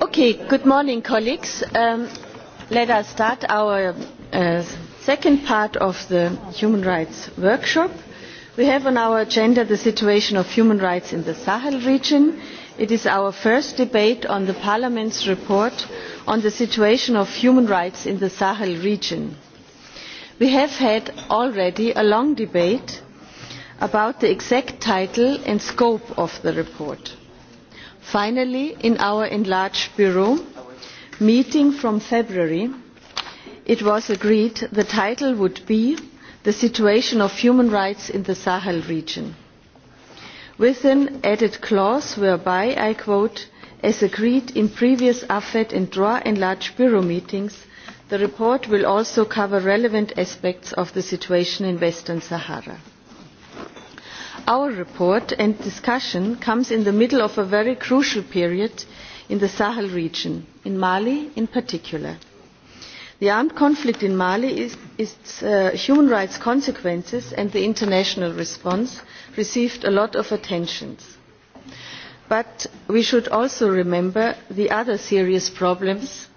Okay, good morning, colleagues. Let us start our second part of the human rights workshop. We have on our agenda the situation of human rights in the Sahel region. It is our first debate on the Parliament's report on the situation of human rights in the Sahel region we have had already a long debate about the exact title and scope of the report. finally in our enlarged bureau meeting from february it was agreed the title would be the situation of human rights in the sahel region with an added clause whereby i quote as agreed in previous afet and draw enlarged bureau meetings The report will also cover relevant aspects of the situation in Western Sahara. Our report and discussion comes in the middle of a very crucial period in the Sahel region, in Mali in particular. The armed conflict in Mali, its human rights consequences and the international response received a lot of attention. But we should also remember the other serious problems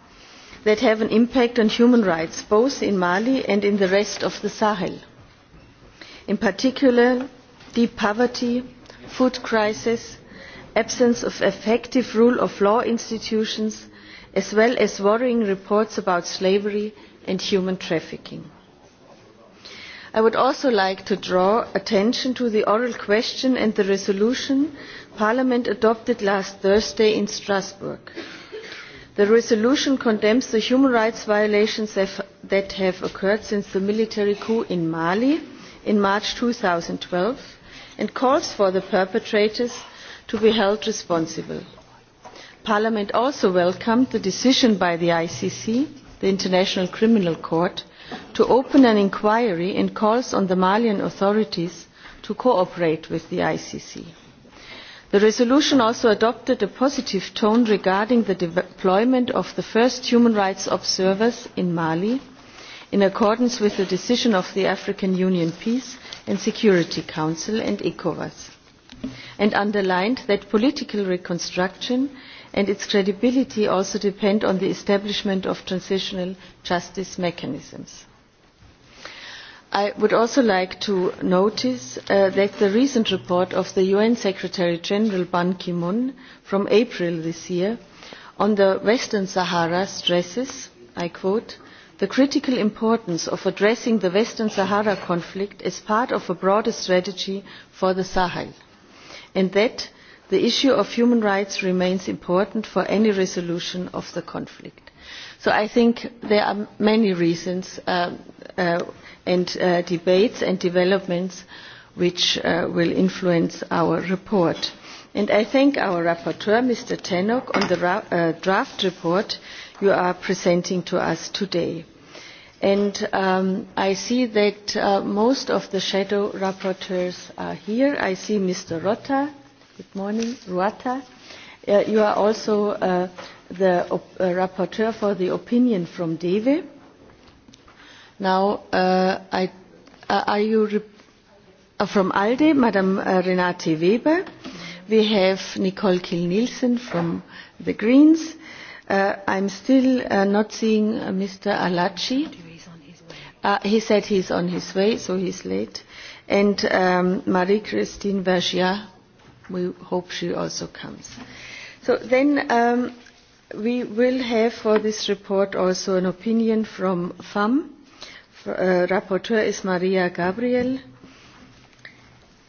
that have an impact on human rights both in Mali and in the rest of the Sahel. In particular, deep poverty, food crisis, absence of effective rule of law institutions, as well as worrying reports about slavery and human trafficking. I would also like to draw attention to the oral question and the resolution Parliament adopted last Thursday in Strasbourg The resolution condemns the human rights violations that have occurred since the military coup in Mali in March 2012 and calls for the perpetrators to be held responsible. Parliament also welcomed the decision by the ICC, the International Criminal Court, to open an inquiry and calls on the Malian authorities to cooperate with the ICC. The resolution also adopted a positive tone regarding the deployment of the first human rights observers in Mali, in accordance with the decision of the African Union Peace and Security Council and ECOWAS, and underlined that political reconstruction and its credibility also depend on the establishment of transitional justice mechanisms. I would also like to notice that the recent report of the UN Secretary General Ban Ki-moon from April this year on the Western Sahara stresses, I quote, the critical importance of addressing the Western Sahara conflict as part of a broader strategy for the Sahel, and that the issue of human rights remains important for any resolution of the conflict. So I think there are many reasons and debates and developments which will influence our report. And I thank our rapporteur, Mr. Tannock, on the draft report you are presenting to us today. And I see that most of the shadow rapporteurs are here. I see Mr. Rotta. Good morning, Rota. You are also the rapporteur for the opinion from DEWE Now, I are you from ALDE, Madam Renate Weber? We have Nicole Kiel-Nielsen from the Greens. I'm still not seeing Mr. Alachi. He said he's on his way, so he's late. And Marie-Christine Vergia, we hope she also comes. So then we will have for this report also an opinion from FAM rapporteur is Maria Gabriel.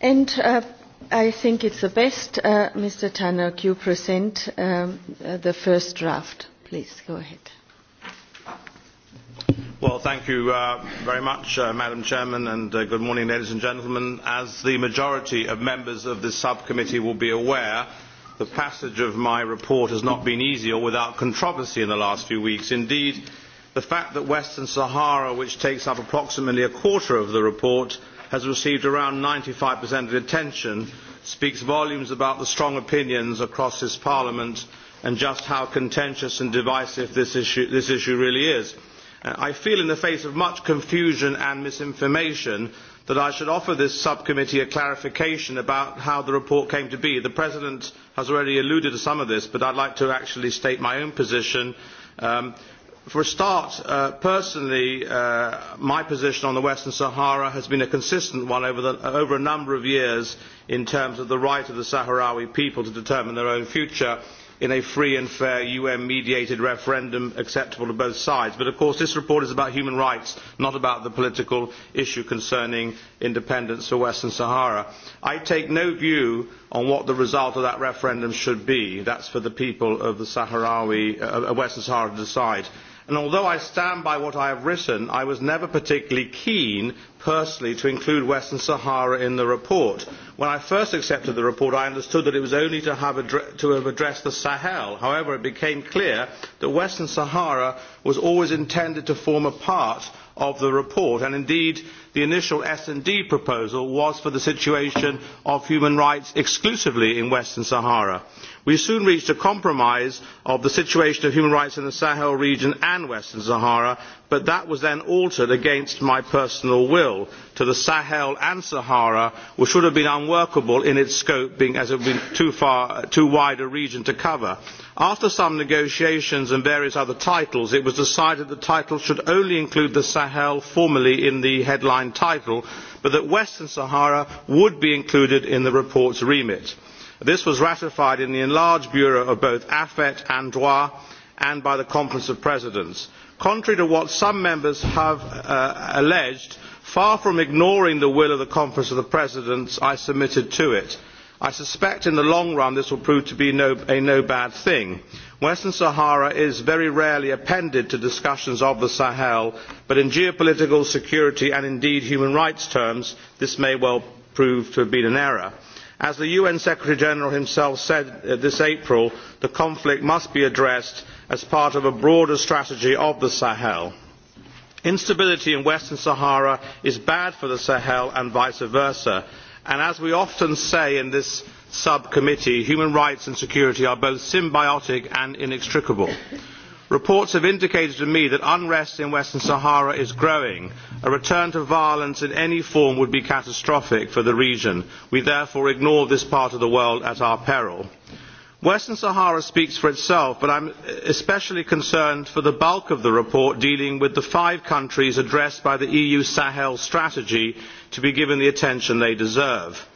And I think it's the best, Mr. Tannock, you present the first draft. Please, go ahead. Well, thank you very much, Madam Chairman, and good morning, ladies and gentlemen. As the majority of members of this subcommittee will be aware, the passage of my report has not been easy or without controversy in the last few weeks. Indeed, the fact that western sahara which takes up approximately a quarter of the report has received around ninety five of attention speaks volumes about the strong opinions across this parliament and just how contentious and divisive this issue really is. i feel in the face of much confusion and misinformation that i should offer this subcommittee a clarification about how the report came to be. the president has already alluded to some of this but i would like to actually state my own position. For a start, personally, my position on the Western Sahara has been a consistent one over a number of years in terms of the right of the Sahrawi people to determine their own future in a free and fair UN mediated referendum acceptable to both sides. But of course this report is about human rights, not about the political issue concerning independence for Western Sahara. I take no view on what the result of that referendum should be. That is for the people of Western Sahara to decide and although i stand by what i have written i was never particularly keen personally to include western sahara in the report. when i first accepted the report i understood that it was only to have addressed the sahel. however it became clear that western sahara was always intended to form a part of the report and indeed the initial sd proposal was for the situation of human rights exclusively in western sahara we soon reached a compromise of the situation of human rights in the sahel region and western sahara but that was then altered against my personal will to the sahel and sahara which would have been unworkable in its scope as it would have been too wide a region to cover. after some negotiations and various other titles it was decided that the title should only include the sahel formally in the headline title but that western sahara would be included in the report's remit this was ratified in the enlarged bureau of both afet and droit and by the conference of presidents. contrary to what some members have alleged far from ignoring the will of the conference of the presidents i submitted to it. i suspect in the long run this will prove to be a no bad thing. western sahara is very rarely appended to discussions of the sahel but in geopolitical security and indeed human rights terms this may well prove to have been an error as the un secretary general himself said this april the conflict must be addressed as part of a broader strategy of the sahel. instability in western sahara is bad for the sahel and vice versa and as we often say in this subcommittee human rights and security are both symbiotic and inextricable reports have indicated to me that unrest in western sahara is growing. a return to violence in any form would be catastrophic for the region. we therefore ignore this part of the world at our peril. western sahara speaks for itself but i am especially concerned for the bulk of the report dealing with the five countries addressed by the eu sahel strategy to be given the attention they deserve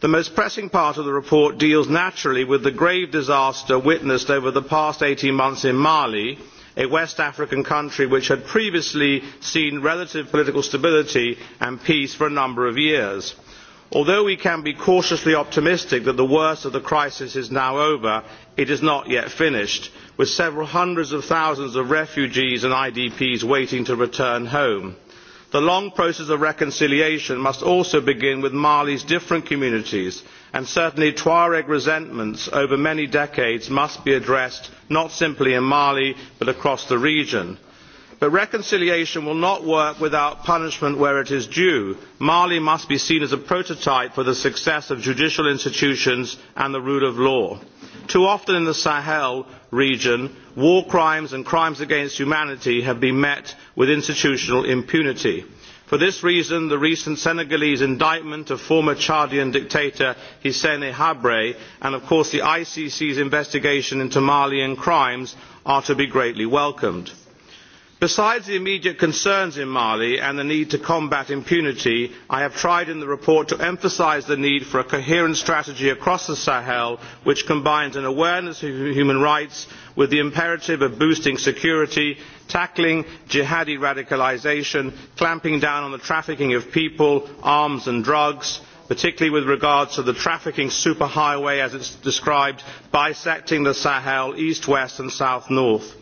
the most pressing part of the report deals naturally with the grave disaster witnessed over the past eighteen months in mali a west african country which had previously seen relative political stability and peace for a number of years. although we can be cautiously optimistic that the worst of the crisis is now over it is not yet finished with several hundreds of thousands of refugees and idps waiting to return home the long process of reconciliation must also begin with mali's different communities and certainly tuareg resentments over many decades must be addressed not simply in mali but across the region but reconciliation will not work without punishment where it is due. mali must be seen as a prototype for the success of judicial institutions and the rule of law. too often in the sahel region war crimes and crimes against humanity have been met with institutional impunity. for this reason the recent senegalese indictment of former chadian dictator hissne habre and of course the icc's investigation into malian crimes are to be greatly welcomed besides the immediate concerns in mali and the need to combat impunity i have tried in the report to emphasise the need for a coherent strategy across the sahel which combines an awareness of human rights with the imperative of boosting security tackling jihadi radicalisation clamping down on the trafficking of people arms and drugs particularly with regard to the trafficking superhighway as it is described bisecting the sahel east west and south north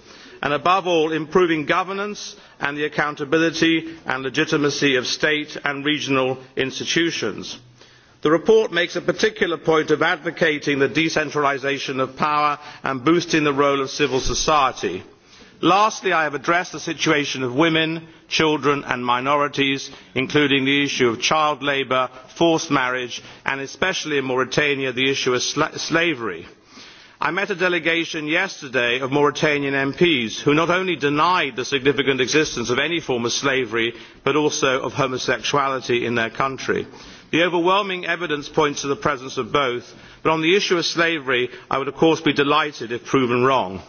and above all improving governance and the accountability and legitimacy of state and regional institutions. the report makes a particular point of advocating the decentralisation of power and boosting the role of civil society. lastly i have addressed the situation of women children and minorities including the issue of child labour forced marriage and especially in mauritania the issue of slavery i met a delegation yesterday of mauritanian mps who not only denied the significant existence of any form of slavery but also of homosexuality in their country. the overwhelming evidence points to the presence of both but on the issue of slavery i would of course be delighted if proven wrong.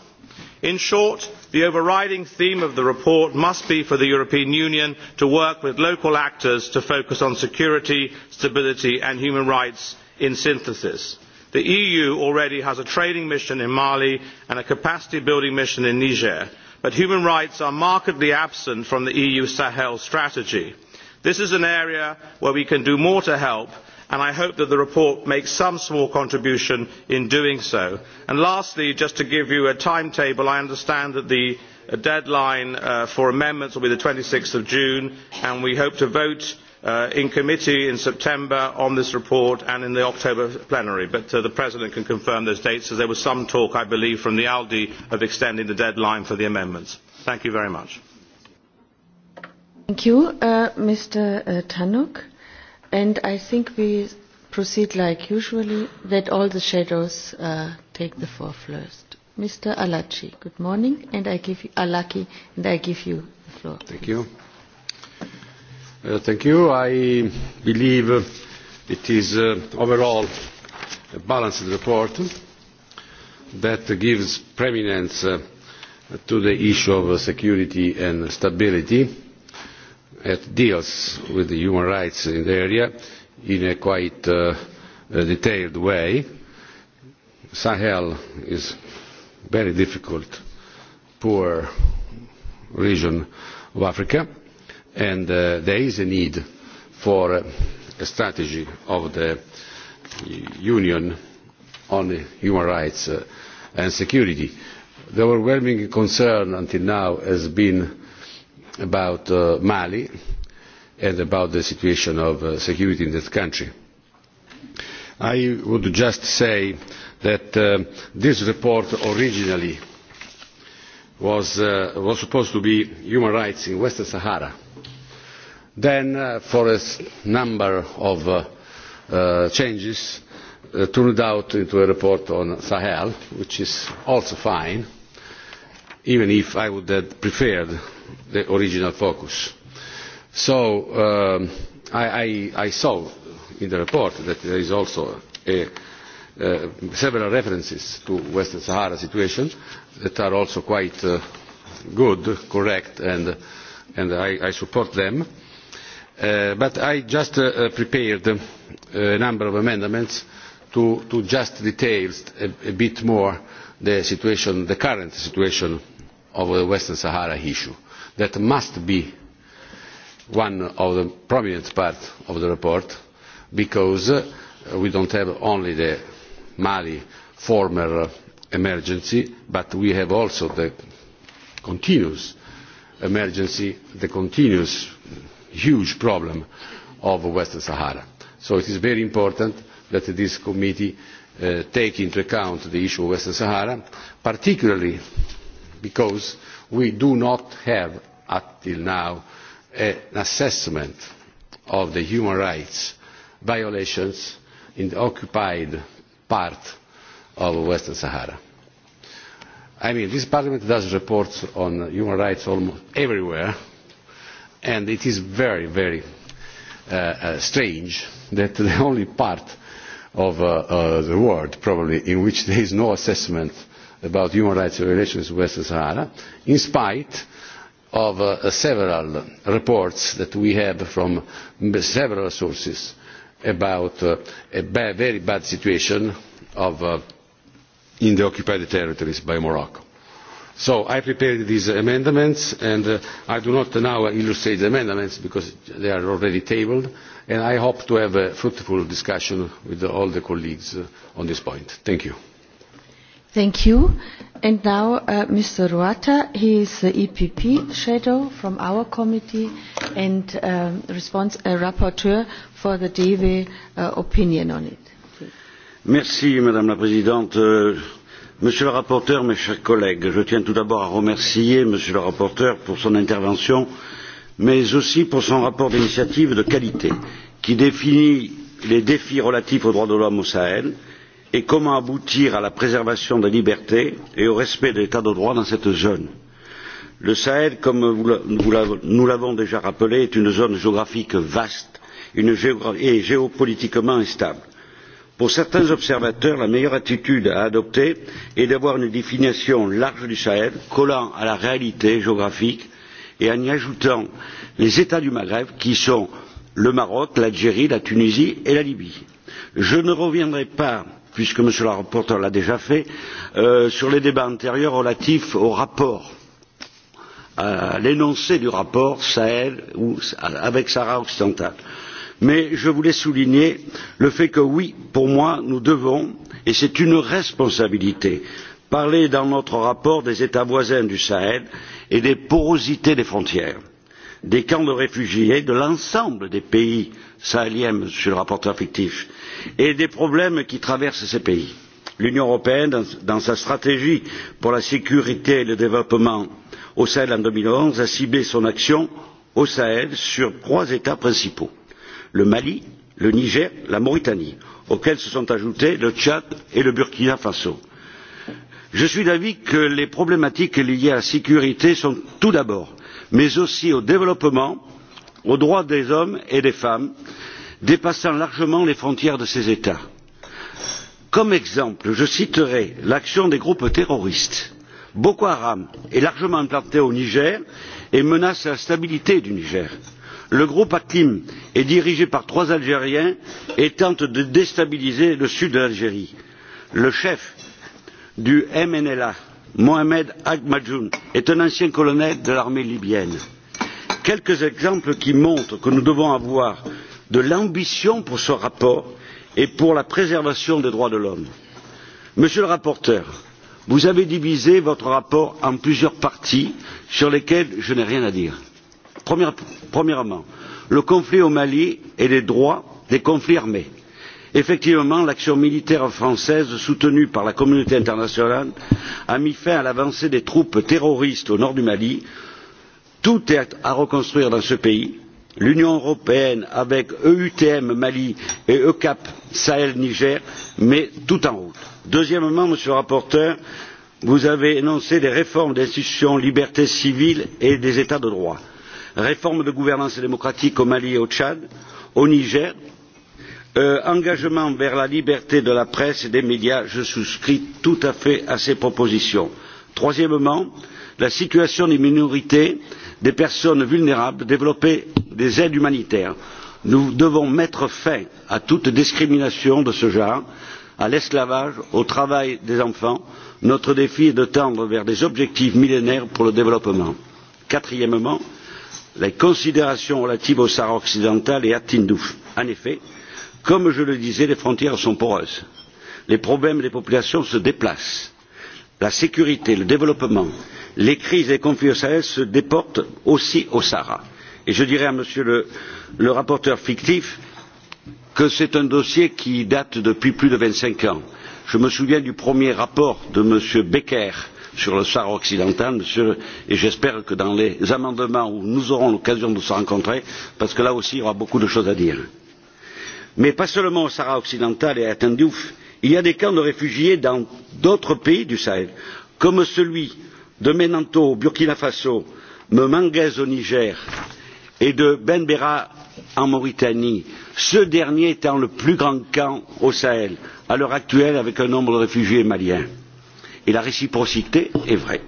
in short the overriding theme of the report must be for the european union to work with local actors to focus on security stability and human rights in synthesis the eu already has a training mission in mali and a capacity building mission in niger but human rights are markedly absent from the eu sahel strategy. this is an area where we can do more to help and i hope that the report makes some small contribution in doing so. lastly just to give you a timetable i understand that the deadline for amendments will be twenty six june and we hope to vote in committee in september on this report and in the october plenary but the president can confirm those dates as there was some talk i believe from the alde of extending the deadline for the amendments. thank you very much. thank you mr tannock and i think we proceed like usually that all the shadows take the floor first. mr Alachi, good morning and i give you and i give you the floor. thank you. Thank you. I believe it is overall a balanced report that gives preeminence to the issue of security and stability. It deals with the human rights in the area in a quite detailed way. Sahel is a very difficult, poor region of Africa and there is a need for a strategy of the union on human rights and security. the overwhelming concern until now has been about mali and about the situation of security in that country. i would just say that this report originally was supposed to be human rights in Western Sahara. Then, for a number of changes, turned out into a report on Sahel, which is also fine, even if I would have preferred the original focus. So I saw in the report that there is also a several references to Western Sahara situation that are also quite good, correct, and I support them. But I just prepared a number of amendments to just detail a bit more the situation, the current situation of the Western Sahara issue. That must be one of the prominent parts of the report because we don't have only the Mali former emergency, but we have also the continuous emergency, the continuous huge problem of Western Sahara. So it is very important that this committee take into account the issue of Western Sahara, particularly because we do not have, until now, an assessment of the human rights violations in the occupied part of Western Sahara. I mean, this Parliament does reports on human rights almost everywhere, and it is very, very strange that the only part of the world, probably, in which there is no assessment about human rights violations in Western Sahara, in spite of several reports that we have from several sources about a very bad situation of in the occupied territories by Morocco. So I prepared these amendments and I do not now illustrate the amendments because they are already tabled and I hope to have a fruitful discussion with all the colleagues on this point. Thank you. Thank you. And now Mr. Ruata, he is the EPP shadow from our committee and response rapporteur Merci Madame la Présidente. Monsieur le rapporteur, mes chers collègues, je tiens tout d'abord à remercier Monsieur le rapporteur pour son intervention, mais aussi pour son rapport d'initiative de qualité, qui définit les défis relatifs aux droits de l'homme au Sahel et comment aboutir à la préservation des libertés et au respect de l'état de droit dans cette zone. Le Sahel, comme nous l'avons déjà rappelé, est une zone géographique vaste et géopolitiquement instable. Pour certains observateurs, la meilleure attitude à adopter est d'avoir une définition large du Sahel, collant à la réalité géographique et en y ajoutant les États du Maghreb, qui sont le Maroc, l'Algérie, la Tunisie et la Libye. Je ne reviendrai pas, puisque M. le rapporteur l'a déjà fait, sur les débats antérieurs relatifs au rapport à l'énoncé du rapport Sahel avec Sahara occidental mais je voulais souligner le fait que oui pour moi nous devons et c'est une responsabilité parler dans notre rapport des états voisins du sahel et des porosités des frontières des camps de réfugiés de l'ensemble des pays sahéliens monsieur le rapporteur fictif et des problèmes qui traversent ces pays. l'union européenne dans sa stratégie pour la sécurité et le développement au sahel en deux mille onze a ciblé son action au sahel sur trois états principaux le Mali, le Niger, la Mauritanie, auxquels se sont ajoutés le Tchad et le Burkina Faso. Je suis d'avis que les problématiques liées à la sécurité sont tout d'abord, mais aussi au développement, aux droits des hommes et des femmes, dépassant largement les frontières de ces États. Comme exemple, je citerai l'action des groupes terroristes. Boko Haram est largement implanté au Niger et menace la stabilité du Niger le groupe hakim est dirigé par trois algériens et tente de déstabiliser le sud de l'algérie. le chef du mnla mohamed ag est un ancien colonel de l'armée libyenne. quelques exemples qui montrent que nous devons avoir de l'ambition pour ce rapport et pour la préservation des droits de l'homme. monsieur le rapporteur vous avez divisé votre rapport en plusieurs parties sur lesquelles je n'ai rien à dire premièrement le conflit au mali et les droits des conflits armés. effectivement l'action militaire française soutenue par la communauté internationale a mis fin à l'avancée des troupes terroristes au nord du mali. tout est à reconstruire dans ce pays. l'union européenne avec eutm mali et ecap sahel niger met tout en route. deuxièmement monsieur le rapporteur vous avez énoncé des réformes des institutions des libertés civiles et des états de droit réforme de gouvernance démocratique au mali et au tchad au niger engagement vers la liberté de la presse et des médias je souscris tout à fait à ces propositions. troisièmement la situation des minorités des personnes vulnérables développer des aides humanitaires. nous devons mettre fin à toute discrimination de ce genre à l'esclavage au travail des enfants. notre défi est de tendre vers des objectifs millénaires pour le développement. quatrièmement les considérations relatives au Sahara occidental et à Tindouf. En effet, comme je le disais, les frontières sont poreuses. Les problèmes des populations se déplacent. La sécurité, le développement, les crises et les conflits au Sahel se déportent aussi au Sahara. Et je dirais à monsieur le rapporteur fictif que c'est un dossier qui date depuis plus de vingt cinq ans. Je me souviens du premier rapport de M. Becker sur le Sahara occidental, monsieur, et j'espère que dans les amendements où nous aurons l'occasion de se rencontrer, parce que là aussi il y aura beaucoup de choses à dire. Mais pas seulement au Sahara occidental et à Tindouf, il y a des camps de réfugiés dans d'autres pays du Sahel, comme celui de Menanto au Burkina Faso, de Manguez au Niger et de Benbera en Mauritanie, ce dernier étant le plus grand camp au Sahel, à l'heure actuelle avec un nombre de réfugiés maliens et la réciprocité est vraie.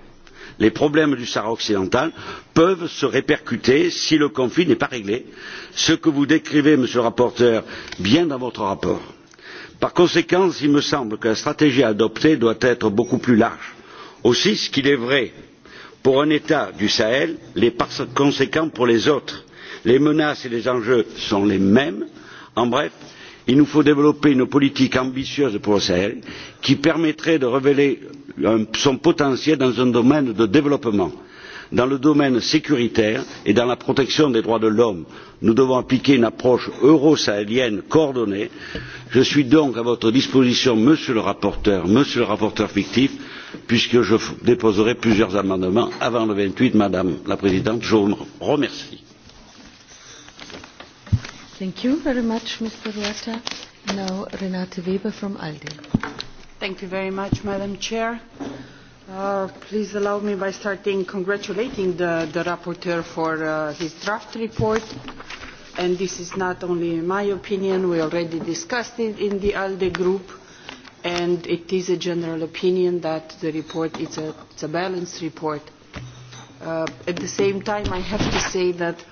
Les problèmes du Sahara occidental peuvent se répercuter si le conflit n'est pas réglé, ce que vous décrivez, Monsieur le rapporteur, bien dans votre rapport. Par conséquent, il me semble que la stratégie à adopter doit être beaucoup plus large. Aussi, ce qu'il est vrai pour un État du Sahel, les conséquences pour les autres, les menaces et les enjeux sont les mêmes. En bref, il nous faut développer une politique ambitieuse pour le sahel qui permettrait de révéler son potentiel dans un domaine de développement dans le domaine sécuritaire et dans la protection des droits de l'homme. nous devons appliquer une approche euro sahélienne coordonnée. je suis donc à votre disposition monsieur le rapporteur monsieur le rapporteur fictif puisque je déposerai plusieurs amendements avant le vingt huit madame la présidente. je vous remercie. Thank you very much, Mr. Ruata. Now, Renate Weber from ALDE. Thank you very much, Madam Chair. Please allow me by starting congratulating the rapporteur for his draft report. And this is not only my opinion. We already discussed it in the ALDE group. And it is a general opinion that the report is a balanced report. At the same time, I have to say that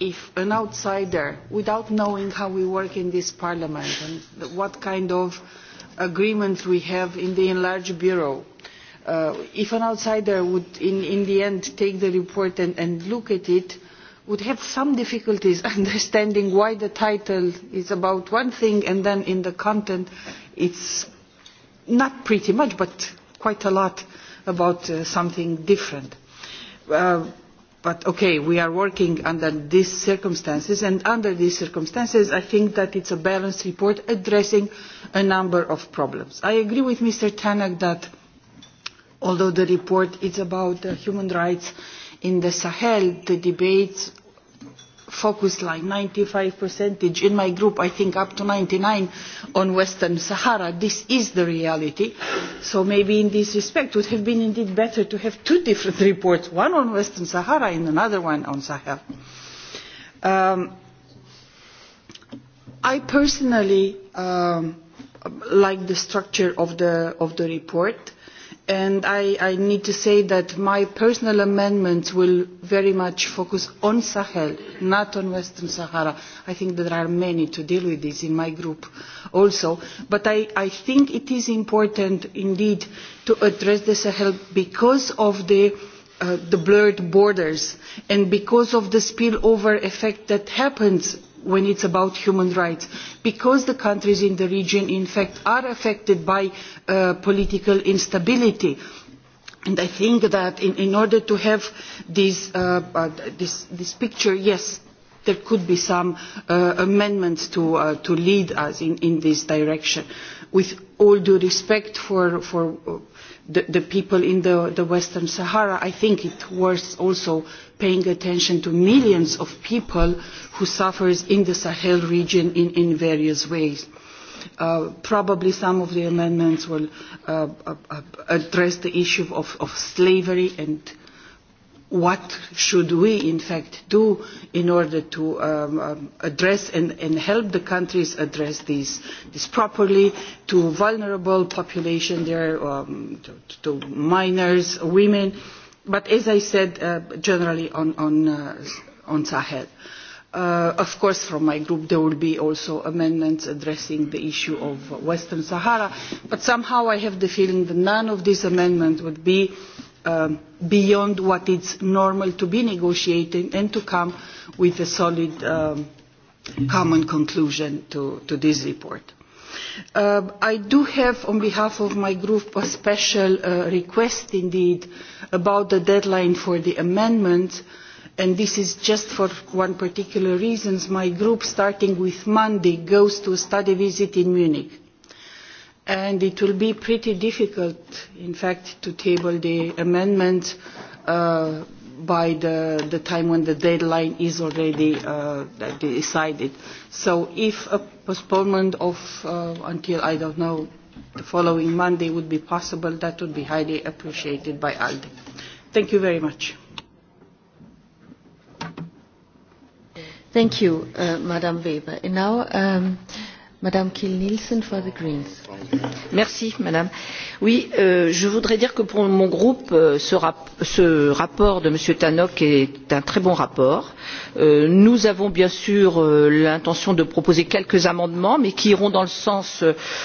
if an outsider, without knowing how we work in this Parliament and what kind of agreement we have in the enlarged Bureau, if an outsider would in the end take the report and look at it, would have some difficulties understanding why the title is about one thing and then in the content it's not pretty much but quite a lot about something different. But okay, we are working under these circumstances, and under these circumstances, I think that it's a balanced report addressing a number of problems. I agree with Mr. Tannock that, although the report is about human rights in the Sahel, the debates focus line 95% in my group i think up to 99 on western sahara this is the reality so maybe in this respect it would have been indeed better to have two different reports one on western sahara and another one on sahel i personally like the structure of the of the report and I need to say that my personal amendments will very much focus on Sahel, not on Western Sahara. I think there are many to deal with this in my group also. But I think it is important indeed to address the Sahel because of the blurred borders and because of the spillover effect that happens when it's about human rights because the countries in the region in fact are affected by political instability and i think that in order to have this this picture yes there could be some amendments to to lead us in this direction with all due respect for the people in the western sahara i think it worth also paying attention to millions of people who suffer in the Sahel region in various ways. Probably some of the amendments will address the issue of slavery and what should we in fact do in order to address and help the countries address this properly to vulnerable population there, to minors, women But as I said, generally on Sahel. Of course, from my group there will be also amendments addressing the issue of Western Sahara, but somehow I have the feeling that none of these amendments would be beyond what is normal to be negotiating and to come with a solid common conclusion to this report. I do have on behalf of my group a special request indeed about the deadline for the amendments and this is just for one particular reason. My group starting with Monday goes to a study visit in Munich and it will be pretty difficult in fact to table the amendments by the time when the deadline is already decided. So if a postponement of until, I don't know, the following Monday would be possible, that would be highly appreciated by ALDE. Thank you very much. Thank you, Madame Weber. And now, Madam Kiel-Nielsen for the Greens. Merci, Madame Oui, je voudrais dire que pour mon groupe, ce rapport de M. Tannock est un très bon rapport. Nous avons bien sûr l'intention de proposer quelques amendements, mais qui iront dans le sens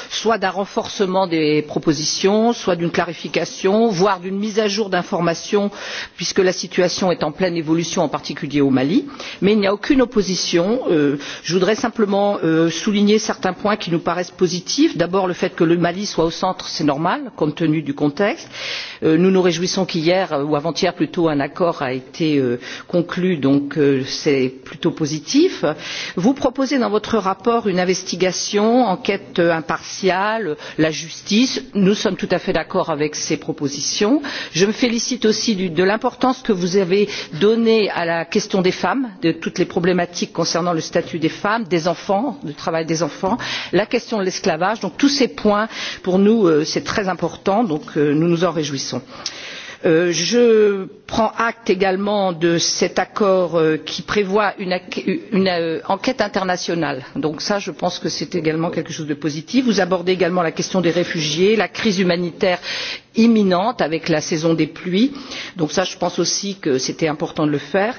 soit d'un renforcement des propositions, soit d'une clarification, voire d'une mise à jour d'informations, puisque la situation est en pleine évolution, en particulier au Mali. Mais il n'y a aucune opposition. Je voudrais simplement souligner certains points qui nous paraissent positifs. D'abord, le fait que le Mali soit au centre, c'est normal compte tenu du contexte. nous nous réjouissons qu'hier ou avant hier plutôt un accord a été conclu donc c'est plutôt positif. vous proposez dans votre rapport une investigation une enquête impartiale la justice nous sommes tout à fait d'accord avec ces propositions. je me félicite aussi de l'importance que vous avez donnée à la question des femmes de toutes les problématiques concernant le statut des femmes des enfants le travail des enfants la question de l'esclavage donc tous ces points pour nous c'est très important donc nous nous en réjouissons. je prends acte également de cet accord qui prévoit une enquête internationale donc cela je pense que c'est également quelque chose de positif. vous abordez également la question des réfugiés la crise humanitaire imminente avec la saison des pluies donc cela je pense aussi que c'était important de le faire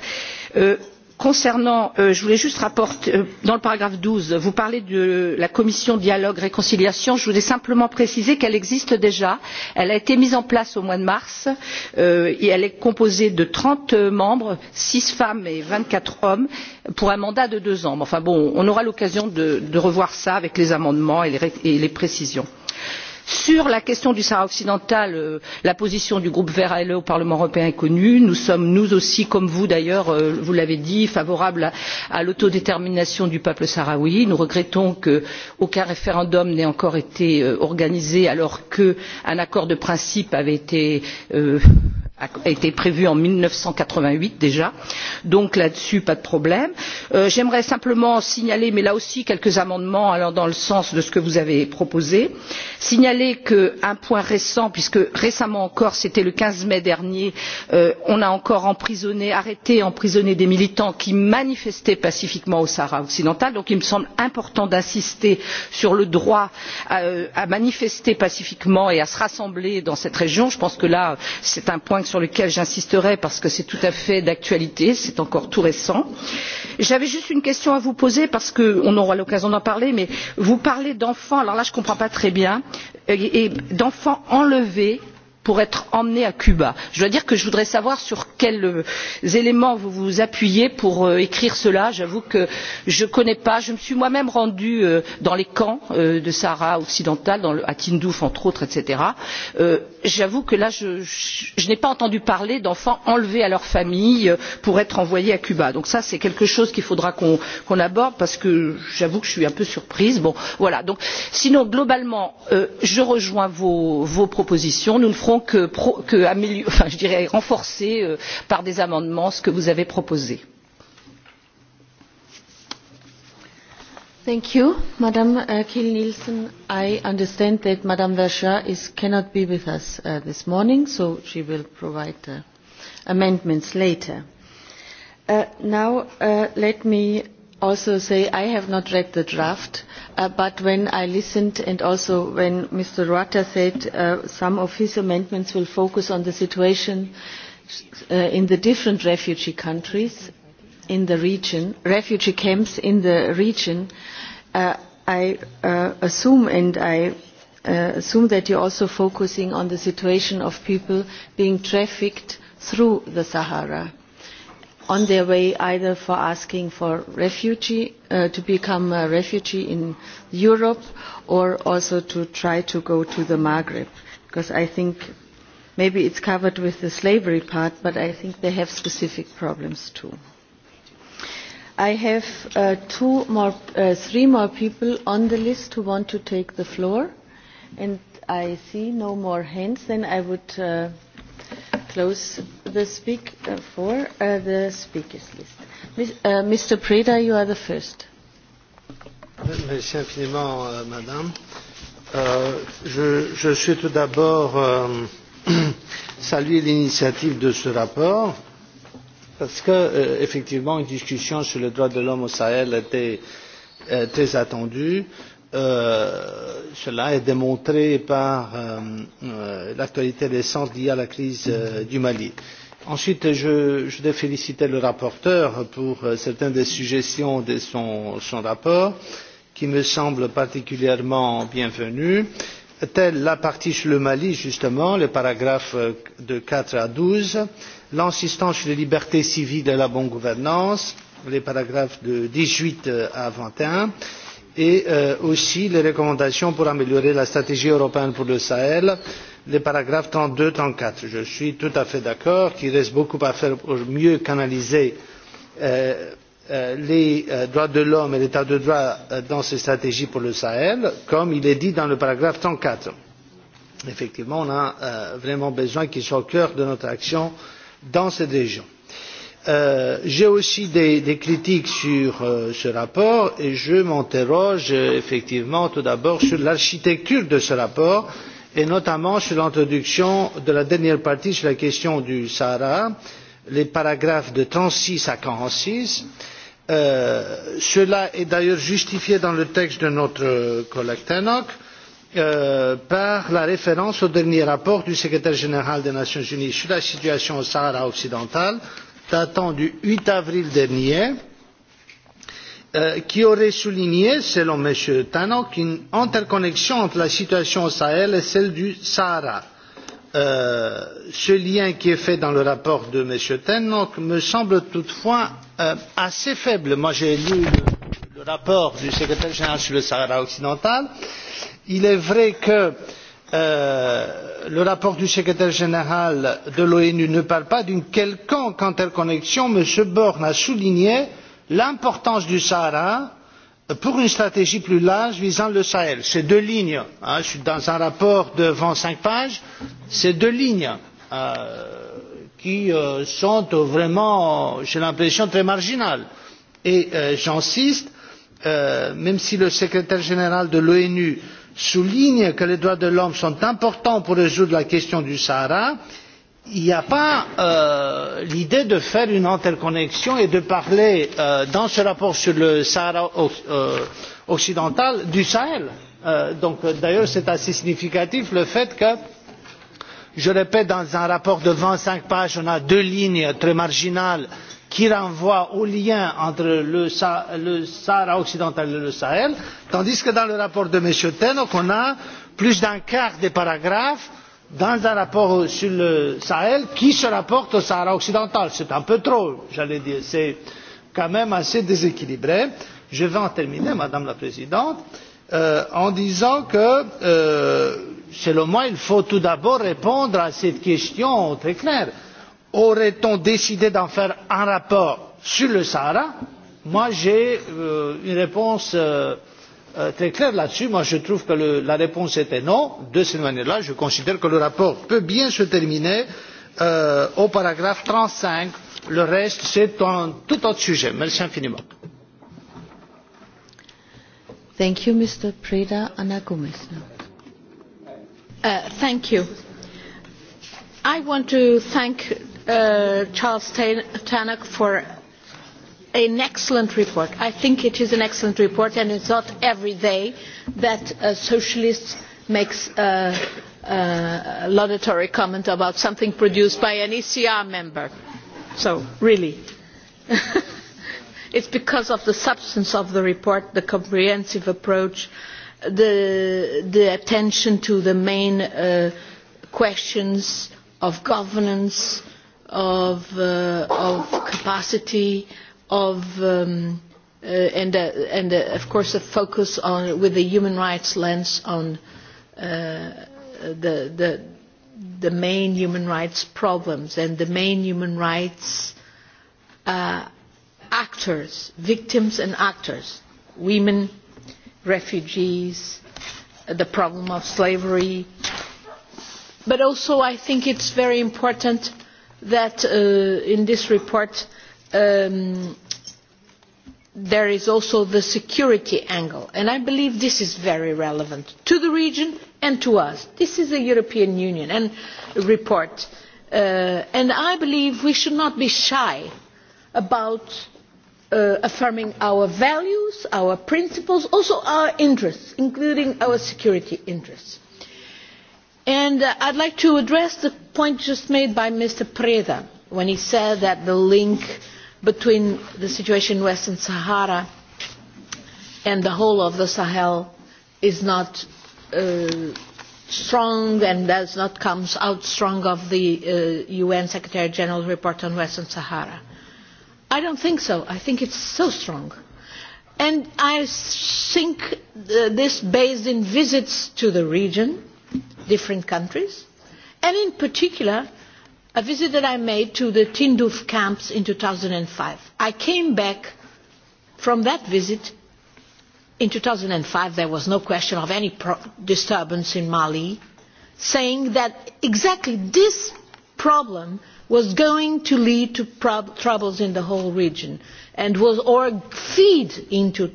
concernant je voulais juste rapporter dans le paragraphe douze vous parlez de la commission dialogue réconciliation je voulais simplement préciser qu'elle existe déjà elle a été mise en place au mois de mars et elle est composée de trente membres six femmes et vingt quatre hommes pour un mandat de deux ans. enfin on aura l'occasion de revoir cela avec les amendements et les précisions sur la question du sahara occidental la position du groupe verts ale au parlement européen est connue nous sommes nous aussi comme vous d'ailleurs vous l'avez dit favorables à l'autodétermination du peuple sahraoui. nous regrettons qu'aucun référendum n'ait encore été organisé alors qu'un accord de principe avait été a été prévu en mille neuf cent quatre vingt huit déjà donc là dessus pas de problème. j'aimerais simplement signaler mais là aussi quelques amendements allant dans le sens de ce que vous avez proposé signaler qu'un point récent puisque récemment encore c'était le quinze mai dernier on a encore emprisonné arrêté et emprisonné des militants qui manifestaient pacifiquement au sahara occidental donc il me semble important d'insister sur le droit à manifester pacifiquement et à se rassembler dans cette région. je pense que là c'est un point sur lequel j'insisterai parce que c'est tout à fait d'actualité c'est encore tout récent. j'avais juste une question à vous poser parce qu'on aura l'occasion d'en parler mais vous parlez d'enfants alors là je ne comprends pas très bien d'enfants enlevés pour être emmené à cuba. je dois dire que je voudrais savoir sur quels éléments vous vous appuyez pour écrire cela. j'avoue que je ne connais pas. je me suis moi même rendue dans les camps de sahara occidental à tindouf entre autres etc. j'avoue que là je n'ai pas entendu parler d'enfants enlevés à leur famille pour être envoyés à cuba. donc ça c'est quelque chose qu'il faudra qu'on aborde parce que j'avoue que je suis un peu surprise. bon voilà. sinon globalement je rejoins vos propositions. nous ne ferons n'auront que je dirais renforcé par des amendements ce que vous avez proposé. Thank you, Madam Kiel Nielsen. I understand that Madam Vergia is cannot be with us this morning, so she will provide amendments later. Now let me also say I have not read the draft, but when I listened and also when Mr. Rutter said some of his amendments will focus on the situation in the different refugee countries in the region, refugee camps in the region, I assume and I assume that are also focusing on the situation of people being trafficked through the Sahara on their way either for asking for refugee to become a refugee in Europe or also to try to go to the Maghreb because I think maybe it's covered with the slavery part but I think they have specific problems too. I have two more three more people on the list who want to take the floor and I see no more hands then I would close the speak for the speakers list. Mr. Preda, you are the first. Merci infiniment, Madame. Je souhaite tout d'abord saluer l'initiative de ce rapport parce que effectivement une discussion sur les droits de l'homme au Sahel était très attendue Cela est démontré par l'actualité récente liée à la crise du Mali. Ensuite, je voudrais féliciter le rapporteur pour certaines des suggestions de son rapport, qui me semblent particulièrement bienvenues, telle la partie sur le Mali, justement, les paragraphes de quatre à douze, l'insistance sur les libertés civiles et la bonne gouvernance, les paragraphes de dix huit à vingt 21, et aussi les recommandations pour améliorer la stratégie européenne pour le sahel les paragraphes trente deux et trente quatre je suis tout à fait d'accord qu'il reste beaucoup à faire pour mieux canaliser les droits de l'homme et l'état de droit dans ces stratégies pour le sahel comme il est dit dans le paragraphe. trente quatre effectivement on a vraiment besoin qu'ils soient au cœur de notre action dans cette région. J'ai aussi des critiques sur ce rapport et je m'interroge effectivement tout d'abord sur l'architecture de ce rapport et notamment sur l'introduction de la dernière partie sur la question du Sahara, les paragraphes de trente six à quarante six. Cela est d'ailleurs justifié dans le texte de notre collègue Tannock par la référence au dernier rapport du secrétaire général des Nations unies sur la situation au Sahara occidental datant du 8 avril dernier qui aurait souligné selon m. tannock une interconnexion entre la situation au sahel et celle du sahara. ce lien qui est fait dans le rapport de m. tannock me semble toutefois assez faible. j'ai lu le rapport du secrétaire général sur le sahara occidental. il est vrai que le rapport du secrétaire général de l'onu ne parle pas d'une quelconque interconnexion m. borne a souligné l'importance du sahara pour une stratégie plus large visant le sahel. Ces deux lignes dans un rapport de vingt cinq pages ces deux lignes qui sont vraiment j'ai l'impression très marginales. et j'insiste même si le secrétaire général de l'onu souligne que les droits de l'homme sont importants pour résoudre la question du sahara il n'y a pas l'idée de faire une interconnexion et de parler dans ce rapport sur le sahara occidental du sahel. d'ailleurs c'est assez significatif le fait que je répète dans un rapport de vingt cinq pages on a deux lignes très marginales qui renvoie au lien entre le Sahara occidental et le Sahel, tandis que dans le rapport de M. Tannock, on a plus d'un quart des paragraphes dans un rapport sur le Sahel qui se rapporte au Sahara occidental. C'est un peu trop, j'allais dire. C'est quand même assez déséquilibré. Je vais en terminer, Madame la Présidente, en disant que, selon moi, il faut tout d'abord répondre à cette question très claire aurait on décidé d'en faire un rapport sur le sahara? moi j'ai une réponse très claire là dessus. je trouve que la réponse était non. de cette manière là je considère que le rapport peut bien se terminer au paragraphe trente cinq le reste c'est un tout autre sujet. merci infiniment. Charles Tannock for an excellent report. I think it is an excellent report and is not every day that a socialist makes a laudatory comment about something produced by an ECR member. So, really. It's because of the substance of the report, the comprehensive approach, the attention to the main questions of governance of capacity, of and of course a focus on with the human rights lens on the the main human rights problems and the main human rights actors, victims and actors, women, refugees, the problem of slavery. But also I think it's very important that in this report there is also the security angle and i believe this is very relevant to the region and to us. this is a european union report and i believe we should not be shy about affirming our values our principles also our interests including our security interests. i I'd like to address the point just made by Mr. Preda when he said that the link between the situation in Western Sahara and the whole of the Sahel is not strong and does not come out strong of the UN Secretary General's report on Western Sahara. I don't think so. I think it's so strong. And I think this based in visits to the region, different countries, and in particular a visit that I made to the Tindouf camps in 2005. I came back from that visit in 2005, there was no question of any disturbance in Mali, saying that exactly this problem was going to lead to troubles in the whole region and was or feed into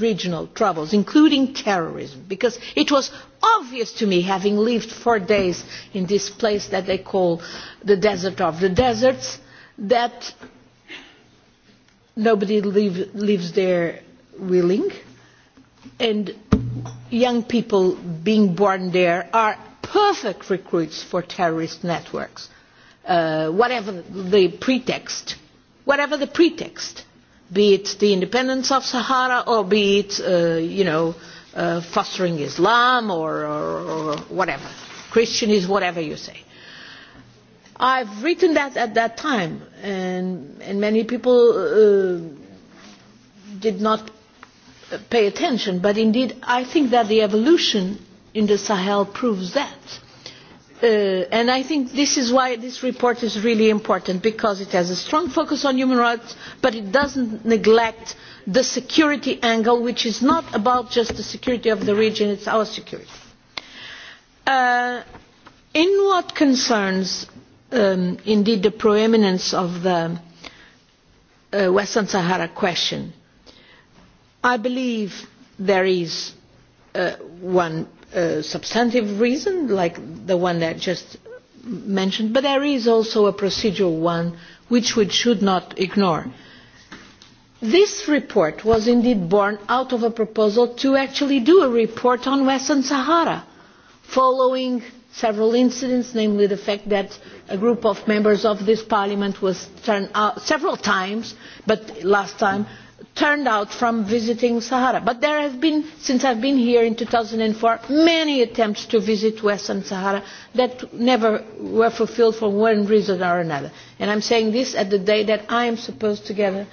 regional troubles including terrorism because it was obvious to me having lived four days in this place that they call the desert of the deserts that nobody lives there willing and young people being born there are perfect recruits for terrorist networks whatever the pretext whatever the pretext be it the independence of Sahara or be it, you know, fostering Islam or whatever. Christian is whatever you say. I've written that at that time and many people did not pay attention, but indeed I think that the evolution in the Sahel proves that and i think this is why this report is really important because it has a strong focus on human rights but it does not neglect the security angle which is not about just the security of the region it is our security. in what concerns indeed the preeminence of the western sahara question i believe there is one substantive reason, like the one that just mentioned, but there is also a procedural one which we should not ignore. This report was indeed born out of a proposal to actually do a report on Western Sahara, following several incidents, namely the fact that a group of members of this Parliament was turned out several times, but last time turned out from visiting Sahara. But there have been, since I've been here in 2004, many attempts to visit Western Sahara that never were fulfilled for one reason or another. And I'm saying this at the day that I am supposed together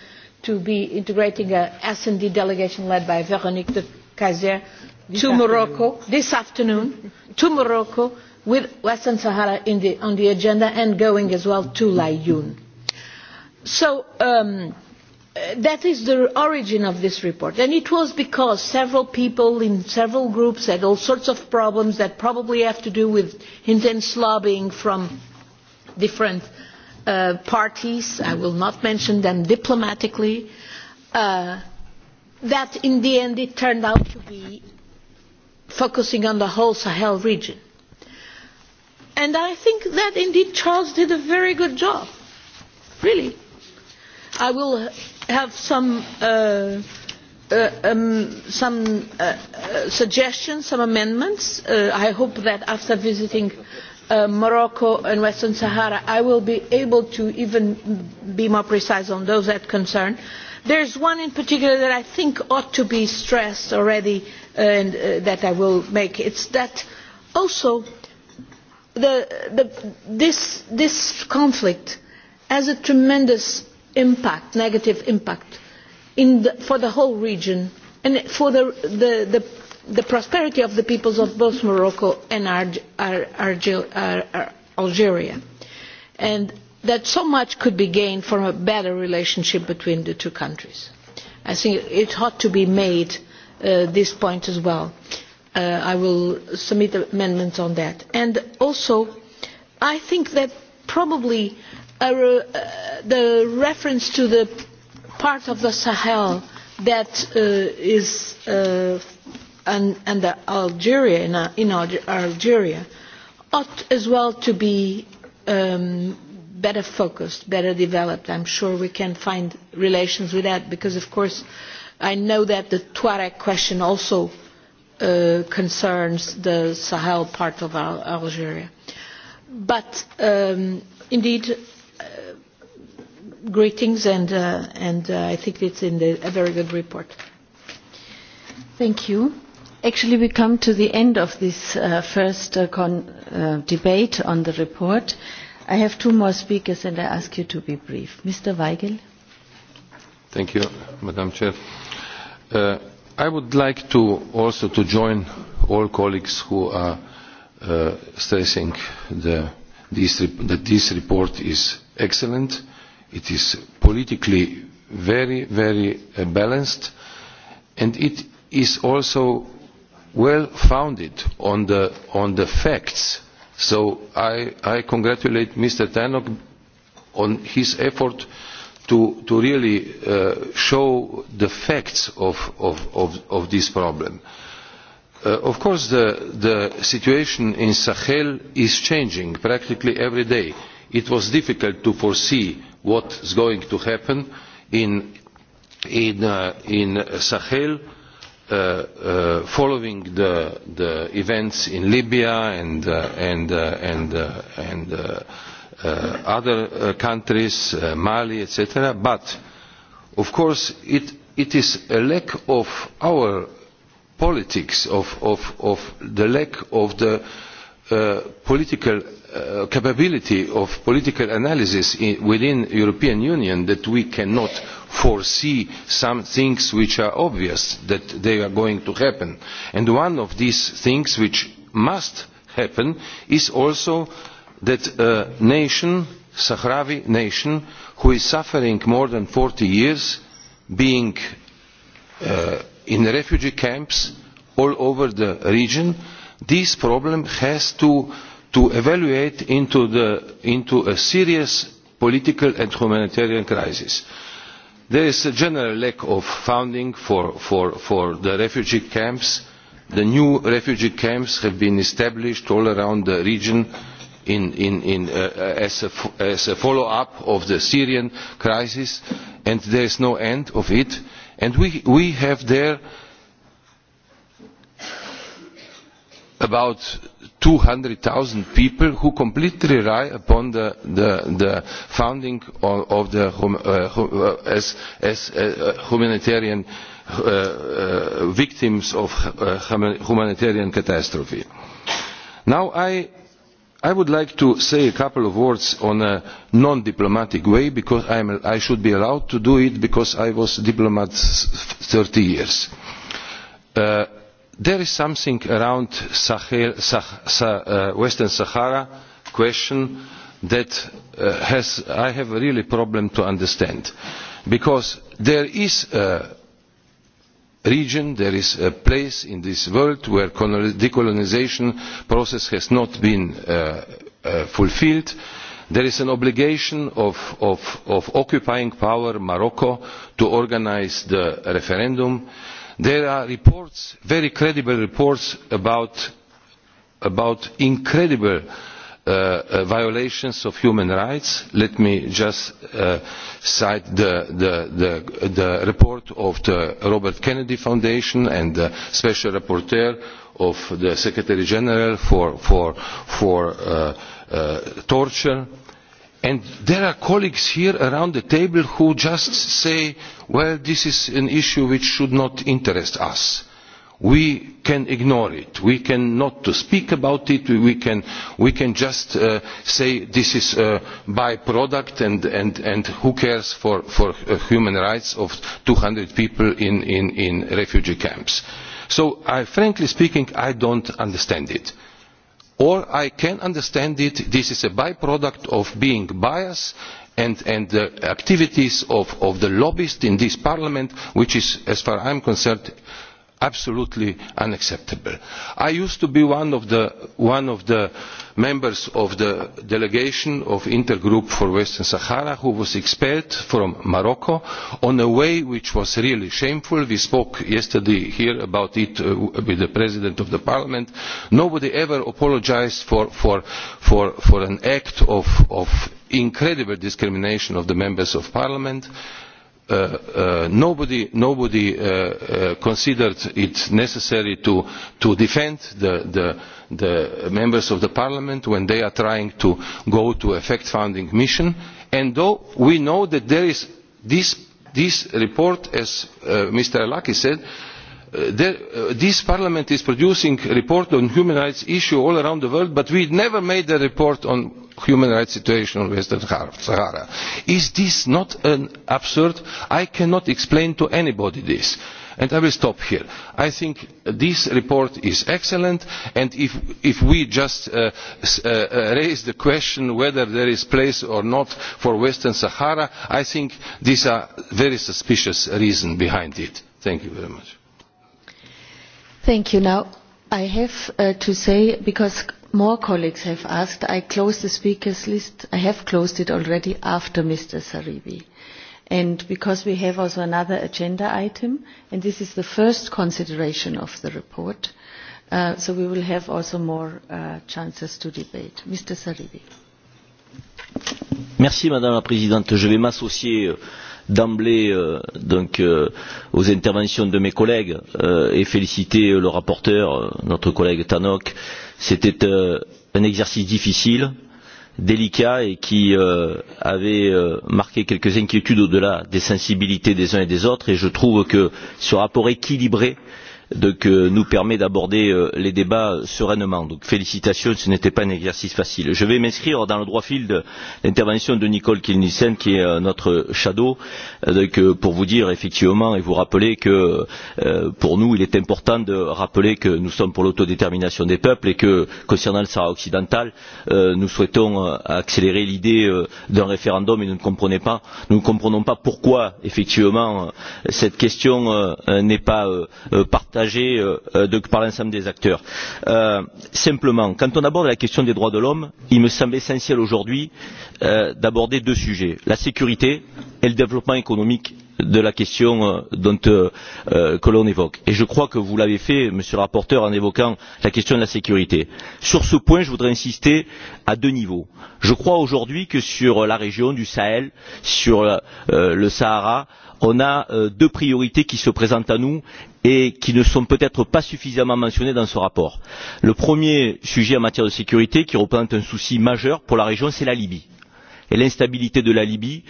to be integrating a D delegation led by Veronique de Kaiser to Morocco this afternoon, to Morocco with Western Sahara on the agenda and going as well to Laayoune. So that is the origin of this report and it was because several people in several groups had all sorts of problems that probably have to do with intense lobbying from different parties i will not mention them diplomatically that in the end it turned out to be focusing on the whole sahel region. and i think that indeed charles did a very good job really. i will have some suggestions, some amendments. I hope that after visiting Morocco and Western Sahara I will be able to even be more precise on those that concern. There is one in particular that I think ought to be stressed already and that I will make. It's that also this conflict has a tremendous impact, negative impact for the whole region and for the prosperity of the peoples of both Morocco and Algeria. And that so much could be gained from a better relationship between the two countries. I think it ought to be made this point as well. I will submit amendments on that. And also, I think that probably the reference to the part of the Sahel that is under Algeria, in Algeria, ought as well to be better focused, better developed. I'm sure we can find relations with that because, of course, I know that the Tuareg question also concerns the Sahel part of Algeria. But, indeed, greetings and and I think it's in a very good report. Thank you. Actually, we come to the end of this first debate on the report. I have two more speakers and I ask you to be brief. Mr. Weigel. Thank you, Madam Chair. I would like to also to join all colleagues who are stressing that this report is excellent It is politically very, very balanced and it is also well founded on the facts. So I congratulate Mr. Tannock on his effort to really show the facts of this problem. Of course, the situation in Sahel is changing practically every day. It was difficult to foresee what is going to happen in Sahel following the events in Libya and other countries, Mali, etc. But, of course, it is a lack of our politics, of the lack of the political capability of political analysis within the European Union that we cannot foresee some things which are obvious that they are going to happen. And one of these things which must happen is also that a nation, Sahrawi nation, who is suffering more than 40 years, being in refugee camps all over the region, this problem has to to evaluate into a serious political and humanitarian crisis. There is a general lack of funding for the refugee camps. The new refugee camps have been established all around the region as a follow-up of the Syrian crisis, and there is no end of it. And we have there about 200,000 people who completely rely upon the founding of the as humanitarian victims of humanitarian catastrophe. Now I I would like to say a couple of words on a non-diplomatic way because I should be allowed to do it because I was a diplomat 30 years There is something around Western Sahara question that I have a really problem to understand, because there is a region, there is a place in this world where decolonisation process has not been fulfilled. There is an obligation of occupying power Morocco to organise the referendum. There are reports, very credible reports about incredible violations of human rights. Let me just cite the report of the Robert Kennedy Foundation and the Special Rapporteur of the Secretary General for torture and there are colleagues here around the table who just say well this is an issue which should not interest us we can ignore it we can not speak about it we can just say this is a byproduct, product and who cares for human rights of 200 people in refugee camps so frankly speaking i don't understand it Or I can understand it, this is a by-product of being biased and the activities of the lobbyists in this Parliament, which is, as far as I am concerned, absolutely unacceptable. i used to be one of the members of the delegation of the intergroup for western sahara who was expelled from morocco on a way which was really shameful. we spoke yesterday here about it with the president of the parliament. nobody ever apologised for an act of incredible discrimination of the members of parliament nobody nobody considered it necessary to to defend the the members of the parliament when they are trying to go to a fact mission and though we know that there is this this report as mr Alaki said this parliament is producing a report on human rights issues all around the world but we never made a report on the human rights situation in western sahara. is this not absurd? i cannot explain to anybody this and i will stop here. i think this report is excellent and if we just raise the question whether there is place or not for western sahara i think these are very suspicious reasons behind it. thank you very much. Thank you. Now, I have to say, because more colleagues have asked, I closed the speakers list. I have closed it already after Mr. Saribi. And because we have also another agenda item, and this is the first consideration of the report, so we will have also more chances to debate. Mr. Saribi. Merci, Madame la Présidente. Je vais m'associer d'emblée donc aux interventions de mes collègues et féliciter le rapporteur, notre collègue Tannock. C'était un exercice difficile, délicat et qui avait marqué quelques inquiétudes au delà des sensibilités des uns et des autres, et je trouve que ce rapport équilibré nous permet d'aborder les débats sereinement. donc félicitations ce n'était pas un exercice facile. je vais m'inscrire dans le droit fil de l'intervention de nicole nielsen qui est notre shadow, pour vous dire effectivement et vous rappeler que pour nous il est important de rappeler que nous sommes pour l'autodétermination des peuples et que concernant le sahara occidental nous souhaitons accélérer l'idée d'un référendum et nous ne comprenons pas nous ne comprenons pas pourquoi effectivement cette question n'est pas partagée partagée par l'ensemble des acteurs. Simplement, quand on aborde la question des droits de l'homme, il me semble essentiel aujourd'hui d'aborder deux sujets la sécurité et le développement économique de la question que l'on évoque. Et je crois que vous l'avez fait, Monsieur le rapporteur, en évoquant la question de la sécurité. Sur ce point, je voudrais insister à deux niveaux. Je crois aujourd'hui que sur la région du Sahel, sur le Sahara, on a deux priorités qui se présentent à nous et qui ne sont peut être pas suffisamment mentionnées dans ce rapport. le premier sujet en matière de sécurité qui représente un souci majeur pour la région c'est la libye et l'instabilité de la Libye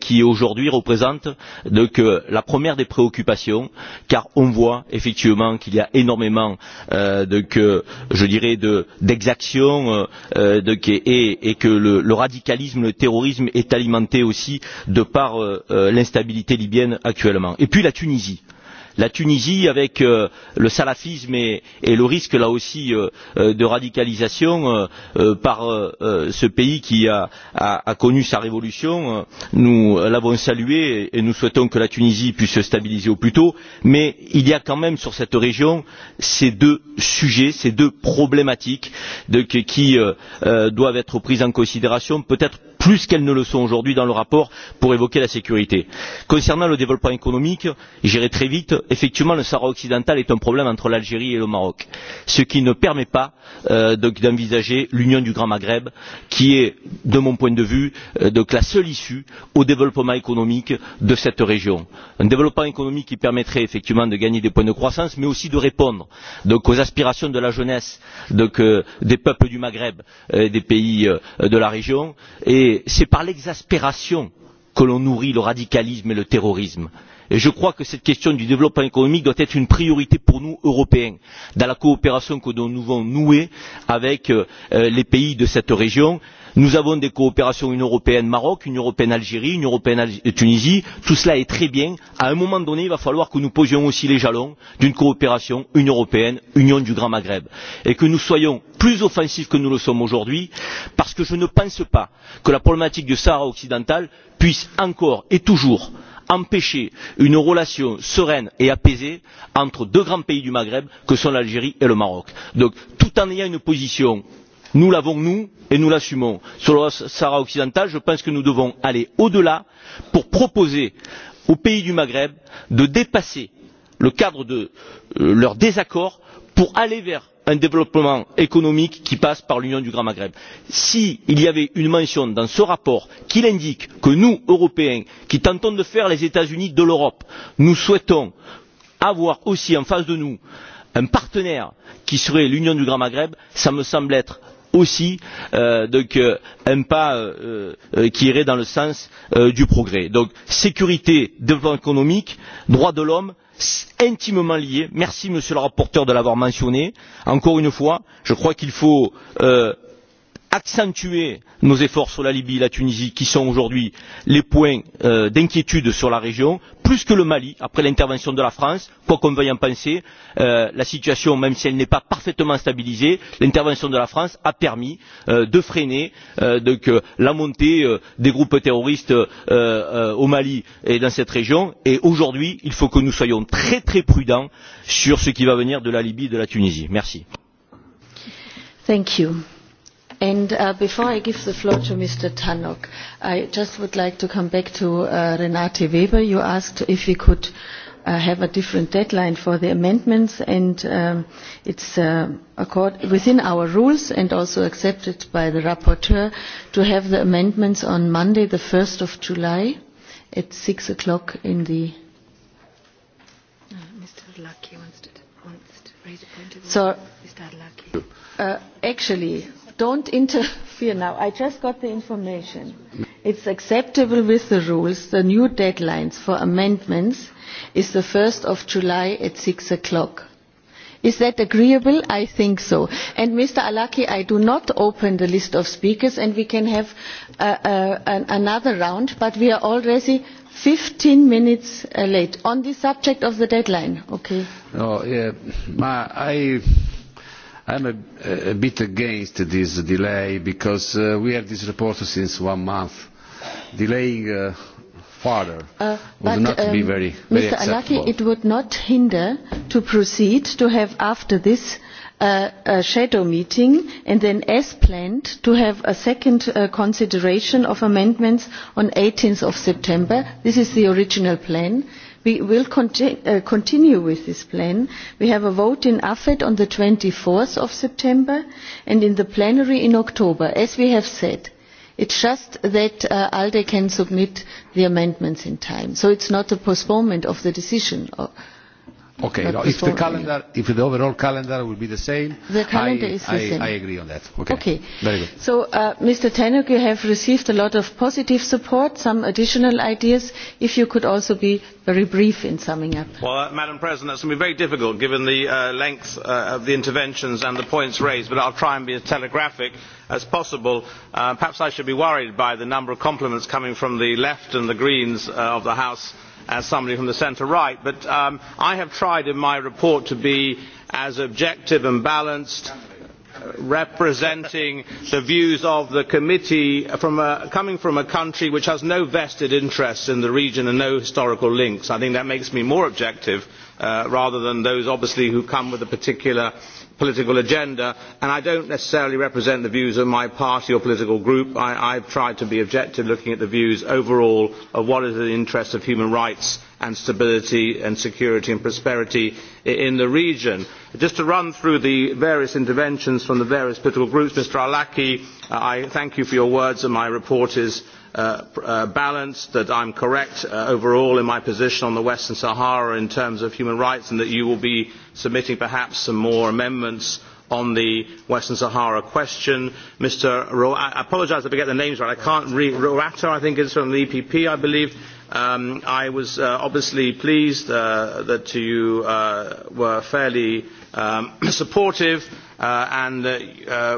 qui aujourd'hui représente donc la première des préoccupations car on voit effectivement qu'il y a énormément je dirais d'exactions et que le radicalisme le terrorisme est alimenté aussi de par l'instabilité libyenne actuellement. et puis la Tunisie la Tunisie avec le salafisme et le risque là aussi de radicalisation par ce pays qui a connu sa révolution. Nous l'avons salué et nous souhaitons que la Tunisie puisse se stabiliser au plus tôt. Mais il y a quand même sur cette région ces deux sujets, ces deux problématiques qui doivent être prises en considération peut-être plus qu'elles ne le sont aujourd'hui dans le rapport pour évoquer la sécurité. concernant le développement économique j'irai très vite effectivement le sahara occidental est un problème entre l'algérie et le maroc ce qui ne permet pas d'envisager l'union du grand maghreb qui est de mon point de vue donc la seule issue au développement économique de cette région. un développement économique qui permettrait effectivement de gagner des points de croissance mais aussi de répondre aux aspirations de la jeunesse des peuples du maghreb et des pays de la région et c'est par l'exaspération que l'on nourrit le radicalisme et le terrorisme et je crois que cette question du développement économique doit être une priorité pour nous européens dans la coopération que nous devons nouer avec les pays de cette région. Nous avons des coopérations Union européenne Maroc, Union européenne Algérie, Union européenne Tunisie, tout cela est très bien. À un moment donné, il va falloir que nous posions aussi les jalons d'une coopération Union européenne, Union du Grand Maghreb, et que nous soyons plus offensifs que nous le sommes aujourd'hui, parce que je ne pense pas que la problématique du Sahara occidental puisse encore et toujours empêcher une relation sereine et apaisée entre deux grands pays du Maghreb que sont l'Algérie et le Maroc. Donc, tout en ayant une position Nous l'avons, nous, et nous l'assumons. Sur le Sahara occidental, je pense que nous devons aller au-delà pour proposer aux pays du Maghreb de dépasser le cadre de leur désaccord pour aller vers un développement économique qui passe par l'union du grand maghreb. s'il y avait une mention dans ce rapport qui indique que nous européens qui tentons de faire les états unis de l'europe nous souhaitons avoir aussi en face de nous un partenaire qui serait l'union du grand maghreb cela me semble être aussi donc un pas qui irait dans le sens du progrès. donc sécurité développement économique droits de l'homme intimement liés merci monsieur le rapporteur de l'avoir mentionné. encore une fois je crois qu'il faut accentuer nos efforts sur la Libye et la Tunisie, qui sont aujourd'hui les points d'inquiétude sur la région, plus que le Mali, après l'intervention de la France, quoi qu'on veuille en penser, la situation, même si elle n'est pas parfaitement stabilisée, l'intervention de la France a permis de freiner la montée des groupes terroristes au Mali et dans cette région, et aujourd'hui, il faut que nous soyons très très prudents sur ce qui va venir de la Libye et de la Tunisie. Merci. Thank you. And before I give the floor to Mr. Tannock, I just would like to come back to Renate Weber. You asked if we could have a different deadline for the amendments, and it's within our rules and also accepted by the rapporteur to have the amendments on Monday, the 1st of July, at 6 o'clock in the. Mr. wants to raise point. So, actually Don't interfere now. I just got the information. It's acceptable with the rules. The new deadlines for amendments is the 1st of July at 6 o'clock. Is that agreeable? I think so. And Mr. Alaki, I do not open the list of speakers and we can have another round, but we are already 15 minutes late on the subject of the deadline. Okay. I I am a bit against this delay because we have this report since one month. Delaying further would not be very Mr. Arlacchi, it would not hinder to proceed to have after this a shadow meeting and then as planned to have a second consideration of amendments on 18th of September. This is the original plan We will continue with this plan. We have a vote in AFED on the 24th of September and in the plenary in October. As we have said, it is just that ALDE can submit the amendments in time. So it is not a postponement of the decision Okay. If the calendar, if the overall calendar will be the same, the calendar is the same. I agree on that. Okay. Very good. So, Mr. Tannock, you have received a lot of positive support, some additional ideas. If you could also be very brief in summing up. Well, Madam President, that's going to be very difficult given the length of the interventions and the points raised, but I'll try and be as telegraphic as possible. Perhaps I should be worried by the number of compliments coming from the left and the Greens of the House as somebody from the centre right but i have tried in my report to be as objective and balanced representing the views of the committee coming from a country which has no vested interests in the region and no historical links. i think that makes me more objective rather than those obviously who come with a particular political agenda and i do not necessarily represent the views of my party or political group. i have tried to be objective looking at the views overall of what is in the interest of human rights and stability and security and prosperity in the region. just to run through the various interventions from the various political groups mr arlacchi i thank you for your words and my report is balanced, that I am correct overall in my position on the Western Sahara in terms of human rights, and that you will be submitting perhaps some more amendments on the Western Sahara question. Mr. I apologise if I get the names right. I can't read. I think, is from the EPP, I believe. I was obviously pleased that you were fairly supportive, and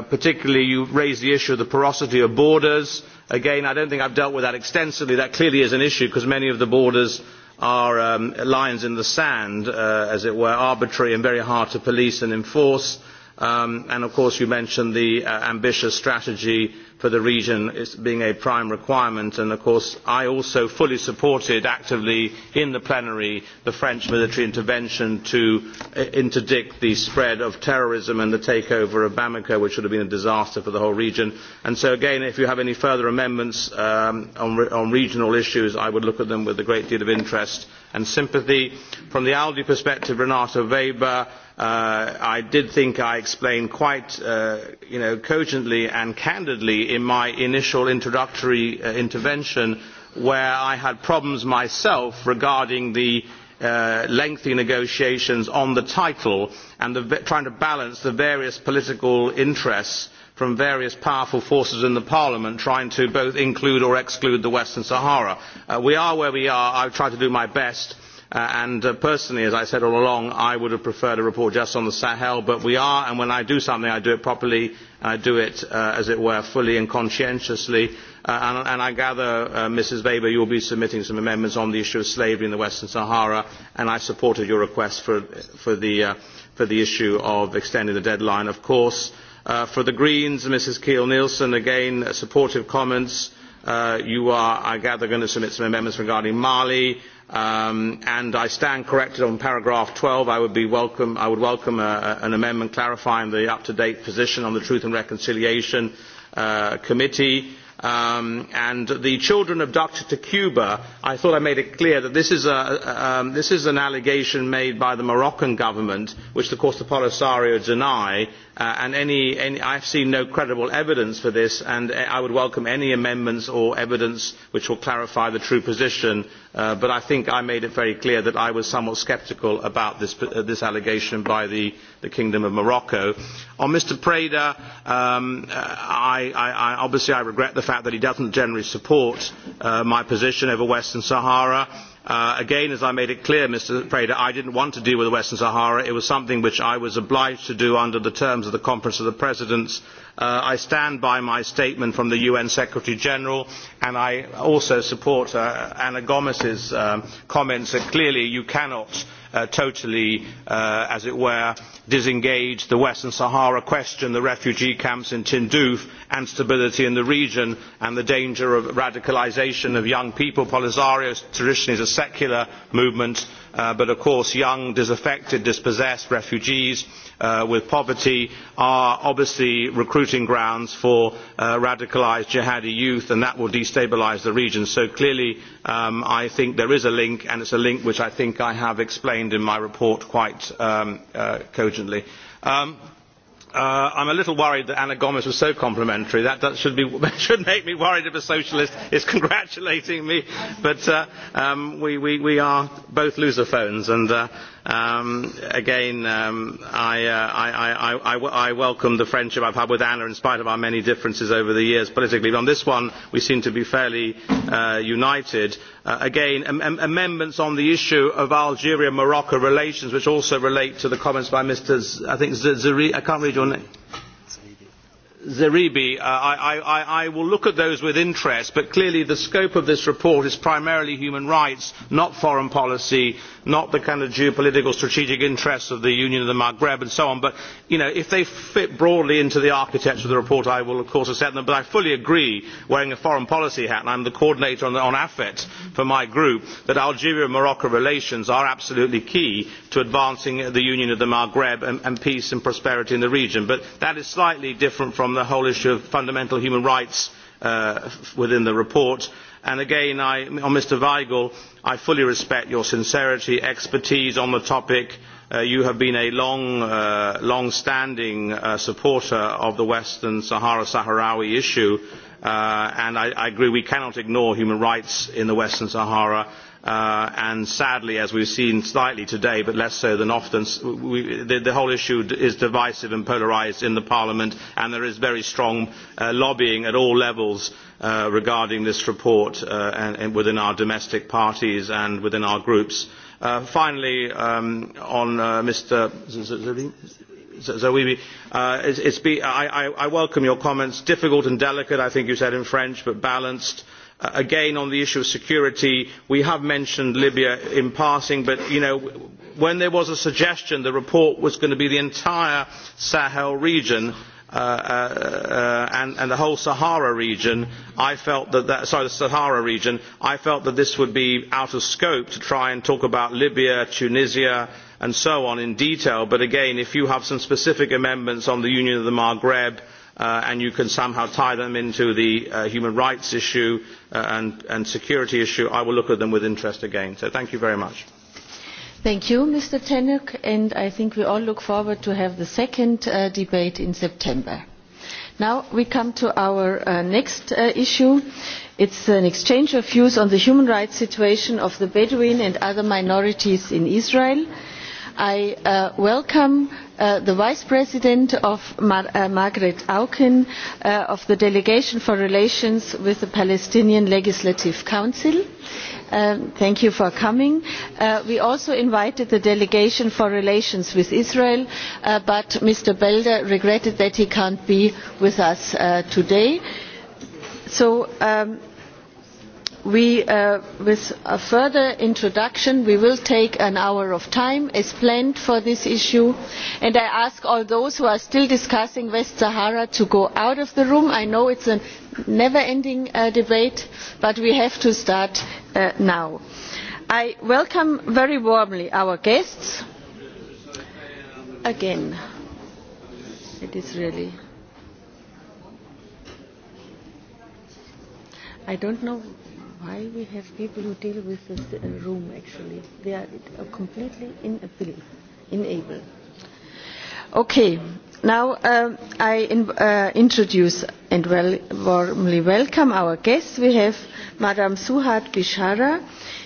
particularly you raised the issue of the porosity of borders again i do not think i have dealt with that extensively that clearly is an issue because many of the borders are lines in the sand as it were arbitrary and very hard to police and enforce and of course you mentioned the ambitious strategy for the region as being a prime requirement and of course i also fully supported actively in the plenary the french military intervention to interdict the spread of terrorism and the takeover of bamako which would have been a disaster for the whole region. so again if you have any further amendments on regional issues i would look at them with a great deal of interest and sympathy. From the ALDE perspective, Renato Weber, I did think I explained quite cogently and candidly in my initial introductory intervention where I had problems myself regarding the lengthy negotiations on the title and trying to balance the various political interests from various powerful forces in parliament trying to both include or exclude the western sahara. we are where we are. i try tried to do my best and personally as i said all along i would have preferred a report just on the sahel but we are and when i do something i do it properly and i do it as it were fully and conscientiously and i gather mrs weber you will be submitting some amendments on the issue of slavery in the western sahara and i supported your request for the issue of extending the deadline of course. For the Greens, Mrs Kiel Nielsen, again supportive comments. You are, I gather, going to submit some amendments regarding Mali, and I stand corrected on paragraph 12. I would welcome an amendment clarifying the up-to-date position on the Truth and Reconciliation Committee. And the children abducted to Cuba, I thought I made it clear that this is an allegation made by the Moroccan government, which of course the Polisario deny and i have seen no credible evidence for this and i would welcome any amendments or evidence which will clarify the true position but i think i made it very clear that i was somewhat sceptical about this allegation by the kingdom of morocco. on mr preda obviously i regret the fact that he does not generally support my position over western sahara. Again, as I made it clear, Mr Preda, I did not want to deal with the Western Sahara. It was something which I was obliged to do under the terms of the Conference of the Presidents. I stand by my statement from the UN Secretary General and I also support Anna Gomes' comments that clearly you cannot totally as it were disengage the western sahara question the refugee camps in tindouf and stability in the region and the danger of radicalisation of young people polisario traditionally is a secular movement but of course young disaffected dispossessed refugees with poverty are obviously recruiting grounds for radicalised jihadi youth and that will destabilise the region. so clearly i think there is a link and it is a link which i think i have explained in my report quite cogently i am a little worried that ana gomes was so complimentary that should make me worried if a socialist is congratulating me but we are both lusophones and Again, I welcome the friendship I've had with Anna in spite of our many differences over the years politically. But on this one, we seem to be fairly united. Again, amendments on the issue of Algeria-Morocco relations, which also relate to the comments by Mr. I think Zeribi. I can't read your name. Zeribi. I will look at those with interest, but clearly the scope of this report is primarily human rights, not foreign policy not the kind of geopolitical strategic interests of the union of the maghreb and so on but if they fit broadly into the architecture of the report i will of course accept them but i fully agree wearing a foreign policy hat and i am the coordinator on afet for my group that algeria morocco relations are absolutely key to advancing the union of the maghreb and peace and prosperity in the region but that is slightly different from the whole issue of fundamental human rights within the report and again on mr vajgl i fully respect your sincerity and expertise on the topic. you have been a long standing supporter of the western sahara sahrawi issue and i agree we cannot ignore human rights in the western sahara and sadly as we have seen slightly today but less so than often the whole issue is divisive and polarised in the parliament and there is very strong lobbying at all levels regarding this report within our domestic parties and within our groups. finally on mr Zawibi, i welcome your comments difficult and delicate i think you said in french but balanced again on the issue of security we have mentioned libya in passing but when there was a suggestion the report was going to be the entire sahel region and the whole sahara region i felt that sorry the sahara region i felt that this would be out of scope to try and talk about libya tunisia and so on in detail but again if you have some specific amendments on the union of the maghreb and you can somehow tie them into the human rights issue and security issue, I will look at them with interest again. So thank you very much. Thank you, Mr. Tannock, and I think we all look forward to have the second debate in September. Now we come to our next issue. It's an exchange of views on the human rights situation of the Bedouin and other minorities in Israel. I welcome the Vice President of Margaret Auken of the Delegation for Relations with the Palestinian Legislative Council. Thank you for coming. We also invited the Delegation for Relations with Israel, but Mr. Belder regretted that he can't be with us today. So with a further introduction we will take an hour of time as planned for this issue and i ask all those who are still discussing west sahara to go out of the room. i know it is a never ending debate but we have to start now. i welcome very warmly our guests again. it is really I don't know why we have people who deal with this room, actually. They are completely unable. Okay. Now I introduce and warmly welcome our guests. We have Madam Suhad Bishara.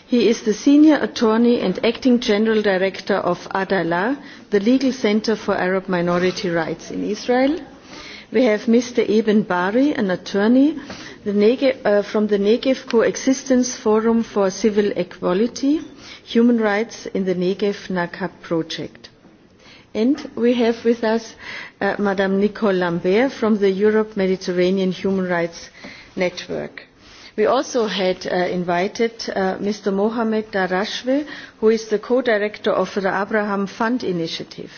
He is the Senior Attorney and Acting General Director of Adala, the Legal Center for Arab Minority Rights in Israel. We have Mr. Eben Bari, an attorney from the Negev Coexistence Forum for Civil Equality, Human Rights in the Negev NACAP Project. And we have with us Madame Nicole Lambert from the Europe Mediterranean Human Rights Network. We also had invited Mr. Mohamed Darashwe, who is the co-director of the Abraham Fund Initiative.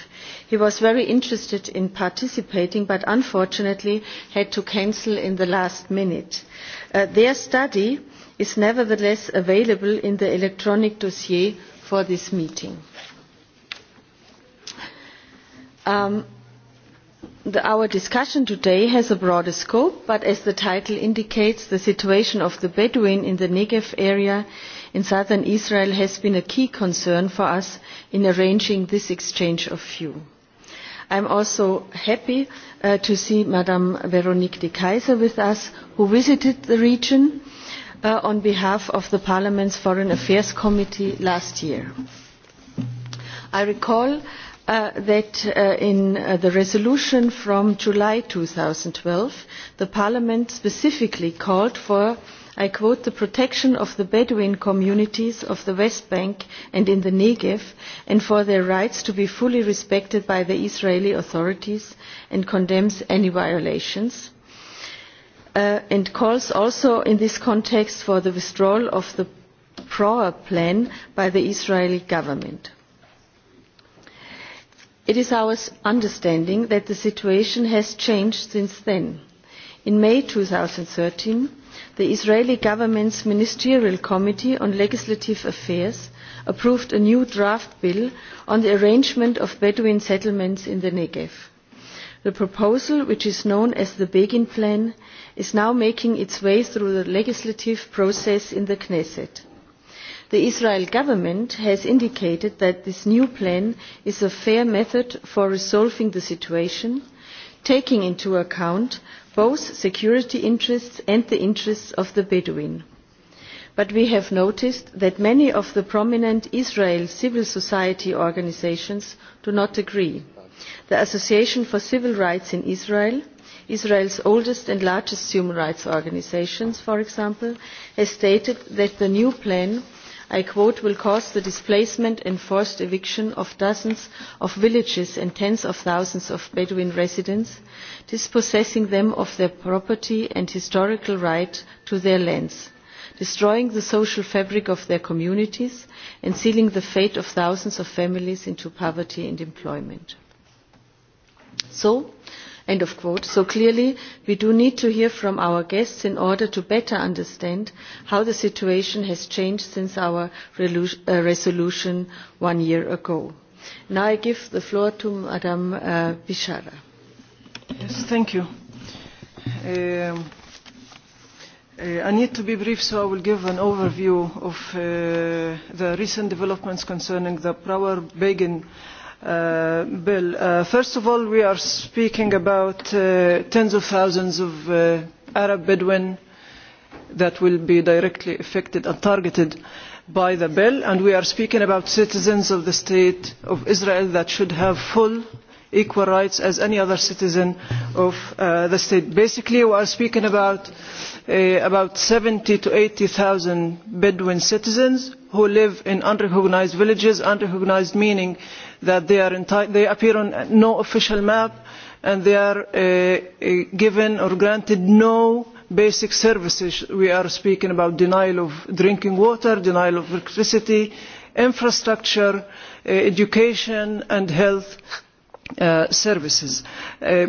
He was very interested in participating but unfortunately had to cancel in the last minute. Their study is nevertheless available in the electronic dossier for this meeting. Our discussion today has a broader scope, but as the title indicates, the situation of the Bedouin in the Negev area in southern Israel has been a key concern for us in arranging this exchange of views. I am also happy to see Madam Veronique de Keyser with us, who visited the region on behalf of Parliament's Foreign Affairs Committee last year. I recall that in the resolution from July 2012, the Parliament specifically called for I quote, the protection of the Bedouin communities of the West Bank and in the Negev and for their rights to be fully respected by the Israeli authorities and condemns any violations and calls also in this context for the withdrawal of the PROA plan by the Israeli government. It is our understanding that the situation has changed since then. In May 2013, the Israeli government's Ministerial Committee on Legislative Affairs approved a new draft bill on the arrangement of Bedouin settlements in the Negev. The proposal, which is known as the Begin Plan, is now making its way through the legislative process in the Knesset. The Israeli government has indicated that this new plan is a fair method for resolving the situation, taking into account both security interests and the interests of the Bedouin. But we have noticed that many of the prominent Israel civil society organisations do not agree. The Association for Civil Rights in Israel, Israel's oldest and largest human rights organisation, for example, has stated that the new plan I quote, will cause the displacement and forced eviction of dozens of villages and tens of thousands of Bedouin residents dispossessing them of their property and historical right to their lands, destroying the social fabric of their communities and sealing the fate of thousands of families into poverty and employment. So End of quote. So clearly, we do need to hear from our guests in order to better understand how the situation has changed since our resolution one year ago. Now I give the floor to Madam Bishara thank I need to be brief, so I will give an overview of the recent developments concerning the Power-Begin bill. First of all, we are speaking about tens of thousands of Arab Bedouin that will be directly affected and targeted by the bill, and we are speaking about citizens of the State of Israel that should have full equal rights as any other citizen of the state. Basically, we are speaking about about 70 to thousand Bedouin citizens who live in unrecognised villages, Unrecognised meaning that they appear on no official map and they are given or granted no basic services. We are speaking about denial of drinking water, denial of electricity, infrastructure, education and health services.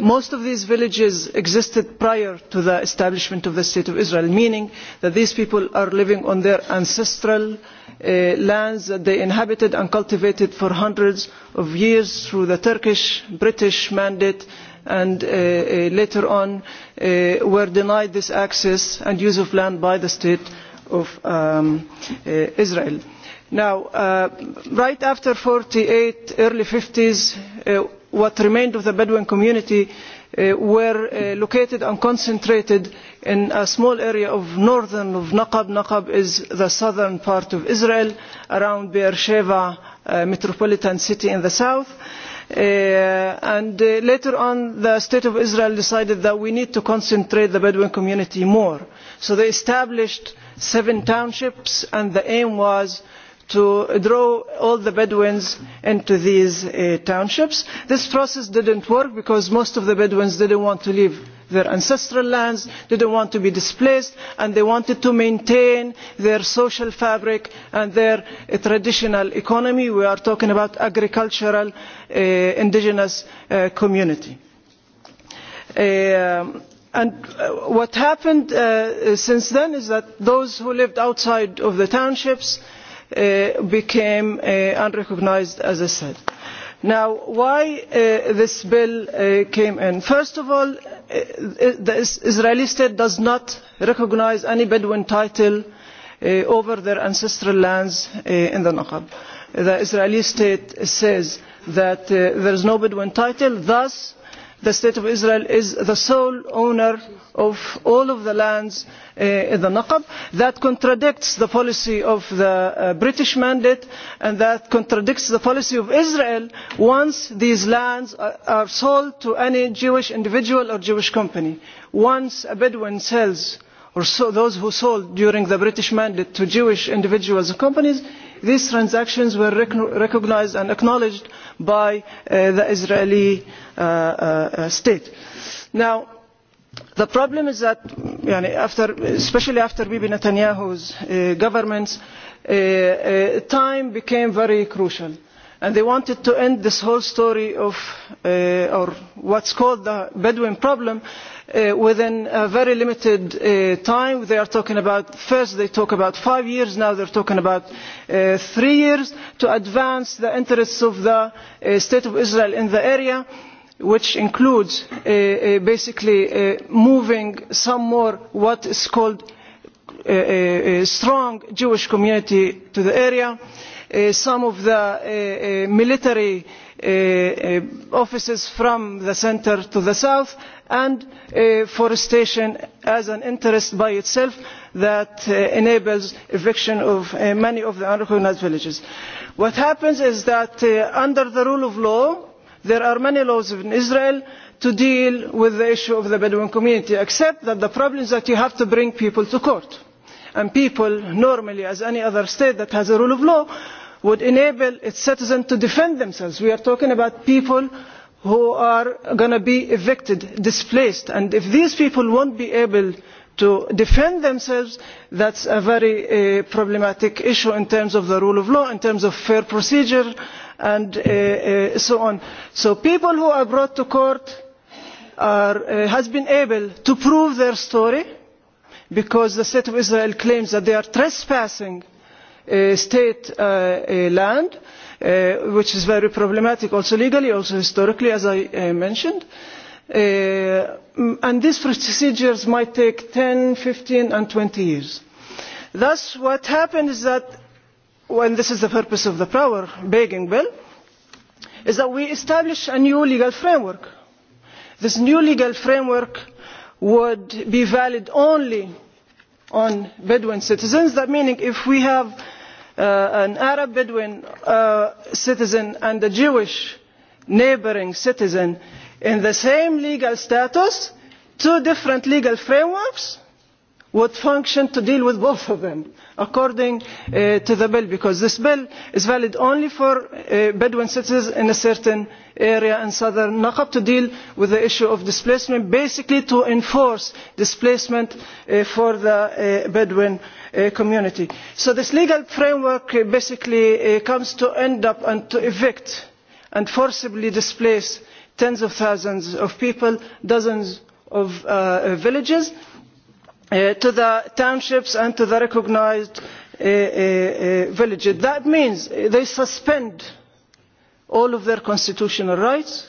most of these villages existed prior to the establishment of the state of israel meaning that these people are living on their ancestral lands that they inhabited and cultivated for hundreds of years through the turkish british mandate and later on were denied this access and use of land by the state of israel. now right after forty eight early s what remained of the Bedouin community were located and concentrated in a small area of northern of Naqab. Naqab is the southern part of Israel, around Beersheba metropolitan city in the south. And later on the State of Israel decided that we need to concentrate the Bedouin community more. So they established seven townships and the aim was to draw all the Bedouins into these townships. This process didn't work because most of the Bedouins didn't want to leave their ancestral lands, didn't want to be displaced, and they wanted to maintain their social fabric and their traditional economy. We are talking about agricultural indigenous community. And what happened since then is that those who lived outside of the townships became unrecognised as i said. now why this bill came in? first of all the israeli state does not recognise any bedouin title over their ancestral lands in the nakba. the israeli state says that there is no bedouin title thus the state of israel is the sole owner of all of the lands in the naqab that contradicts the policy of the british mandate and that contradicts the policy of israel once these lands are sold to any jewish individual or jewish company. once a bedouin sells or those who sold during the british mandate to jewish individuals and companies These transactions were recognized and acknowledged by the Israeli state. Now, the problem is that, especially after Bibi Netanyahu's government, time became very crucial. And they wanted to end this whole story of, or what's called the Bedouin problem, within a very limited time. They are talking about first they talk about five years, now they are talking about three years to advance the interests of the State of Israel in the area, which includes basically moving some more what is called a strong Jewish community to the area. Some of the military offices from the centre to the south and forestation as an interest by itself that enables eviction of many of the unrecognised villages. what happens is that under the rule of law there are many laws in israel to deal with the issue of the bedouin community except that the problem is that you have to bring people to court and people normally as any other state that has a rule of law would enable its citizens to defend themselves. we are talking about people who are going to be evicted, displaced. And if these people won't be able to defend themselves, that's a very problematic issue in terms of the rule of law, in terms of fair procedure, and so on. So people who are brought to court have been able to prove their story, because the State of Israel claims that they are trespassing state land which is very problematic also legally, also historically, as I mentioned. And these procedures might take 10, 15 and 20 years. Thus, what happens is that, when this is the purpose of the power begging bill, is that we establish a new legal framework. This new legal framework would be valid only on Bedouin citizens. That meaning, if we have an arab bedouin citizen and a jewish neighbouring citizen in the same legal status two different legal frameworks would function to deal with both of them according to the bill because this bill is valid only for bedouin citizens in a certain area in southern Naqab to deal with the issue of displacement basically to enforce displacement for the bedouin community. so this legal framework basically comes to end up and to evict and forcibly displace tens of thousands of people dozens of villages to the townships and to the recognised villages. that means they suspend all of their constitutional rights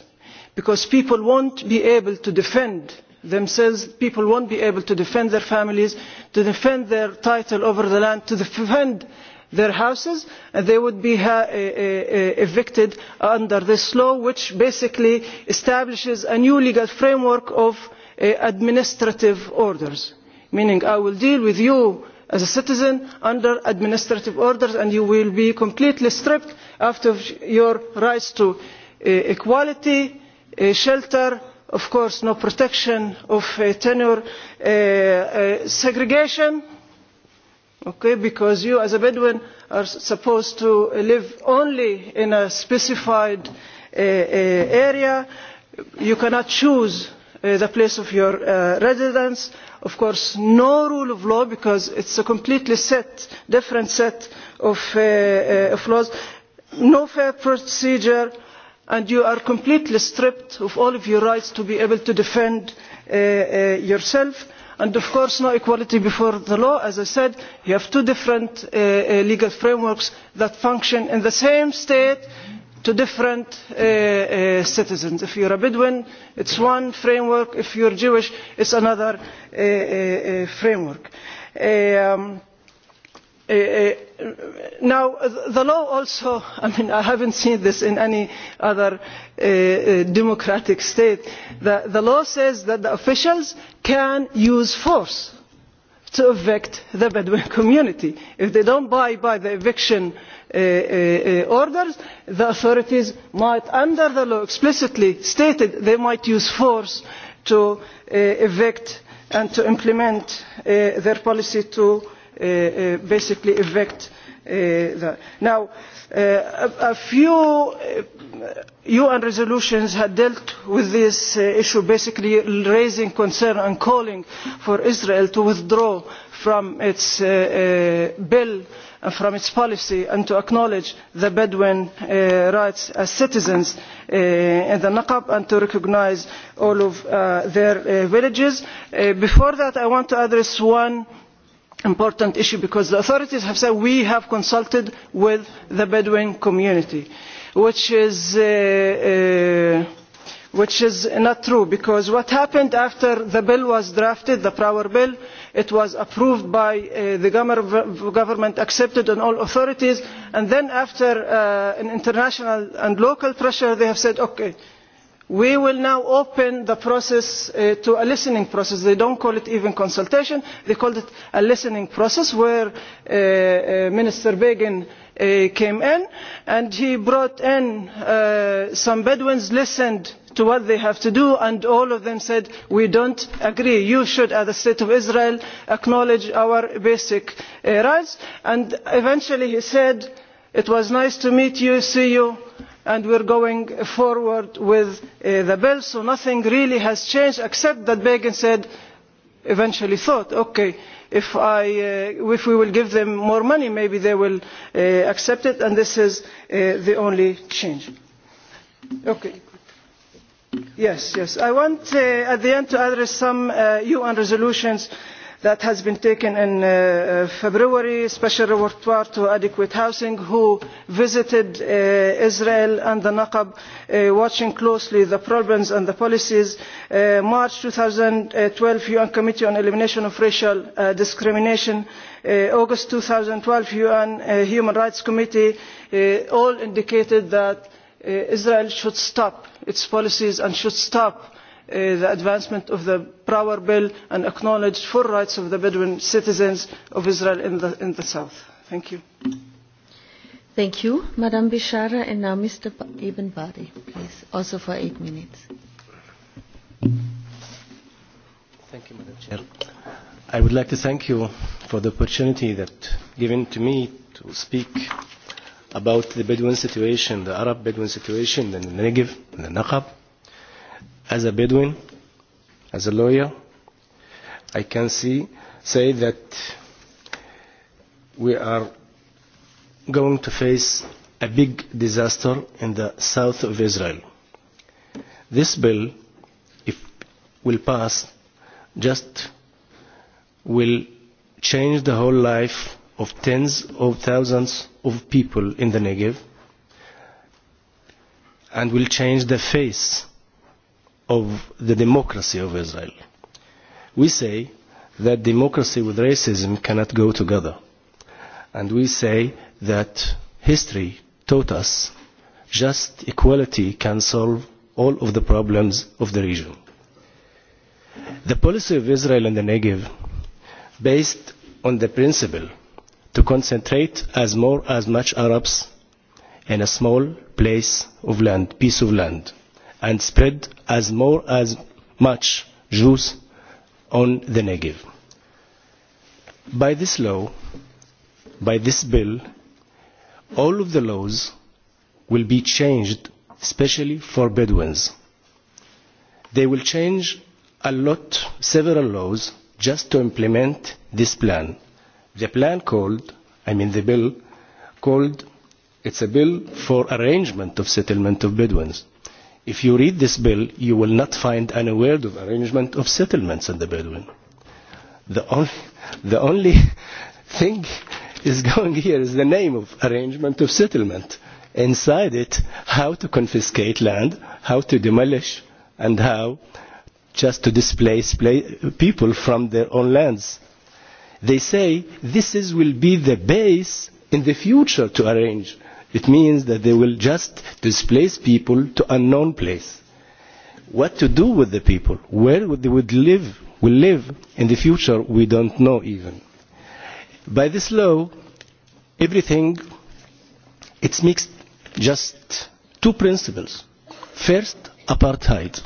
because people will not be able to defend themselves people won't be able to defend their families to defend their title over the land to defend their houses and they would be evicted under this law which basically establishes a new legal framework of administrative orders meaning i will deal with you as a citizen under administrative orders and you will be completely stripped of your rights to equality shelter of course no protection of tenure segregation because you as a bedouin are supposed to live only in a specified area you cannot choose the place of your residence of course no rule of law because it is a completely set, different set of laws no fair procedure and you are completely stripped of all of your rights to be able to defend yourself and of course no equality before the law. as i said you have two different legal frameworks that function in the same state to different citizens. if you are a bedouin it is one framework if you are jewish it is another framework now the law also i mean i haven't seen this in any other democratic state the law says that the officials can use force to evict the bedouin community if they don't buy by the eviction orders the authorities might under the law explicitly stated they might use force to evict and to implement their policy to basically evict that. Now, a few UN resolutions had dealt with this issue, basically raising concern and calling for Israel to withdraw from its bill and from its policy and to acknowledge the Bedouin rights as citizens in the Naqab and to recognise all of their villages. Before that, I want to address one important issue because the authorities have said we have consulted with the Bedouin community, which is not true because what happened after the bill was drafted, the Power Bill, it was approved by the government, accepted on all authorities, and then after an international and local pressure they have said okay we will now open the process to a listening process they don't call it even consultation they call it a listening process where minister begin came in and he brought in some bedouins listened to what they have to do and all of them said we don't agree you should as the state of israel acknowledge our basic rights and eventually he said it was nice to meet you see you and we are going forward with the bill so nothing really has changed except that begin said eventually thought okay, if we will give them more money maybe they will accept it and this is the only change. yes yes i want at the end to address some un resolutions that has been taken in February, Special Rapporteur to Adequate Housing, who visited Israel and the Naqab, watching closely the problems and the policies. March 2012, UN Committee on Elimination of Racial Discrimination. August 2012, UN Human Rights Committee, all indicated that Israel should stop its policies and should stop the advancement of the power bill and acknowledged full rights of the bedouin citizens of israel in the south. thank you. thank you madam bishara and now mr ibn badi please also for eight minutes. thank you madam chair. i would like to thank you for the opportunity that given to me to speak about the bedouin situation the arab bedouin situation in the negev and the naqab As a Bedouin, as a lawyer, I can see say that we are going to face a big disaster in the south of Israel. This bill, if will pass, just will change the whole life of tens of thousands of people in the Negev and will change the face of the democracy of Israel. We say that democracy with racism cannot go together. And we say that history taught us just equality can solve all of the problems of the region. The policy of Israel and the Negev, based on the principle to concentrate as more as much Arabs in a small place of land, piece of land, and spread as more as much juice on the Negev. By this law, by this bill, all of the laws will be changed, especially for Bedouins. They will change a lot, several laws, just to implement this plan. The plan called, I mean the bill, called, it's a bill for arrangement of settlement of Bedouins If you read this bill, you will not find any word of arrangement of settlements in the Bedouin. The only thing is going here is the name of arrangement of settlement. Inside it, how to confiscate land, how to demolish, and how just to displace people from their own lands. They say this will be the base in the future to arrange It means that they will just displace people to unknown place. What to do with the people? Where they would live? Will live in the future? We don't know even. By this law, everything it's mixed. Just two principles: first, apartheid,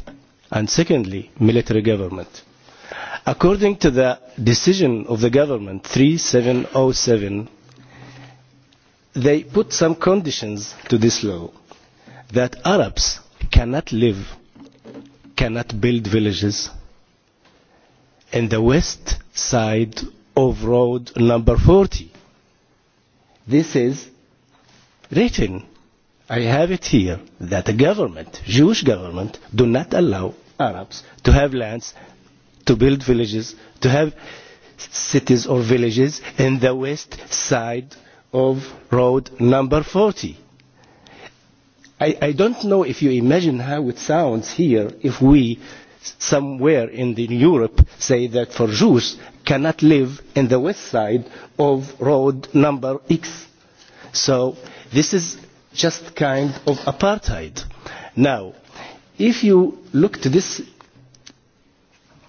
and secondly, military government. According to the decision of the government 3707 they put some conditions to this law that Arabs cannot live, cannot build villages in the west side of road number 40. This is written. I have it here that the government, Jewish government, do not allow Arabs to have lands, to build villages, to have cities or villages in the west side of road number 40. I I don't know if you imagine how it sounds here if we somewhere in Europe say that for Jews cannot live in the west side of road number X. So this is just kind of apartheid. Now, if you look to this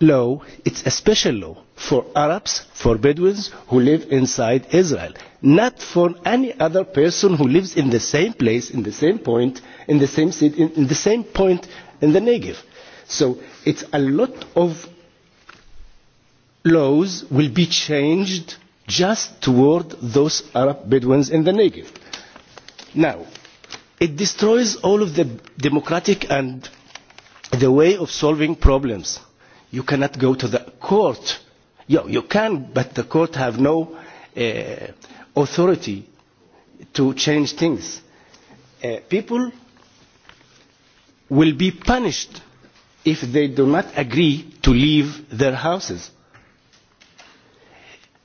law is a special law for arabs for bedouins who live inside israel not for any other person who lives in the same place in the same point in the same city in the same point in the negev so it's a lot of laws will be changed just toward those arab bedouins in the negev now it destroys all of the democratic and the way of solving problems you cannot go to the court. You can, but the court have no authority to change things. People will be punished if they do not agree to leave their houses.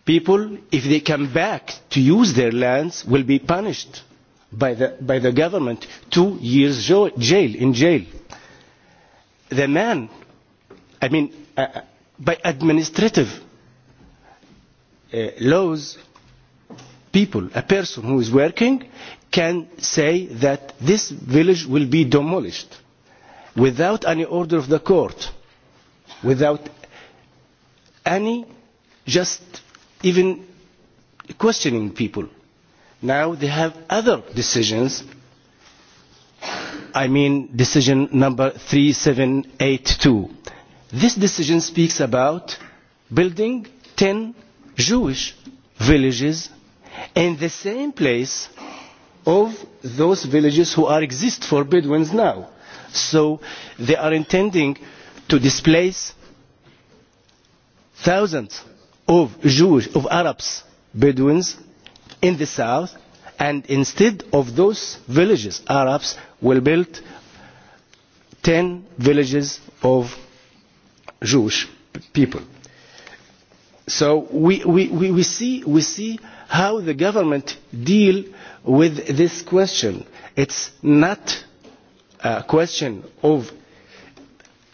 People, if they come back to use their lands, will be punished by the government, two years jail in jail. The man I mean, by administrative laws, people, a person who is working, can say that this village will be demolished without any order of the court, without any just even questioning people. Now they have other decisions. I mean decision number 3782 This decision speaks about building 10 Jewish villages in the same place of those villages who are exist for Bedouins now. So they are intending to displace thousands of Jewish, of Arabs, Bedouins in the south and instead of those villages, Arabs will build 10 villages of Jewish people. So we see how the government deal with this question. It's not a question of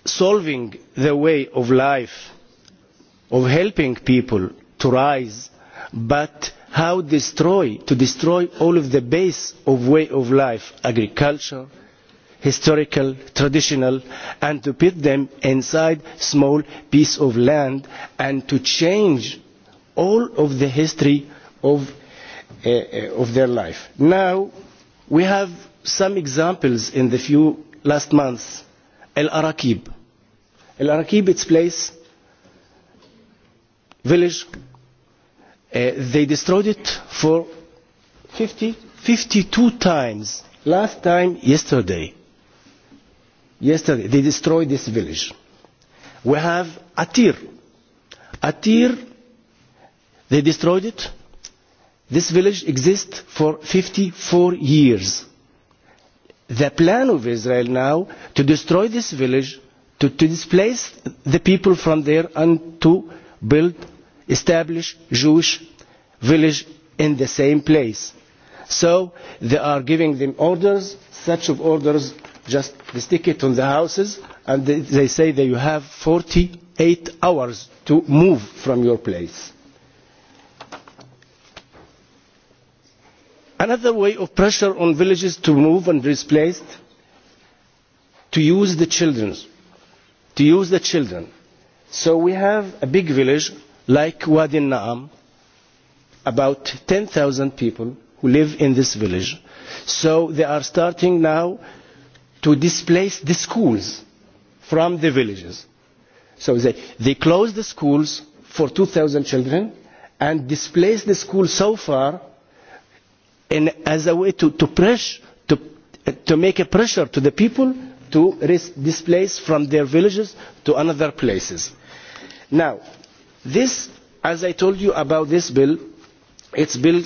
solving the way of life, of helping people to rise, but how destroy to destroy all of the base of way of life, agriculture historical, traditional, and to put them inside small piece of land and to change all of the history of their life. Now, we have some examples in the few last months. El-Araqib. El-Araqib, its place, village, they destroyed it for 50, 52 times. Last time, yesterday yesterday they destroyed this village. We have Atir. Atir, they destroyed it. This village exists for 54 years. The plan of Israel now to destroy this village, to displace the people from there and to build, establish Jewish village in the same place. So they are giving them orders, such of orders just stick it on the houses and they say that you have 48 hours to move from your place. Another way of pressure on villages to move and displaced, to use the children, to use the children. So we have a big village like Wadi Naam, about 10,000 people who live in this village. So they are starting now to displace the schools from the villages. So they closed the schools for 2,000 children and displaced the schools so far as a way to press to make a pressure to the people to displace from their villages to another places. Now, this, as I told you about this bill, its bill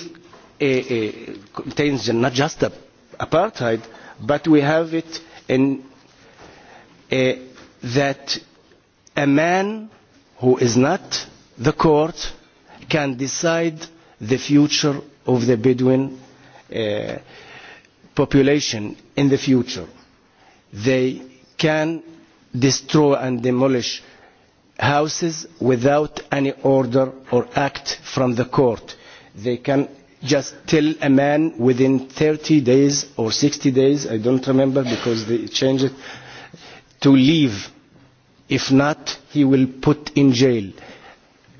contains not just apartheid, but we have it in that a man who is not the court can decide the future of the Bedouin population in the future. They can destroy and demolish houses without any order or act from the court. They can just tell a man within 30 days or 60 days, I don't remember because they changed it, to leave. If not, he will put in jail.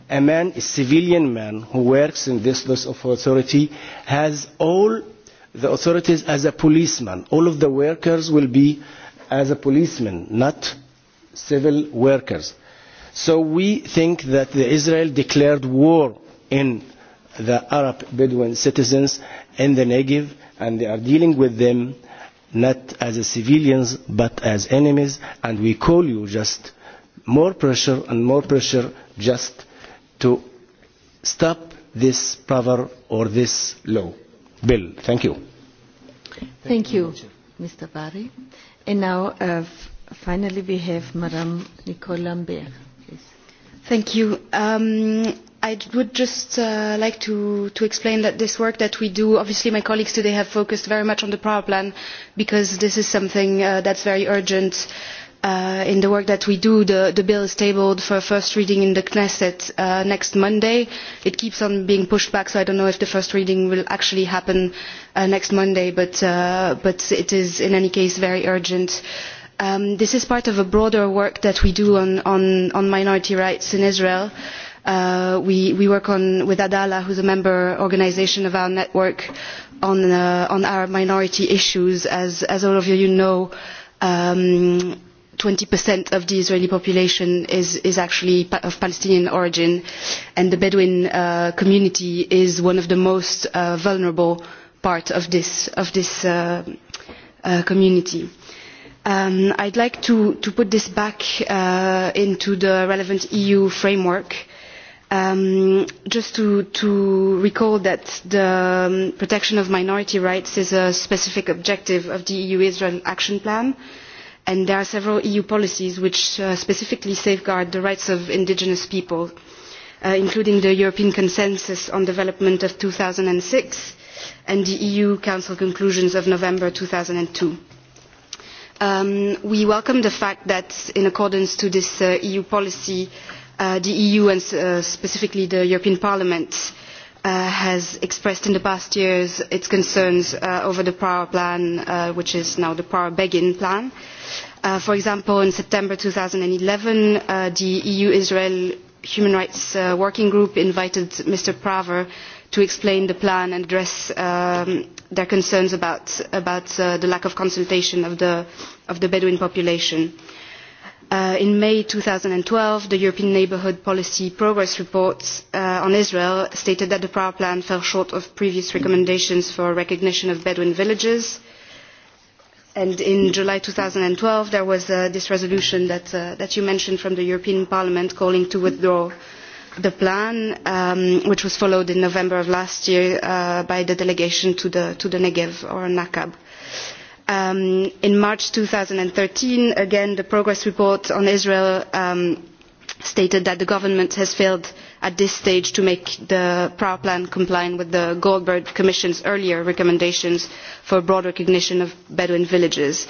A man, a civilian man who works in this loss of authority, has all the authorities as a policeman. All of the workers will be as a policeman, not civil workers. So we think that Israel declared war in the Arab Bedouin citizens in the Negev, and they are dealing with them not as civilians but as enemies, and we call you just more pressure and more pressure just to stop this proverb or this law. Bill, thank you. Thank you, Mr. Bari. And now, finally, we have Madame Nicole Lambert. Thank you. Um, I would just like to explain that this work that we do, obviously my colleagues today have focused very much on the power plan because this is something that's very urgent in the work that we do. The bill is tabled for first reading in the Knesset next Monday. It keeps on being pushed back, so I don't know if the first reading will actually happen next Monday, but it is in any case very urgent. This is part of a broader work that we do on minority rights in Israel We work with Adala, who is a member organisation of our network, on our minority issues. As all of you know, 20% of the Israeli population is actually of Palestinian origin, and the Bedouin community is one of the most vulnerable parts of this community. I'd like to put this back into the relevant EU framework Just to recall that the protection of minority rights is a specific objective of the EU-Israel Action Plan, and there are several EU policies which specifically safeguard the rights of indigenous people, including the European Consensus on Development of 2006 and the EU Council conclusions of November 2002. We welcome the fact that, in accordance to this EU policy, the eu and specifically the european parliament has expressed in the past years its concerns over the power plan which is now the power begin plan. for example in september 2011, the eu israel human rights working group invited mr praver to explain the plan and address their concerns about the lack of consultation of the bedouin population in may 2012 the european neighbourhood policy progress report on israel stated that the power plan fell short of previous recommendations for recognition of bedouin villages and in july 2012 there was this resolution that you mentioned from the european parliament calling to withdraw the plan which was followed in november of last year by the delegation to the to the negev or nakab in march 2013 again the progress report on israel stated that the government has failed at this stage to make the power plan comply with the goldberg commission's earlier recommendations for broad recognition of bedouin villages.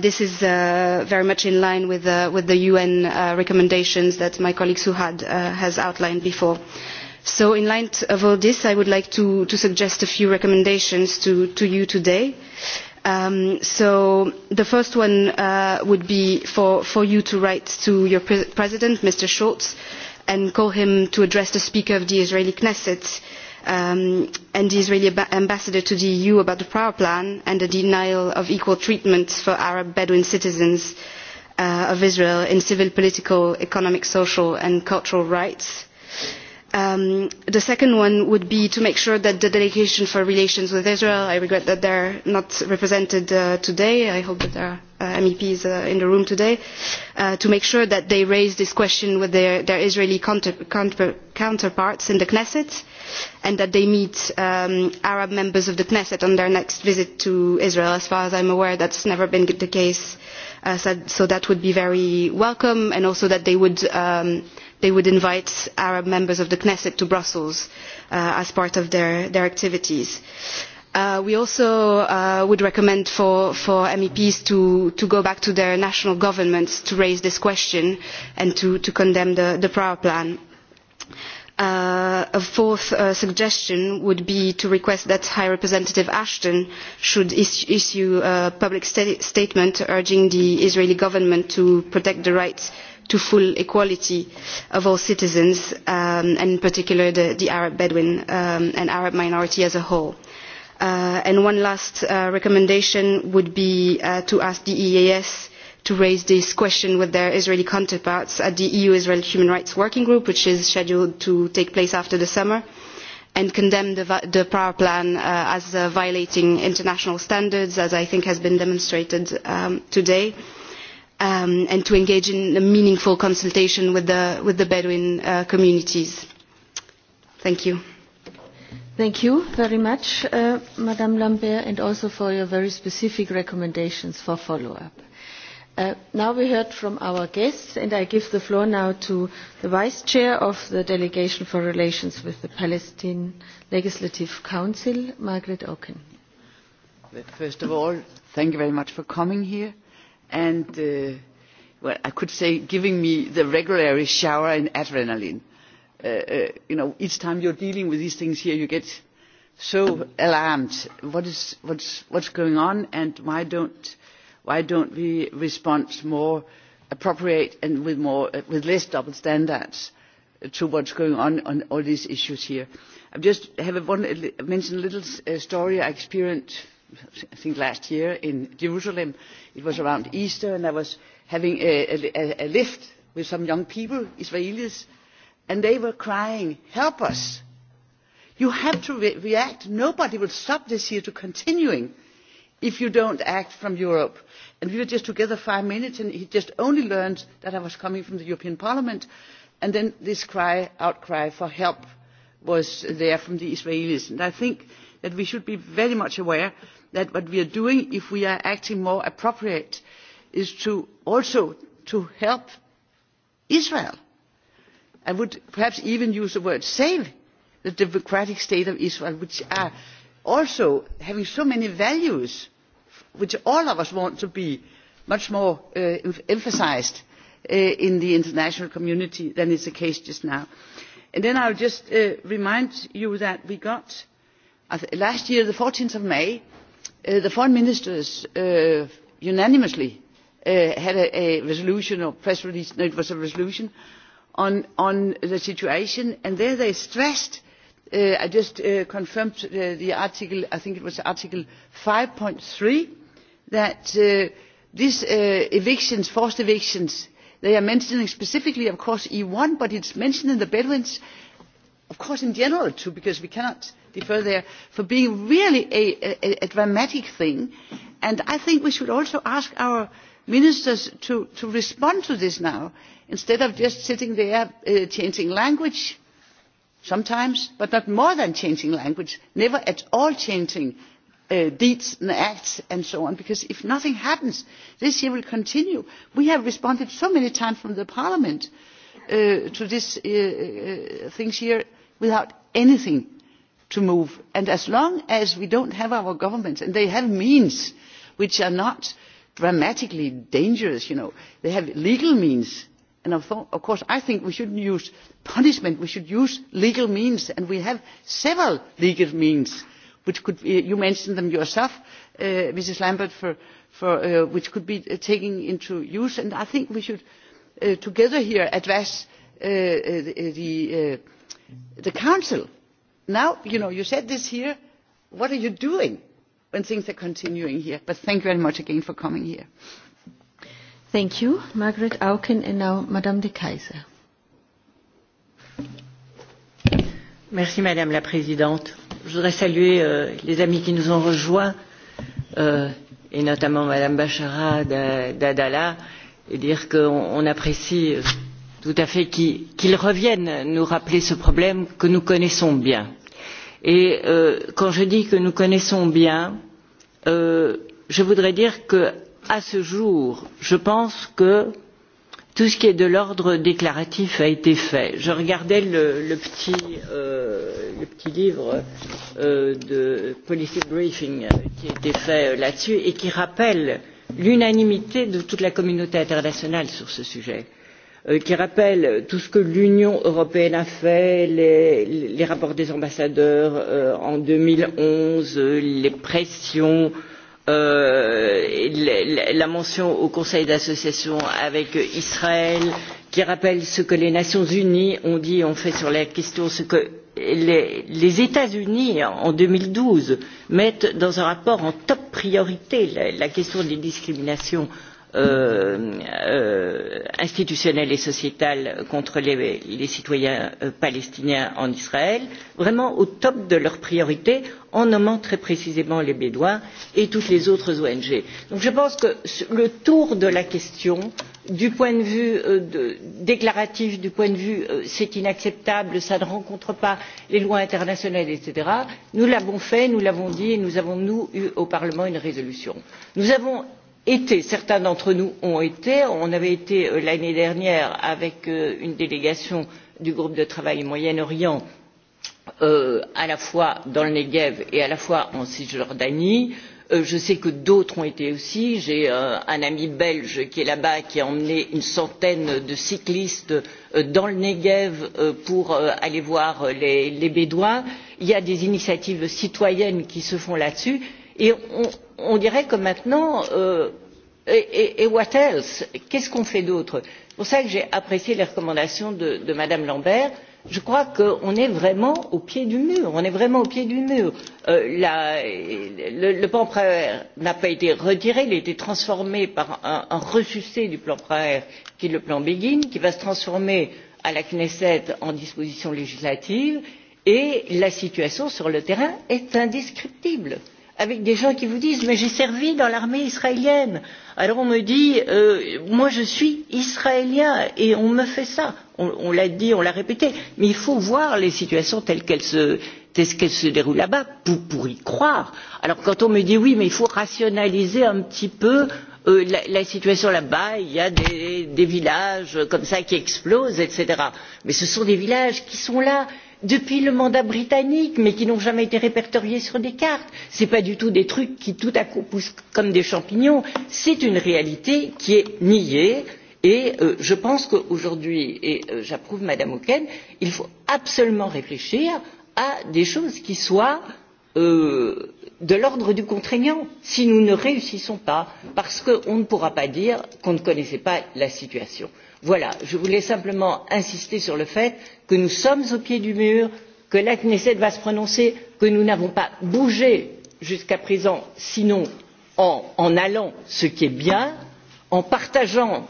this is very much in line with the un recommendations that my colleague suhad has outlined before. so in light of all this i would like to suggest a few recommendations to you today. So the first one would be for you to write to your President, Mr. Schulz, and call him to address the Speaker of the Israeli Knesset and the Israeli ambassador to the EU about the power plan and the denial of equal treatment for Arab Bedouin citizens of Israel in civil, political, economic, social and cultural rights. The second one would be to make sure that the delegation for relations with Israel, I regret that they are not represented today, I hope that there are MEPs in the room today, to make sure that they raise this question with their Israeli counterparts in the Knesset and that they meet Arab members of the Knesset on their next visit to Israel. As far as I am aware, that has never been the case, so that would be very welcome and also that they would they would invite Arab members of the Knesset to Brussels as part of their activities. We also would recommend for MEPs to go back to their national governments to raise this question and to condemn the prior plan. A fourth suggestion would be to request that High Representative Ashton should issue a public statement urging the Israeli government to protect the rights to full equality of all citizens and in particular the Arab Bedouin and Arab minority as a whole. And one last recommendation would be to ask the EAS to raise this question with their Israeli counterparts at the EU-Israel Human Rights Working Group, which is scheduled to take place after the summer and condemn the power plan as violating international standards as i think has been demonstrated today and to engage in a meaningful consultation with the Bedouin communities. Thank you. Thank you very much, Madame Lambert, and also for your very specific recommendations for follow-up. Now we heard from our guests, and I give the floor now to the Vice Chair of the Delegation for Relations with the Palestine Legislative Council, Margaret Oken. First of all, thank you very much for coming here and well I could say giving me the regular shower in adrenaline. You know, each time you're dealing with these things here, you get so alarmed. What is what's going on and why don't why don't we respond more appropriate and with more with less double standards to what's going on on all these issues here? I just have one mention a little story I experienced I think last year in Jerusalem. It was around Easter and I was having a lift with some young people, Israelis, and they were crying, help us. You have to react. Nobody will stop this here to continuing if you don't act from Europe. And we were just together five minutes and he just only learned that I was coming from the European Parliament. And then this cry, outcry for help was there from the Israelis. And I think that we should be very much aware that what we are doing if we are acting more appropriate is to also to help israel i would perhaps even use the word save the democratic state of israel which are also having so many values which all of us want to be much more emphasised in the international community than is the case just now. And then I would just remind you that we got last year, the 14th of May, the foreign ministers unanimously had a resolution or press release no it was a resolution on the situation and there they stressed i just confirmed the article i think it was article five that these evictions forced evictions they are mentioning specifically of course e one but it is mentioned in the bedouins of course in general too because we cannot defer there for being really a dramatic thing and i think we should also ask our ministers to respond to this now instead of just sitting there changing language sometimes but not more than changing language never at all changing deeds and acts and so on because if nothing happens this year will continue. we have responded so many times from parliament to these things here without anything to move. And as long as we don't have our governments, and they have means which are not dramatically dangerous, you know, they have legal means. And of course, I think we shouldn't use punishment, we should use legal means. And we have several legal means, which could, you mentioned them yourself, Mrs. Lambert, which could be taken into use. And I think we should together here address the Council now you know you said this here what are you doing when things are continuing here but thank you very much again for coming here thank you margaret auken and now madame de kaiser merci madame la présidente je voudrais saluer les amis qui nous ont rejoints et notamment madame bachara dadala et dire qu'on apprécie tout à fait qu'ils reviennent nous rappeler ce problème que nous connaissons bien Et quand je dis que nous connaissons bien, je voudrais dire qu'à ce jour, je pense que tout ce qui est de l'ordre déclaratif a été fait. Je regardais le petit livre de policy briefing qui a été fait là dessus et qui rappelle l'unanimité de toute la communauté internationale sur ce sujet qui rappelle tout ce que l'union européenne a fait les rapports des ambassadeurs en deux mille onze les pressions la mention au conseil d'association avec israël qui rappelle ce que les nations unies ont dit et ont fait sur la question ce que les états unis en deux mille douze mettent dans un rapport en top priorité la question des discriminations institutionnelle et sociétale contre les citoyens palestiniens en Israël, vraiment au top de leurs priorités, en nommant très précisément les Bédouins et toutes les autres ONG. Donc je pense que le tour de la question, du point de vue déclaratif, du point de vue c'est inacceptable, ça ne rencontre pas les lois internationales, etc., nous l'avons fait, nous l'avons dit et nous avons, nous, eu au Parlement une résolution. Nous avons été certains d'entre nous ont été on avait été l'année dernière avec une délégation du groupe de travail moyen orient à la fois dans le Negev et à la fois en Cisjordanie. Je sais que d'autres ont été aussi. J'ai un ami belge qui est là-bas, qui a emmené une centaine de cyclistes dans le Negev pour aller voir les Bédouins. Il y a des initiatives citoyennes qui se font là-dessus. Et on on dirait que maintenant et what else? qu'est ce qu'on fait d'autre? c'est pour cela que j'ai apprécié les recommandations de mme lambert. je crois qu'on est vraiment au pied du mur. on est vraiment au pied du mur. le plan praer n'a pas été retiré il a été transformé par un ressucé du plan praer qui est le plan begin qui va se transformer à la knesset en disposition législative et la situation sur le terrain est indescriptible avec des gens qui vous disent mais j'ai servi dans l'armée israélienne alors on me dit moi je suis israélien et on me fait ça on l'a dit on l'a répété mais il faut voir les situations telles qu'elles se déroulent là bas pour y croire. alors quand on me dit oui mais il faut rationaliser un petit peu la situation là bas il y a des villages comme ça qui explosent etc. mais ce sont des villages qui sont là depuis le mandat britannique mais qui n'ont jamais été répertoriés sur des cartes. ce ne sont pas du tout des trucs qui tout à coup poussent comme des champignons c'est une réalité qui est niée et je pense qu'aujourd'hui et j'approuve mme auken il faut absolument réfléchir à des choses qui soient de l'ordre du contraignant si nous ne réussissons pas parce qu'on ne pourra pas dire qu'on ne connaissait pas la situation. voilà je voulais simplement insister sur le fait que nous sommes au pied du mur que la knesset va se prononcer que nous n'avons pas bougé jusqu'à présent sinon en allant ce qui est bien en partageant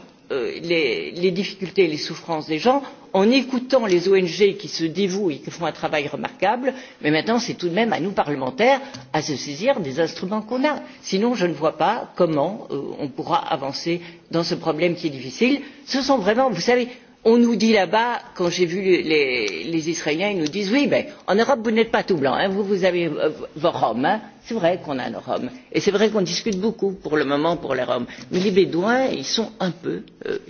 les difficultés et les souffrances des gens en écoutant les ong qui se dévouent et qui font un travail remarquable mais maintenant c'est tout de même à nous parlementaires de se saisir des instruments que nous avons sinon je ne vois pas comment on pourra avancer dans ce problème qui est difficile. ce sont vraiment vous savez on nous dit là bas quand j'ai vu les israéliens ils nous disent oui mais en europe vous n'êtes pas tout blanc vous vous avez vos roms c'est vrai qu'on a nos roms et c'est vrai qu'on discute beaucoup pour le moment pour les roms mais les bédouins ils sont un peu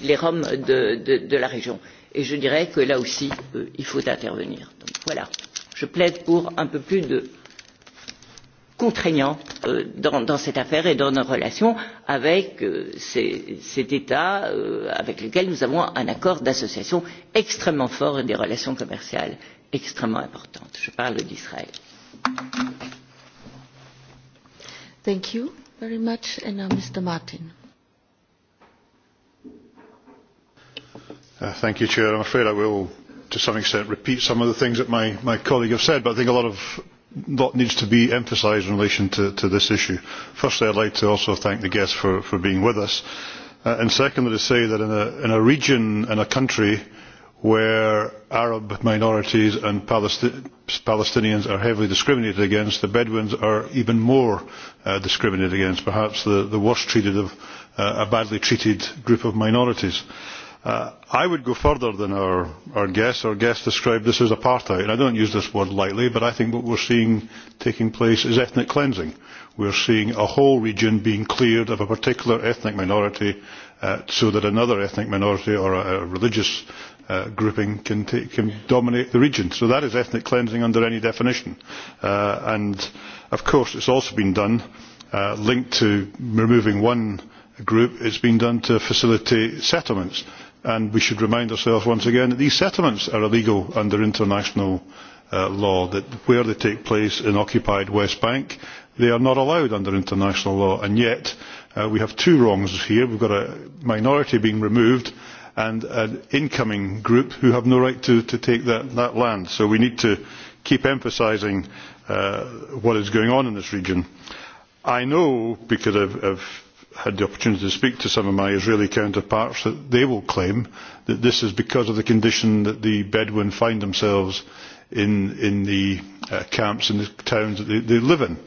les roms de la région et je dirais que là aussi il faut intervenir. donc voilà je plaide pour un peu plus de contraignant dans cette affaire et dans nos relations avec cet état avec lequel nous avons un accord d'association extrêmement fort et des relations commerciales extrêmement importantes. je parle d'israël. Thank you very much. Mr. Martin. Thank you, I'm afraid I will, to some extent, repeat some of the things that my colleague said, but I think a lot of lot needs to be emphasised in relation to this issue. Firstly, I would like to also thank the guests for being with us. And secondly, to say that in a region, and a country where Arab minorities and Palestinians are heavily discriminated against, the Bedouins are even more discriminated against, perhaps the worst treated of a badly treated group of minorities. I would go further than our guests. Our guests described this as apartheid. I don't use this word lightly, but I think what we're seeing taking place is ethnic cleansing. We are seeing a whole region being cleared of a particular ethnic minority so that another ethnic minority or a religious grouping can can dominate the region. So that is ethnic cleansing under any definition. And of course it's also been done linked to removing one group, it's been done to facilitate settlements and we should remind ourselves once again that these settlements are illegal under international law that where they take place in occupied west bank they are not allowed under international law and yet we have two wrongs here we've got a minority being removed and an incoming group who have no right to take that land so we need to keep emphasising what is going on in this region. i know because of have had the opportunity to speak to some of my Israeli counterparts that they will claim that this is because of the condition that the Bedouin find themselves in in the camps in the towns that they live in.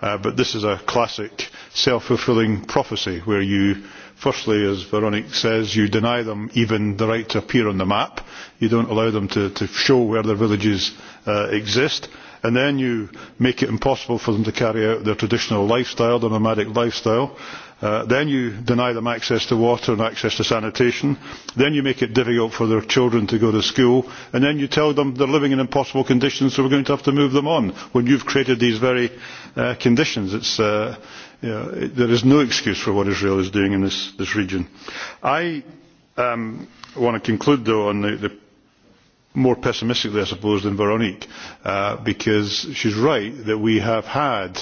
But this is a classic self fulfilling prophecy where you firstly, as Veronique says, you deny them even the right to appear on the map, you don't allow them to show where their villages exist and then you make it impossible for them to carry out their traditional lifestyle, their nomadic lifestyle, Then you deny them access to water and access to sanitation. Then you make it difficult for their children to go to school. And then you tell them they are living in impossible conditions, so we are going to have to move them on. When you've created these very conditions, there is no excuse for what Israel is doing in this region. I want to conclude, though, on the more pessimistically, I suppose, than Veronique, because is right that we have had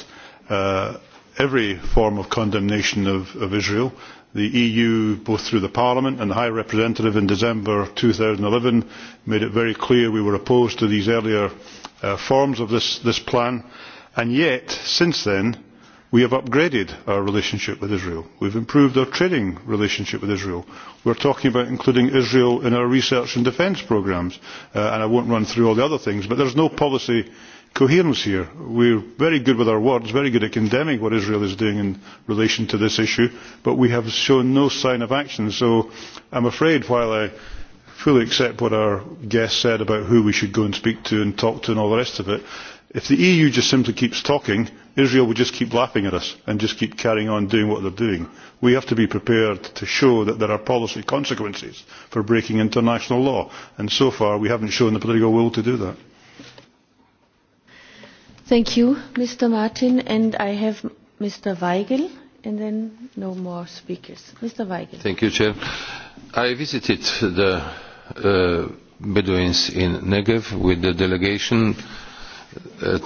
every form of condemnation of Israel. The EU, both through the Parliament and the High Representative in December 2011, made it very clear we were opposed to these earlier forms of this plan. And yet, since then, we have upgraded our relationship with Israel. We have improved our trading relationship with Israel. We are talking about including Israel in our research and defence programmes. And I not run through all the other things, but there is no policy coherence here. We are very good with our words, very good at condemning what Israel is doing in relation to this issue, but we have shown no sign of action. So I am afraid, while I fully accept what our guest said about who we should go and speak to and talk to and all the rest of it, if the EU just simply keeps talking, Israel will just keep laughing at us and just keep carrying on doing what they are doing. We have to be prepared to show that there are policy consequences for breaking international law, and so far we haven't shown the political will to do that. Thank you, Mr. Martin. And I have Mr. Weigel, and then no more speakers. Mr. Weigel. Thank you, Chair. I visited the Bedouins in Negev with the delegation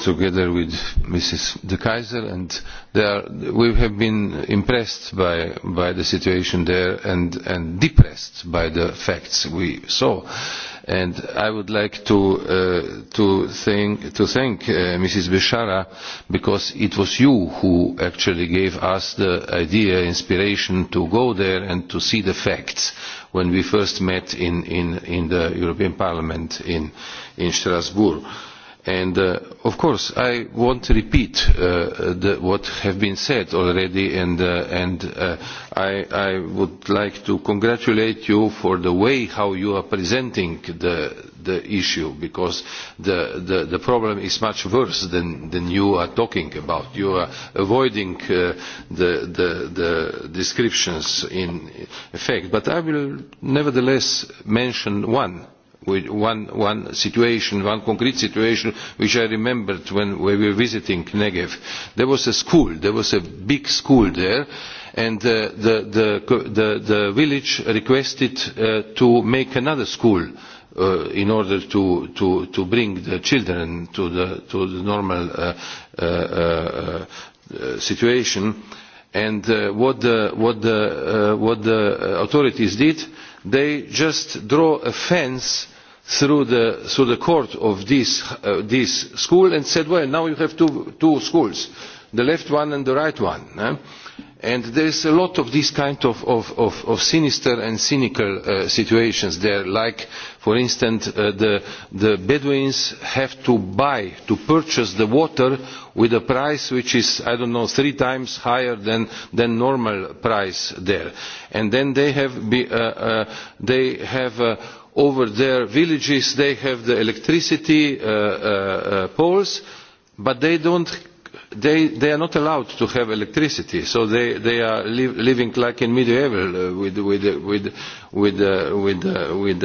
together with Mrs. De Kaiser, and we have been impressed by by the situation there and and depressed by the facts we saw and I would like to thank to thank Mrs. Bishara because it was you who actually gave us the idea, inspiration to go there and to see the facts when we first met in the European Parliament in Strasbourg And of course, I want to repeat what have been said already, and I would like to congratulate you for the way how you are presenting the issue, because the problem is much worse than you are talking about. You are avoiding the descriptions in effect. But I will nevertheless mention one one one situation, one concrete situation which I remembered when we were visiting Negev. There was a school, there was a big school there and the village requested to make another school in order to bring the children to the normal situation. And what the authorities did, they just draw a fence through the court of this school and said well now you have two schools the left one and the right one and there is a lot of this kind of sinister and cynical situations there like for instance the bedouins have to buy to purchase the water with a price which is i don't know three times higher than the normal price there and then they have over their villages they have the electricity poles but they don't they are not allowed to have electricity so they they are living like in medieval with with with with with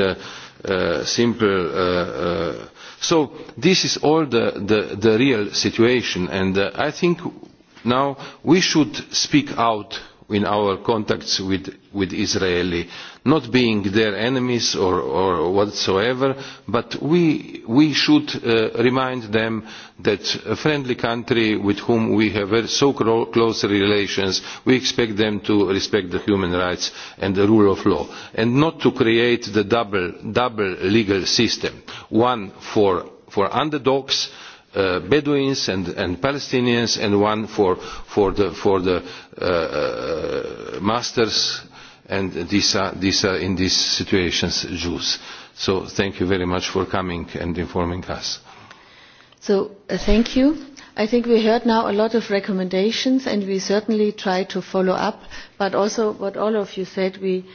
simple so this is all the the real situation and i think now we should speak out in our contacts with with israeli not being their enemies or whatsoever, but we should remind them that a friendly country with whom we have so close relations, we expect them to respect the human rights and the rule of law, and not to create the double legal system, one for underdogs, Bedouins and Palestinians, and one for the masters and these are in these situations Jews. So thank you very much for coming and informing us. So thank you. I think we heard now a lot of recommendations and we certainly try to follow up, but also what all of you said, we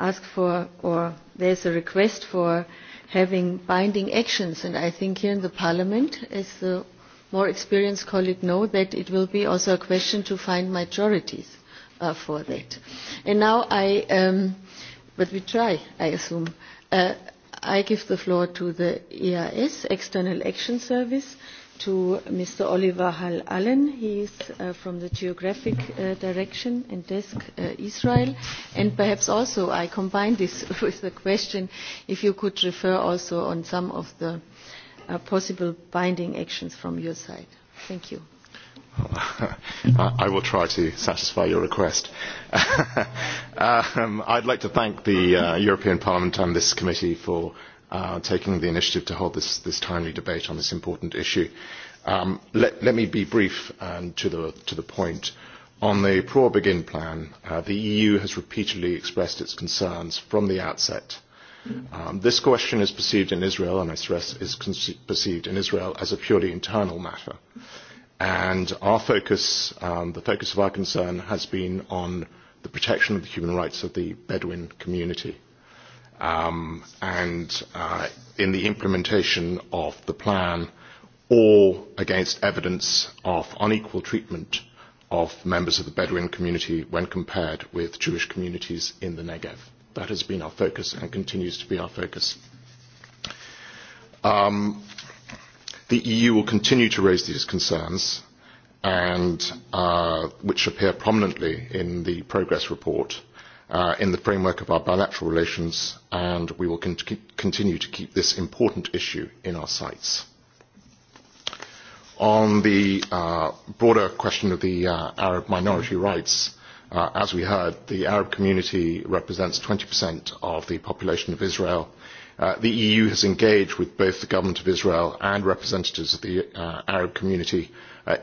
ask for or there's a request for having binding actions and I think here in the Parliament, as the more experienced colleague know, that it will be also a question to find majorities for that. And now I, but we try, I assume. I give the floor to the EIS, External Action Service, to Mr. Oliver hall Allen. He is from the Geographic Direction and Desk Israel. And perhaps also I combine this with the question if you could refer also on some of the possible binding actions from your side. Thank you. I will try to satisfy your request. I'd like to thank the European Parliament and this committee for taking the initiative to hold this timely debate on this important issue. Let me be brief and to the point. On the Pro Begin plan, the EU has repeatedly expressed its concerns from the outset. This question is perceived in Israel, and I stress is perceived in Israel as a purely internal matter and our focus, the focus of our concern, has been on the protection of the human rights of the Bedouin community and in the implementation of the plan or against evidence of unequal treatment of members of the Bedouin community when compared with Jewish communities in the Negev. That has been our focus and continues to be our focus. The EU will continue to raise these concerns, which appear prominently in the progress report, in the framework of our bilateral relations, and we will continue to keep this important issue in our sights. On the broader question of the Arab minority rights, as we heard, the Arab community represents 20% of the population of Israel the eu has engaged with both the government of israel and representatives of the arab community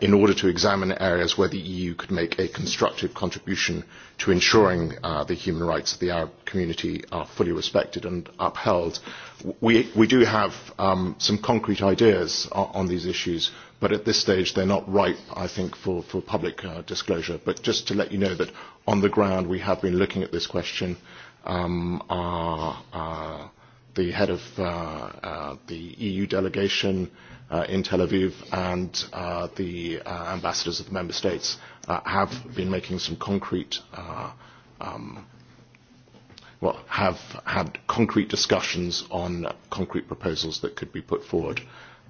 in order to examine areas where the eu could make a constructive contribution to ensuring the human rights of the arab community are fully respected and upheld. we do have some concrete ideas on these issues but at this stage they are not ripe i think for public disclosure but just to let you know that on the ground we have been looking at this question the head of the EU delegation in Tel Aviv and the ambassadors of the member states have been making some concrete, well, have had concrete discussions on concrete proposals that could be put forward.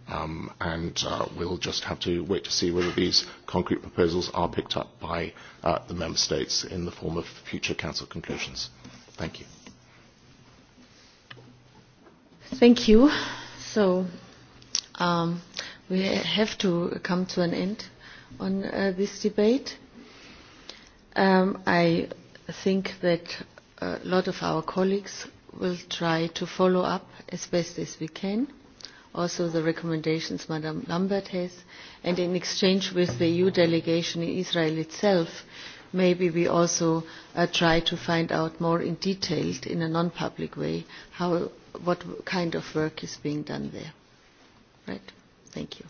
And we'll just have to wait to see whether these concrete proposals are picked up by the member states in the form of future council conclusions. Thank you. Thank you. So um, we have to come to an end on uh, this debate. Um, I think that a lot of our colleagues will try to follow up as best as we can, also the recommendations Madame Lambert has, and in exchange with the EU delegation in Israel itself, maybe we also try to find out more in detail, in a non-public way, how what kind of work is being done there. Right? Thank you.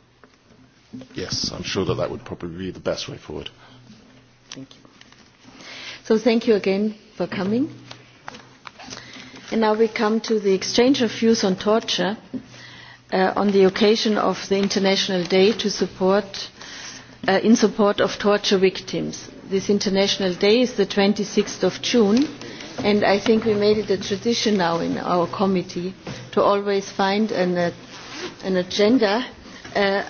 Yes, I'm sure that that would probably be the best way forward. Thank you. So thank you again for coming. And now we come to the exchange of views on torture on the occasion of the International Day to support in support of torture victims. This International Day is the 26th of June and I think we made it a tradition now in our committee to always find an agenda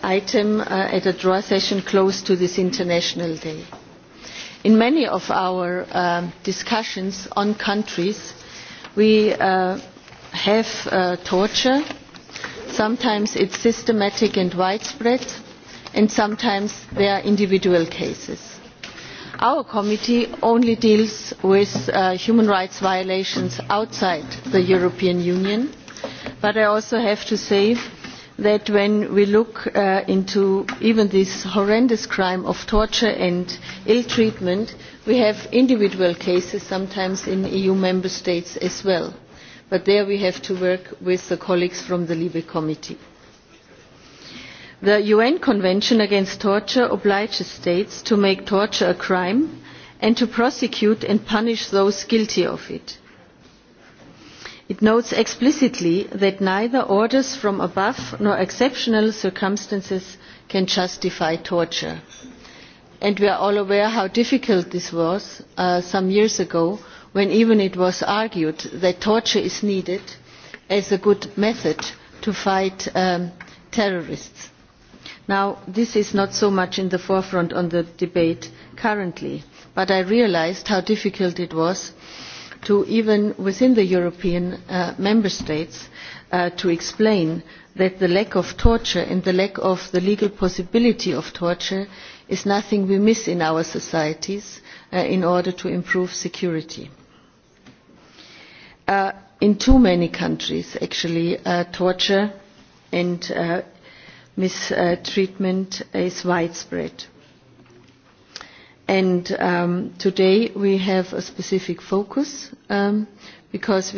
item at a draw session close to this International Day. In many of our discussions on countries, we have torture. Sometimes it's systematic and widespread, and sometimes there are individual cases. Our committee only deals with human rights violations outside the European Union, but I also have to say that when we look into even this horrendous crime of torture and ill treatment, we have individual cases sometimes in EU member states as well. But there we have to work with the colleagues from the LIBE committee. The UN Convention against Torture obliges states to make torture a crime and to prosecute and punish those guilty of it. It notes explicitly that neither orders from above nor exceptional circumstances can justify torture. And we are all aware how difficult this was some years ago when even it was argued that torture is needed as a good method to fight terrorists Now, this is not so much in the forefront of the debate currently, but I realised how difficult it was to even within the European member states to explain that the lack of torture and the lack of the legal possibility of torture is nothing we miss in our societies in order to improve security. In too many countries, actually, torture and mistreatment is widespread. And today we have a specific focus because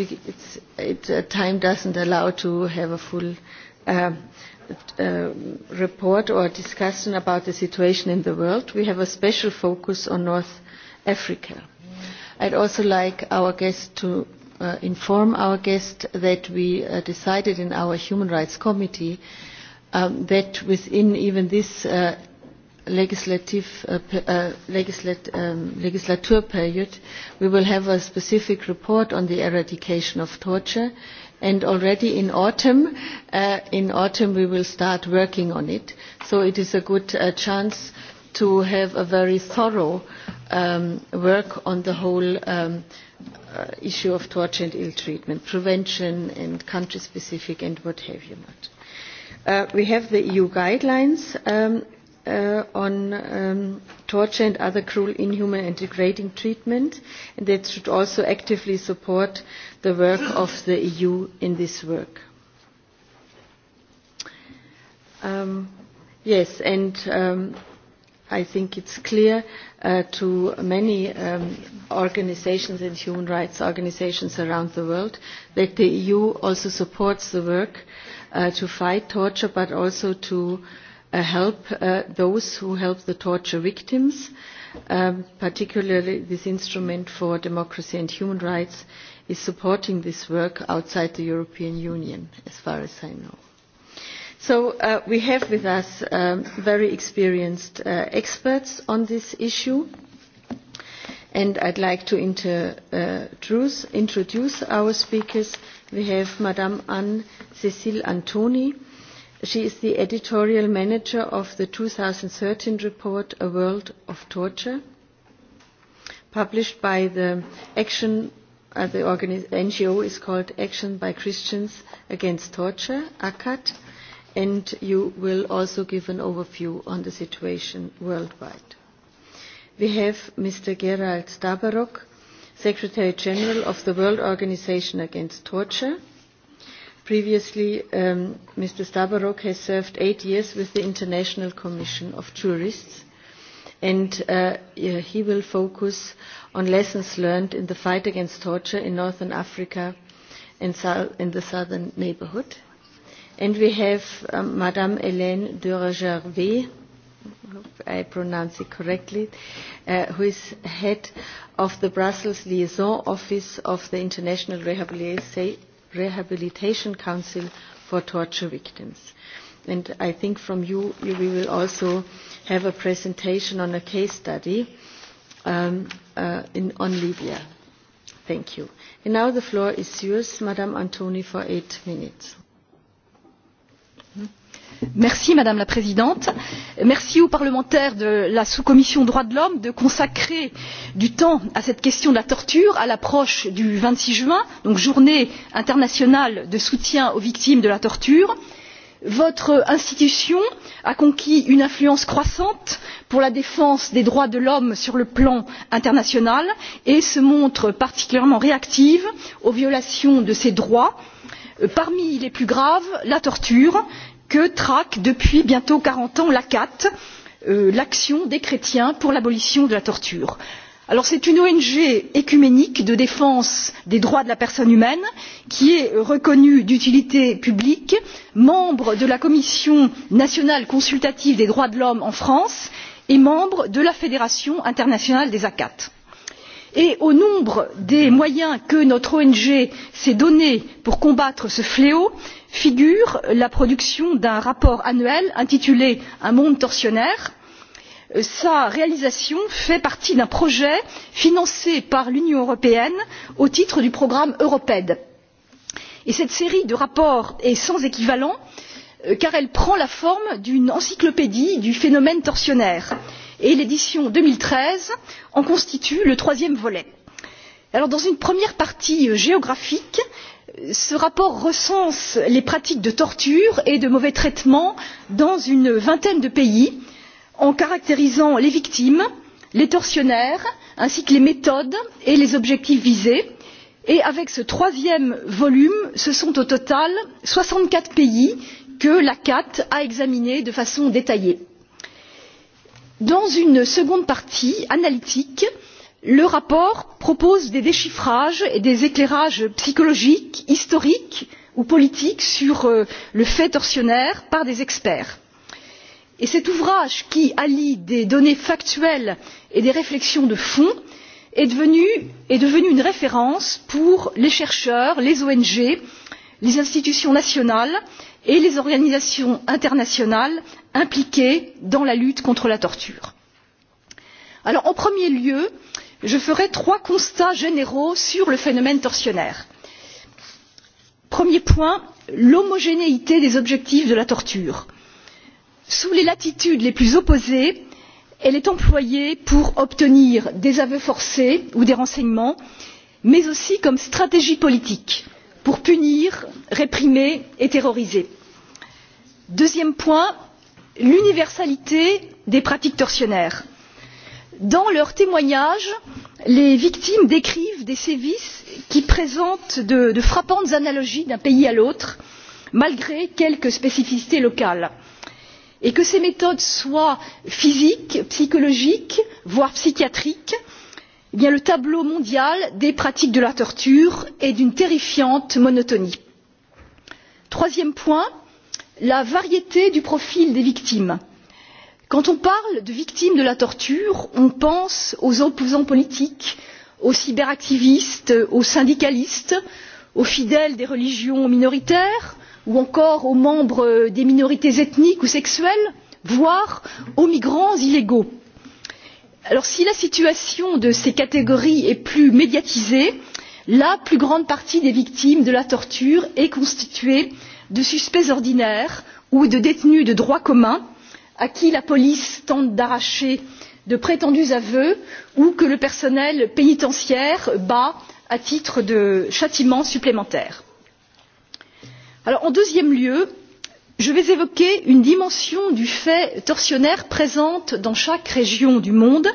time doesn't allow to have a full report or discussion about the situation in the world. We have a special focus on North Africa. I'd also like our guest to inform our guest that we decided in our Human Rights Committee that within even this legislative legislature period we will have a specific report on the eradication of torture and already in autumn in autumn we will start working on it so it is a good chance to have a very thorough work on the whole issue of torture and ill treatment prevention and country specific and what have you not We have the EU guidelines on torture and other cruel, inhuman and degrading treatment, and that should also actively support the work of the EU in this work. Yes, and I think it's clear to many organisations and human rights organisations around the world that the EU also supports the work to fight torture but also to help those who help the torture victims. Particularly this instrument for democracy and human rights is supporting this work outside the European Union, as far as I know. So we have with us very experienced experts on this issue and I'd like to introduce our speakers. We have Madame Anne-Cécile Antoni. She is the editorial manager of the 2013 report A World of Torture, published by the Action the NGO is called Action by Christians Against Torture, ACAT, and you will also give an overview on the situation worldwide. We have Mr. Gerald Stabarok, Secretary General of the World Organization Against Torture. Previously, Mr. Stabarok has served eight years with the International Commission of Jurists, and he will focus on lessons learned in the fight against torture in Northern Africa and in the southern neighborhood. And we have Madame Hélène de V I pronounce it correctly, who is head of the Brussels Liaison Office of the International Rehabilitation Council for Torture Victims. And I think from you we will also have a presentation on a case study on Libya. Thank you. And now the floor is yours, Madame Antoni, for eight minutes madame la présidente merci aux parlementaires de la sous commission des droits de l'homme de consacrer du temps à cette question de la torture à l'approche du vingt six juin donc journée internationale de soutien aux victimes de la torture. votre institution a conquis une influence croissante pour la défense des droits de l'homme sur le plan international et se montre particulièrement réactive aux violations de ces droits parmi les plus graves la torture que traque depuis bientôt quarante ans l'acat l'action des chrétiens pour l'abolition de la torture. c'est une ong œcuménique de défense des droits de la personne humaine qui est reconnue d'utilité publique membre de la commission nationale consultative des droits de l'homme en france et membre de la fédération internationale des acat. au nombre des moyens que notre ong s'est donnés pour combattre ce fléau figure la production d'un rapport annuel intitulé un monde tortionnaire. sa réalisation fait partie d'un projet financé par l'union européenne au titre du programme europed. cette série de rapports est sans équivalent car elle prend la forme d'une encyclopédie du phénomène torsionnaire et l'édition deux mille treize en constitue le troisième volet. dans une première partie géographique ce rapport recense les pratiques de torture et de mauvais traitements dans une vingtaine de pays en caractérisant les victimes les tortionnaires ainsi que les méthodes et les objectifs visés et avec ce troisième volume ce sont au total soixante quatre pays que la l'acat a examinés de façon détaillée. dans une seconde partie analytique le rapport propose des déchiffrages et des éclairages psychologiques historiques ou politiques sur le fait tortionnaire par des experts et cet ouvrage qui allie des données factuelles et des réflexions de fond est devenu une référence pour les chercheurs les ong les institutions nationales et les organisations internationales impliquées dans la lutte contre la torture. en premier lieu je ferai trois constats généraux sur le phénomène tortionnaire. premier point l'homogénéité des objectifs de la torture. sous les latitudes les plus opposées elle est employée pour obtenir des aveux forcés ou des renseignements mais aussi comme stratégie politique pour punir réprimer et terroriser. deuxième point l'universalité des pratiques tortionnaires dans leurs témoignages les victimes décrivent des sévices qui présentent de frappantes analogies d'un pays à l'autre malgré quelques spécificités locales et que ces méthodes soient physiques psychologiques voire psychiatriques le tableau mondial des pratiques de la torture est d'une terrifiante monotonie. troisième point la variété du profil des victimes quand on parle de victimes de la torture on pense aux opposants politiques aux cyberactivistes aux syndicalistes aux fidèles des religions minoritaires ou encore aux membres des minorités ethniques ou sexuelles voire aux migrants illégaux. si la situation de ces catégories est plus médiatisée la plus grande partie des victimes de la torture est constituée de suspects ordinaires ou de détenus de droit commun à qui la police tente d'arracher de prétendus aveux ou que le personnel pénitentiaire bat à titre de châtiment supplémentaire. en deuxième lieu je vais évoquer une dimension du fait tortionnaire présente dans chaque région du monde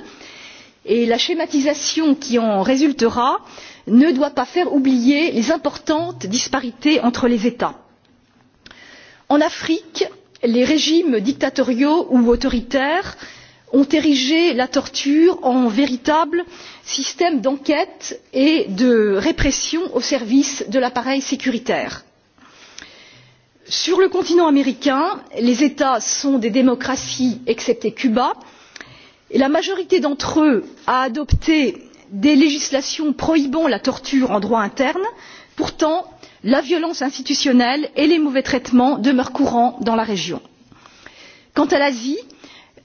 et la schématisation qui en résultera ne doit pas faire oublier les importantes disparités entre les états. en afrique les régimes dictatoriaux ou autoritaires ont érigé la torture en véritable système d'enquête et de répression au service de l'appareil sécuritaire. sur le continent américain les états sont des démocraties excepté cuba et la majorité d'entre eux a adopté des législations prohibant la torture en droit interne. pourtant la violence institutionnelle et les mauvais traitements demeurent courants dans la région. quant à l'asie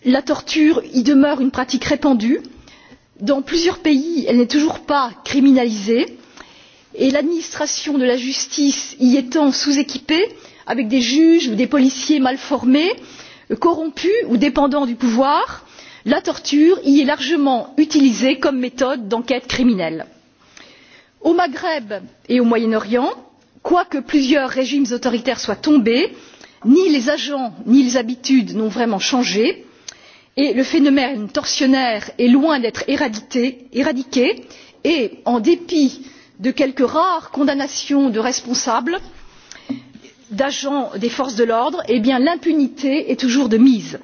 la torture y demeure une pratique répandue dans plusieurs pays elle n'est toujours pas criminalisée et l'administration de la justice y étant sous équipée avec des juges ou des policiers mal formés corrompus ou dépendants du pouvoir la torture y est largement utilisée comme méthode d'enquête criminelle. au maghreb et au moyen orient quoique plusieurs régimes autoritaires soient tombés ni les agents ni les habitudes n'ont vraiment changé et le phénomène tortionnaire est loin d'être éradiqué et en dépit de quelques rares condamnations de responsables d'agents des forces de l'ordre l'impunité est toujours de mise.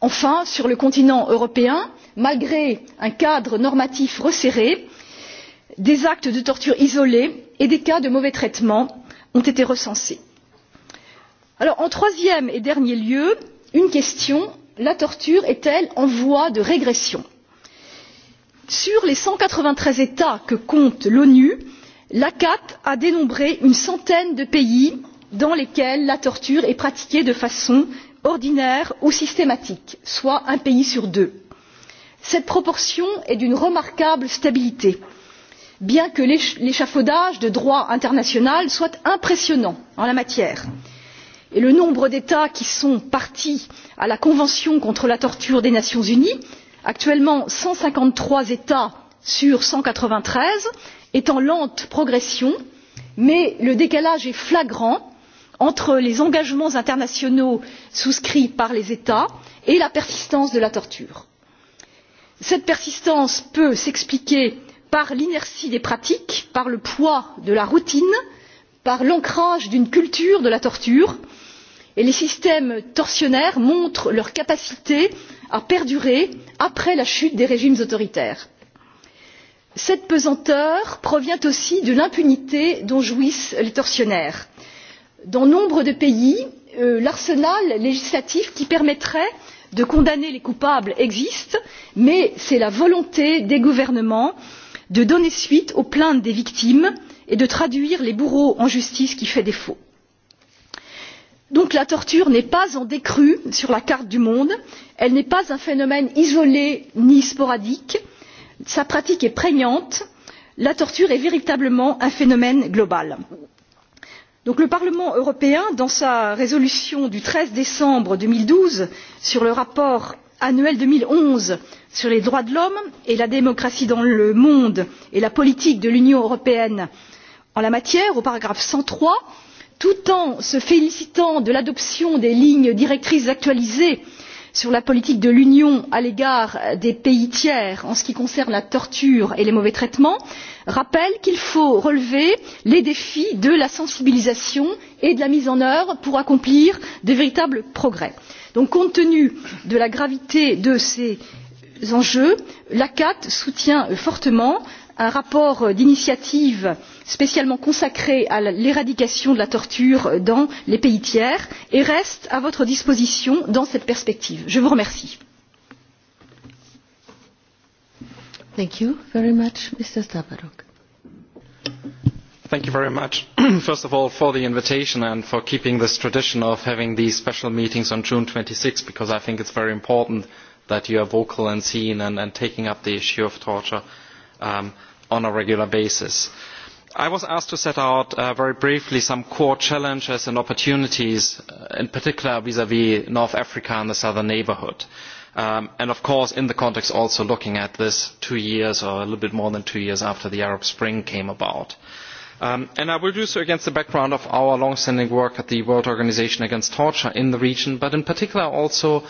enfin sur le continent européen malgré un cadre normatif resserré des actes de torture isolés et des cas de mauvais traitements ont été recensés. en troisième et dernier lieu une question la torture est elle en voie de régression? sur les cent quatre vingt treize états que compte l'onu l'acat a dénombré une centaine de pays dans lesquels la torture est pratiquée de façon ordinaire ou systématique soit un pays sur deux. cette proportion est d'une remarquable stabilité bien que l'échafaudage de droit international soit impressionnant en la matière et le nombre d'états qui sont parties à la convention contre la torture des nations unies actuellement cent cinquante trois états sur cent quatre vingt treize est en lente progression mais le décalage est flagrant entre les engagements internationaux souscrits par les états et la persistance de la torture. cette persistance peut s'expliquer par l'inertie des pratiques par le poids de la routine par l'ancrage d'une culture de la torture et les systèmes tortionnaires montrent leur capacité à perdurer après la chute des régimes autoritaires. cette pesanteur provient aussi de l'impunité dont jouissent les tortionnaires. dans nombre de pays l'arsenal législatif qui permettrait de condamner les coupables existe mais c'est la volonté des gouvernements de donner suite aux plaintes des victimes et de traduire les bourreaux en justice qui fait défaut. donc la torture n'est pas en décrue sur la carte du monde elle n'est pas un phénomène isolé ni sporadique sa pratique est prégnante la torture est véritablement un phénomène global. le parlement européen dans sa résolution du 13 décembre 2012 sur le rapport annuel deux mille onze sur les droits de l'homme et la démocratie dans le monde et la politique de l'union européenne en la matière au paragraphe cent trois tout en se félicitant de l'adoption des lignes directrices actualisées sur la politique de l'union à l'égard des pays tiers en ce qui concerne la torture et les mauvais traitements rappelle qu'il faut relever les défis de la sensibilisation et de la mise en œuvre pour accomplir de véritables progrès donc compte tenu de la gravité de ces enjeux l'acat soutient fortement un rapport d'initiative spécialement consacré à l'éradication de la torture dans les pays tiers et reste à votre disposition dans cette perspective. je vous remercie. Thank Thank you very much, first of all, for the invitation and for keeping this tradition of having these special meetings on June 26, because I think it's very important that you are vocal and seen and taking up the issue of torture on a regular basis. I was asked to set out very briefly some core challenges and opportunities, in particular vis-à-vis North Africa and the southern neighbourhood. And of course, in the context also looking at this two years or a little bit more than two years after the Arab Spring came about and I will do so against the background of our long-standing work at the World Organization Against Torture in the region, but in particular also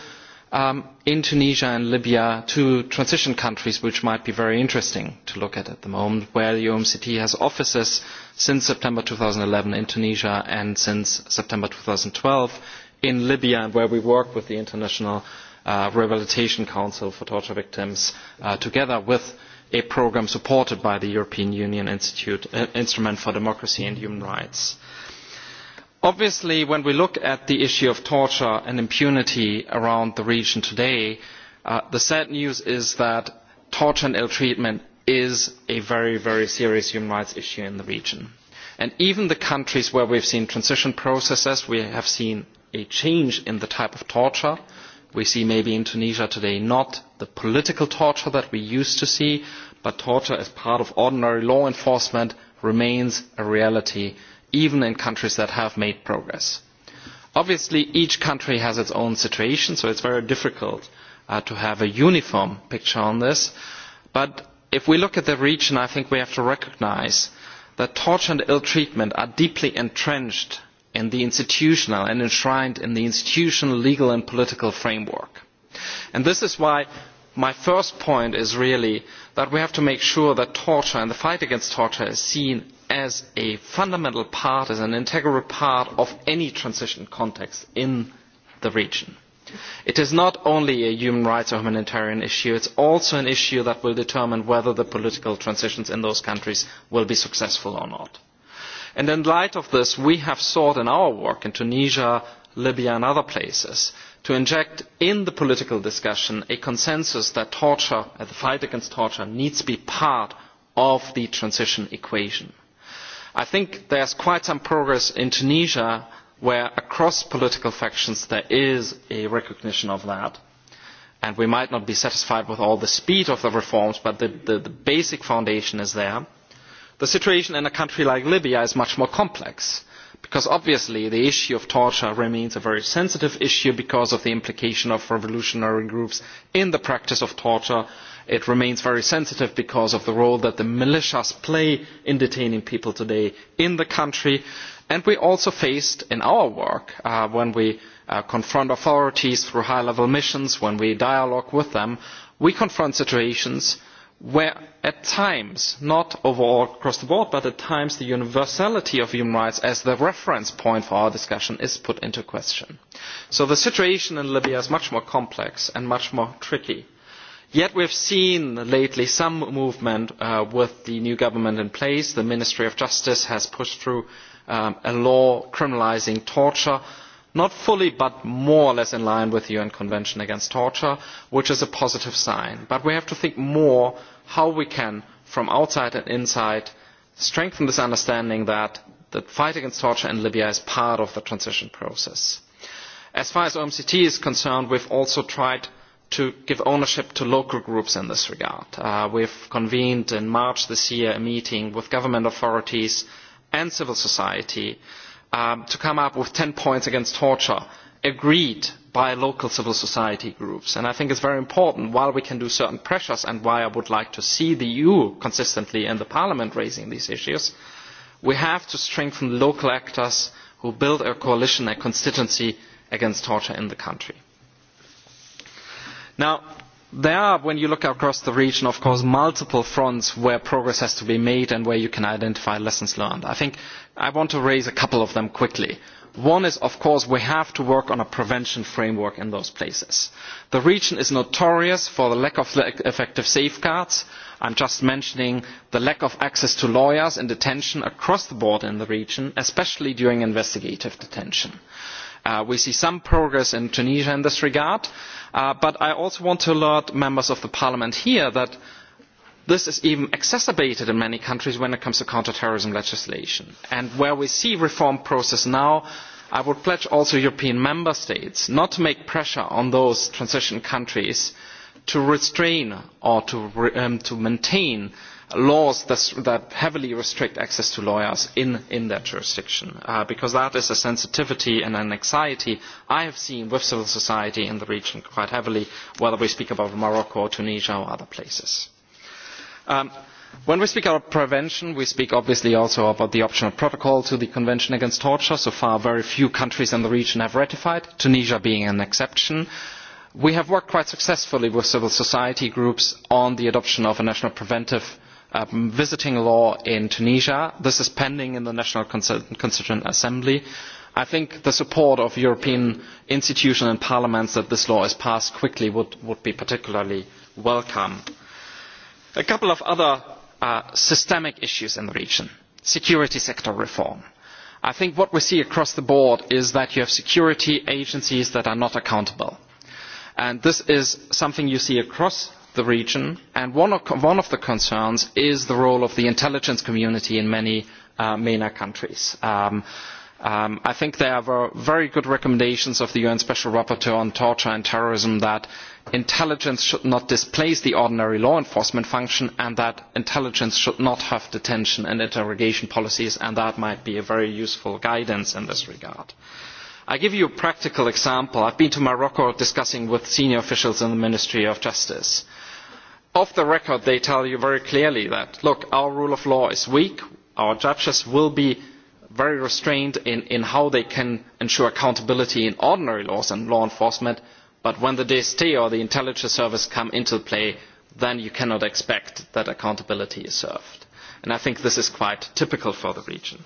in Tunisia and Libya, two transition countries which might be very interesting to look at at the moment, where the OMCT has offices since September 2011 in Tunisia and since September 2012 in Libya, and where we work with the International Rehabilitation Council for Torture Victims together with a programme supported by the European Union Instrument for Democracy and Human Rights. Obviously, when we look at the issue of torture and impunity around the region today, the sad news is that torture and ill treatment is a very, very serious human rights issue in the region. And even the countries where we have seen transition processes, we have seen a change in the type of torture we see maybe in Tunisia today, not the political torture that we used to see, but torture as part of ordinary law enforcement remains a reality, even in countries that have made progress. Obviously, each country has its own situation, so it's very difficult to have a uniform picture on this. But if we look at the region, I think we have to recognise that torture and ill treatment are deeply entrenched in the institutional and enshrined in the institutional legal and political framework. And this is why my first point is really that we have to make sure that torture and the fight against torture is seen as a fundamental part, as an integral part of any transition context in the region. It is not only a human rights or humanitarian issue, it is also an issue that will determine whether the political transitions in those countries will be successful or not in light of this, we have sought in our work in Tunisia, Libya and other places to inject in the political discussion a consensus that torture, the fight against torture, needs to be part of the transition equation. I think there is quite some progress in Tunisia where across political factions there is a recognition of that. And we might not be satisfied with all the speed of the reforms, but the basic foundation is there the situation in a country like libya is much more complex because obviously the issue of torture remains a very sensitive issue because of the implication of revolutionary groups in the practice of torture. It remains very sensitive because of the role that the militias play in detaining people today in the country. And we also faced in our work, when we confront authorities through high-level missions, when we dialogue with them, we confront situations where at times not overall across the board but at times the universality of human rights as the reference point for our discussion is put into question. so the situation in libya is much more complex and much more tricky. yet we have seen lately some movement with the new government in place. the ministry of justice has pushed through a law criminalising torture not fully but more or less in line with the un convention against torture which is a positive sign. but we have to think more how we can, from outside and inside, strengthen this understanding that the fight against torture in Libya is part of the transition process. As far as OMCT is concerned, we have also tried to give ownership to local groups in this regard. We have convened in March this year a meeting with government authorities and civil society to come up with 10 points against torture, agreed by local civil society groups. And I think it's very important, while we can do certain pressures and why I would like to see the EU consistently in the Parliament raising these issues, we have to strengthen local actors who build a coalition, a constituency against torture in the country. Now, there are, when you look across the region, of course, multiple fronts where progress has to be made and where you can identify lessons learned. I think I want to raise a couple of them quickly. One is, of course, we have to work on a prevention framework in those places. The region is notorious for the lack of effective safeguards. I am just mentioning the lack of access to lawyers in detention across the board in the region, especially during investigative detention. We see some progress in Tunisia in this regard, but I also want to alert members of Parliament here that This is even exacerbated in many countries when it comes to counter-terrorism legislation. And where we see reform process now, I would pledge also European member states not to make pressure on those transition countries to restrain or to maintain laws that heavily restrict access to lawyers in their jurisdiction, because that is a sensitivity and an anxiety I have seen with civil society in the region quite heavily, whether we speak about Morocco, or Tunisia or other places. When we speak about prevention, we speak obviously also about the optional protocol to the Convention Against Torture. So far, very few countries in the region have ratified, Tunisia being an exception. We have worked quite successfully with civil society groups on the adoption of a national preventive visiting law in Tunisia. This is pending in the National Constituent Assembly. I think the support of European institutions and parliaments that this law is passed quickly would be particularly welcome a couple of other systemic issues in the region security sector reform i think what we see across the board is that you have security agencies that are not accountable and this is something you see across the region and one of the concerns is the role of the intelligence community in many mena countries i think there were very good recommendations of the un special rapporteur on torture and terrorism that intelligence should not displace the ordinary law enforcement function and that intelligence should not have detention and interrogation policies and that might be a very useful guidance in this regard. i give you a practical example. i have been to morocco discussing with senior officials in the ministry of justice. off the record they tell you very clearly that look our rule of law is weak our judges will be very restrained in how they can ensure accountability in ordinary laws and law enforcement but when the dst or the intelligence service come into play then you cannot expect that accountability is served and i think this is quite typical for the region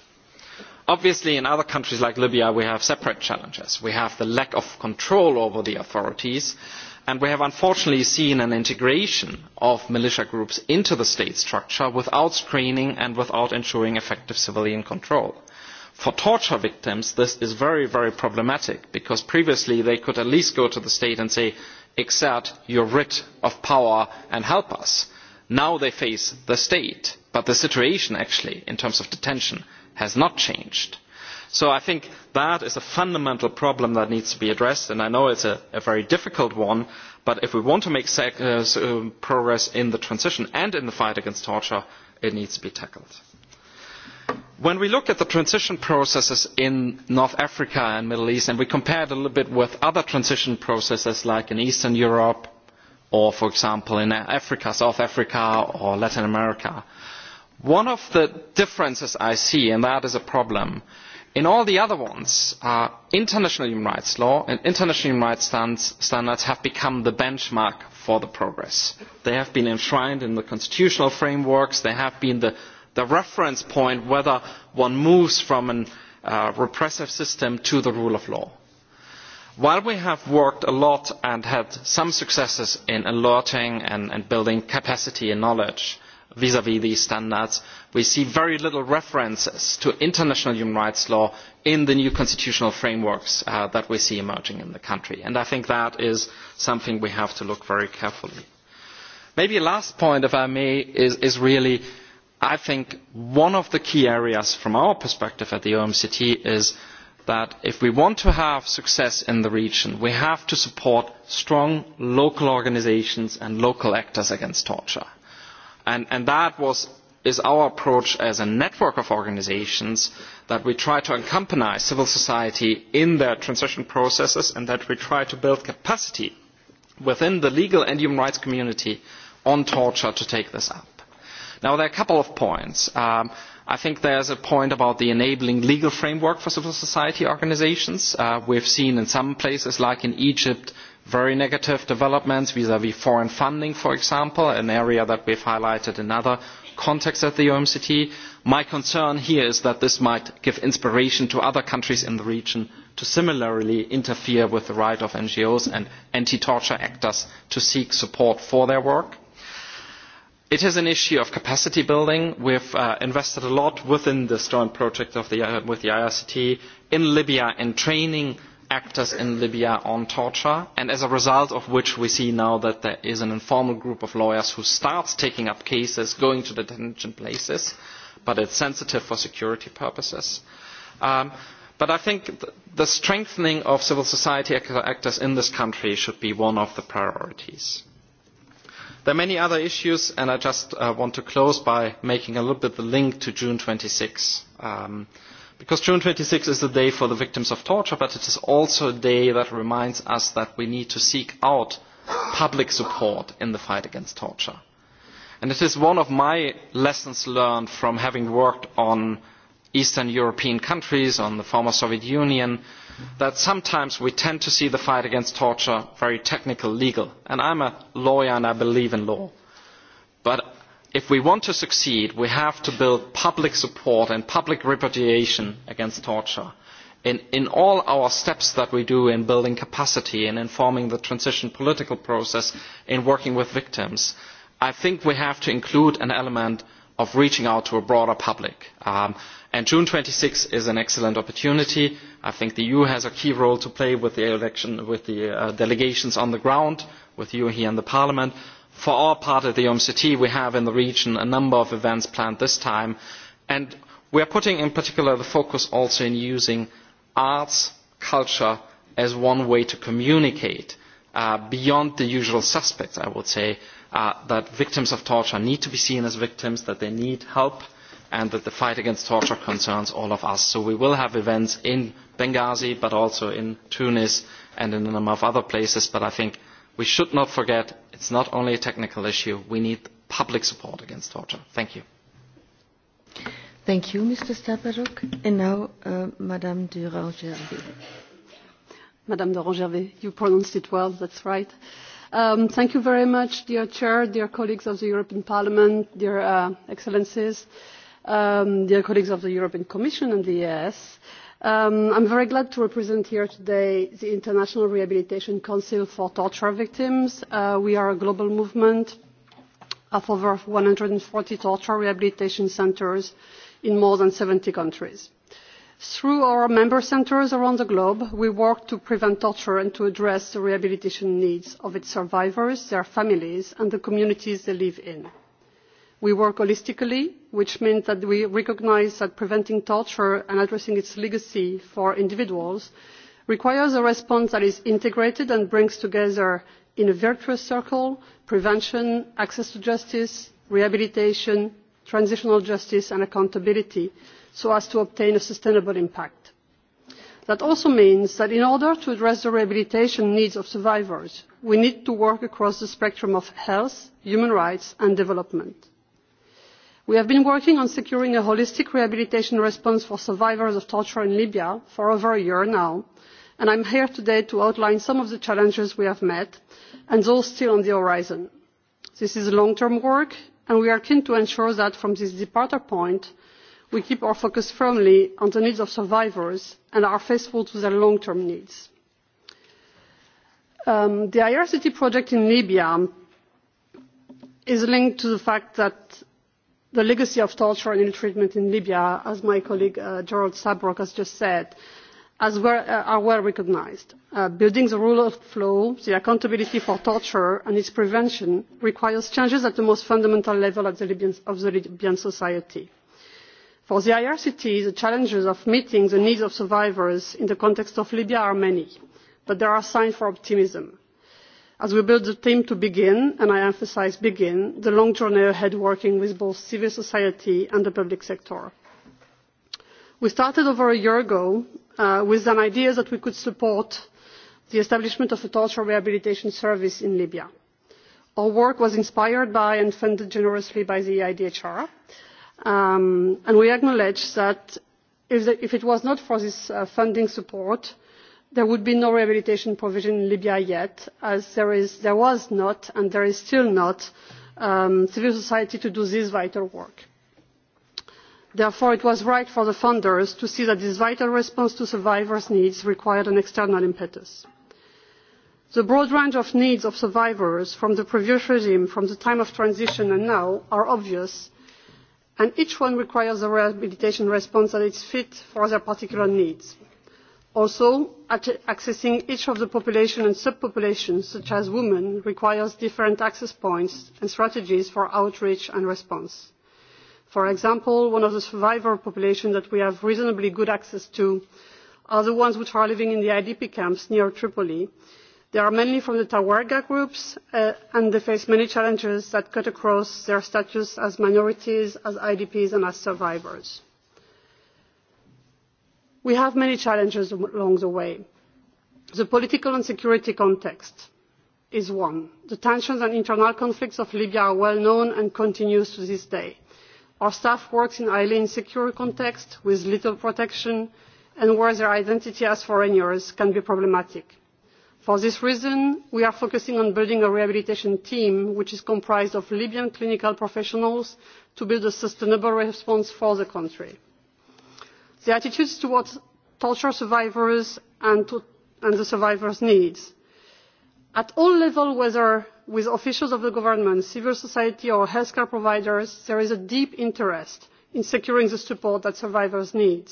obviously in other countries like libya we have separate challenges we have the lack of control over the authorities and we have unfortunately seen an integration of militia groups into the state structure without screening and without ensuring effective civilian control For torture victims, this is very, very problematic because previously they could at least go to the state and say, exert your writ of power and help us. Now they face the state, but the situation actually, in terms of detention, has not changed. So I think that is a fundamental problem that needs to be addressed, and I know it's a very difficult one, but if we want to make progress in the transition and in the fight against torture, it needs to be tackled. When we look at the transition processes in North Africa and Middle East, and we compare it a little bit with other transition processes like in Eastern Europe, or for example in Africa, South Africa or Latin America, one of the differences I see, and that is a problem, in all the other ones, international human rights law and international human rights standards have become the benchmark for the progress. They have been enshrined in the constitutional frameworks, they have been the the reference point whether one moves from a repressive system to the rule of law. While we have worked a lot and had some successes in alerting and building capacity and knowledge vis vis these standards, we see very little references to international human rights law in the new constitutional frameworks that we see emerging in the country. And I think that is something we have to look very carefully. Maybe the last point, if I may, is really I think one of the key areas from our perspective at the OMCT is that if we want to have success in the region, we have to support strong local organisations and local actors against torture. And that is our approach as a network of organisations, that we try to accompany civil society in their transition processes and that we try to build capacity within the legal and human rights community on torture to take this up. Now, there are a couple of points. I think there is a point about the enabling legal framework for civil society organizations. have seen in some places, like in Egypt, very negative developments vis-à-vis foreign funding, for example, an area that we have highlighted in other contexts at the OMCT. My concern here is that this might give inspiration to other countries in the region to similarly interfere with the right of NGOs and anti-torture actors to seek support for their work. It is an issue of capacity building. We have invested a lot within this joint project with the IRCT in Libya in training actors in Libya on torture, and as a result of which we see now that there is an informal group of lawyers who starts taking up cases, going to detention places, but it's sensitive for security purposes. But I think the strengthening of civil society actors in this country should be one of the priorities. There are many other issues, and I just want to close by making a little bit the link to June 26, because June 26 is the day for the victims of torture, but it is also a day that reminds us that we need to seek out public support in the fight against torture. And it is one of my lessons learned from having worked on Eastern European countries, on the former Soviet Union that sometimes we tend to see the fight against torture very technical legal and i'm a lawyer and i believe in law but if we want to succeed we have to build public support and public repudiation against torture in all our steps that we do in building capacity in informing the transition political process in working with victims i think we have to include an element of reaching out to a broader public. And June 26 is an excellent opportunity. I think the EU has a key role to play with the election, with the delegations on the ground, with you here in the Parliament. For our part of the OMCT, we have in the region a number of events planned this time, and we are putting in particular the focus also in using arts, culture as one way to communicate beyond the usual suspects, I would say that victims of torture need to be seen as victims, that they need help, and that the fight against torture concerns all of us. So we will have events in Benghazi, but also in Tunis and in a number of other places. But I think we should not forget it's not only a technical issue. We need public support against torture. Thank you. Thank you, Mr. And now, Madame de gervais Madame de you pronounced it well. That's right. Thank you very much, dear Chair, dear colleagues of the European Parliament, dear Excellencies, dear colleagues of the European Commission and the EAS. I'm very glad to represent here today the International Rehabilitation Council for Torture Victims. We are a global movement of over 140 torture rehabilitation centres in more than 70 countries. Through our member centres around the globe, we work to prevent torture and to address the rehabilitation needs of its survivors, their families and the communities they live in. We work holistically, which means that we recognise that preventing torture and addressing its legacy for individuals requires a response that is integrated and brings together in a virtuous circle prevention, access to justice, rehabilitation, transitional justice and accountability so as to obtain a sustainable impact. That also means that in order to address the rehabilitation needs of survivors, we need to work across the spectrum of health, human rights and development. We have been working on securing a holistic rehabilitation response for survivors of torture in Libya for over a year now, and I am here today to outline some of the challenges we have met and those still on the horizon. This is long term work and we are keen to ensure that from this departure point we keep our focus firmly on the needs of survivors and are faithful to their long term needs. the irct project in libya is linked to the fact that the legacy of torture and ill treatment in libya as my colleague gerald sabrok has just said are well recognised. building the rule of law the accountability for torture and its prevention requires changes at the most fundamental level of libyan society. For the IRCT, the challenges of meeting the needs of survivors in the context of Libya are many, but there are signs for optimism. As we build the team to begin, and I emphasise begin, the long journey ahead working with both civil society and the public sector. We started over a year ago with an idea that we could support the establishment of a torture rehabilitation service in Libya. Our work was inspired by and funded generously by the EIDHR and we acknowledge that if it was not for this funding support there would be no rehabilitation provision in libya yet as there was not and there is still not civil society to do this vital work. therefore it was right for the funders to see that this vital response to survivors' needs required an external impetus. the broad range of needs of survivors from the previous regime from the time of transition and now are obvious and each one requires a rehabilitation response that is fit for their particular needs. Also, accessing each of the population and subpopulations, populations, such as women, requires different access points and strategies for outreach and response. For example, one of the survivor populations that we have reasonably good access to are the ones which are living in the IDP camps near Tripoli They are mainly from the Tawarga groups and they face many challenges that cut across their status as minorities, as IDPs and as survivors. We have many challenges along the way. The political and security context is one. The tensions and internal conflicts of Libya are well known and continue to this day. Our staff works in a highly insecure context, with little protection and where their identity as foreigners can be problematic. For this reason, we are focusing on building a rehabilitation team which is comprised of Libyan clinical professionals to build a sustainable response for the country. The attitudes towards torture survivors and the survivors' needs. At all levels, whether with officials of the government, civil society or healthcare providers, there is a deep interest in securing the support that survivors need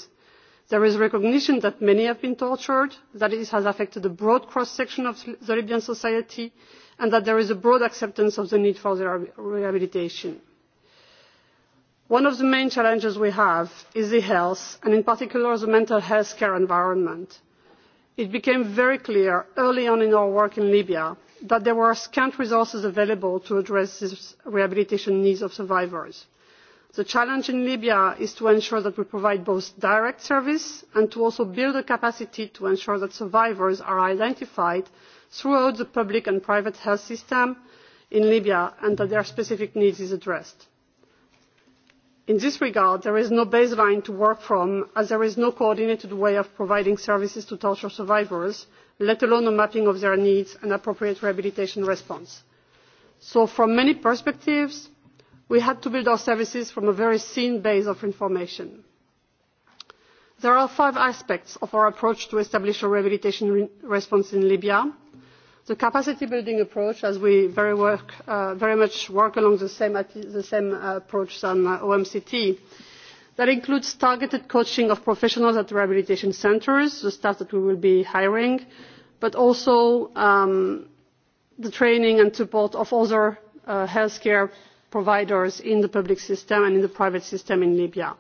There is recognition that many have been tortured, that it has affected a broad cross section of the Libyan society and that there is a broad acceptance of the need for their rehabilitation. One of the main challenges we have is the health and in particular the mental health care environment. It became very clear early on in our work in Libya that there were scant resources available to address the rehabilitation needs of survivors. The challenge in Libya is to ensure that we provide both direct service and to also build the capacity to ensure that survivors are identified throughout the public and private health system in Libya and that their specific needs is addressed. In this regard, there is no baseline to work from as there is no coordinated way of providing services to torture survivors, let alone a mapping of their needs and appropriate rehabilitation response. So from many perspectives, we had to build our services from a very thin base of information. there are five aspects of our approach to establish a rehabilitation response in libya the capacity building approach as we very much work along the same approach as omct that includes targeted coaching of professionals at rehabilitation centres the staff that we will be hiring but also the training and support of other healthcare providers in the public system and in the private system in libya.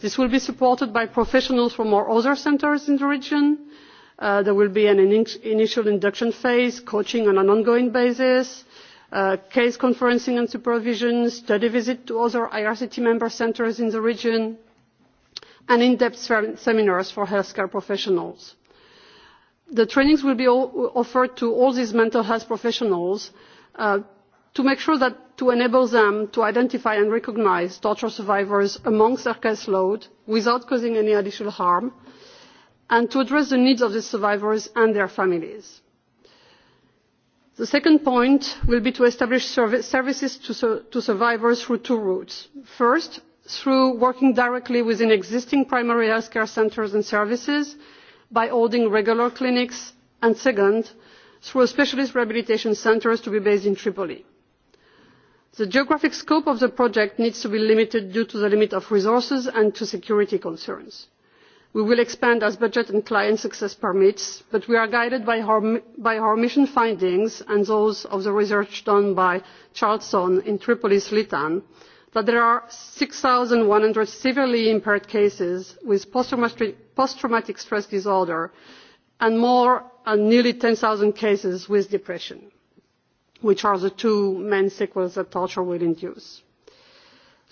this will be supported by professionals from our other centres in the region. there will be an initial induction phase coaching on an ongoing basis case conferencing and supervision study visit to other irct member centres in the region and in depth seminars for healthcare professionals. the trainings will be offered to all these mental health professionals to make sure that to enable them to identify and recognise torture survivors amongst their caseload without causing any additional harm and to address the needs of the survivors and their families. The second point will be to establish services to survivors through two routes. First, through working directly within existing primary health care centres and services by holding regular clinics and second, through specialist rehabilitation centres to be based in Tripoli the geographic scope of the project needs to be limited due to the limit of resources and to security concerns. we will expand as budget and client success permits but we are guided by our mission findings and those of the research done by Charlson in tripolis litan that there are six severely impaired cases with post traumatic stress disorder and more than nearly ten cases with depression which are the two main sequels that torture will induce.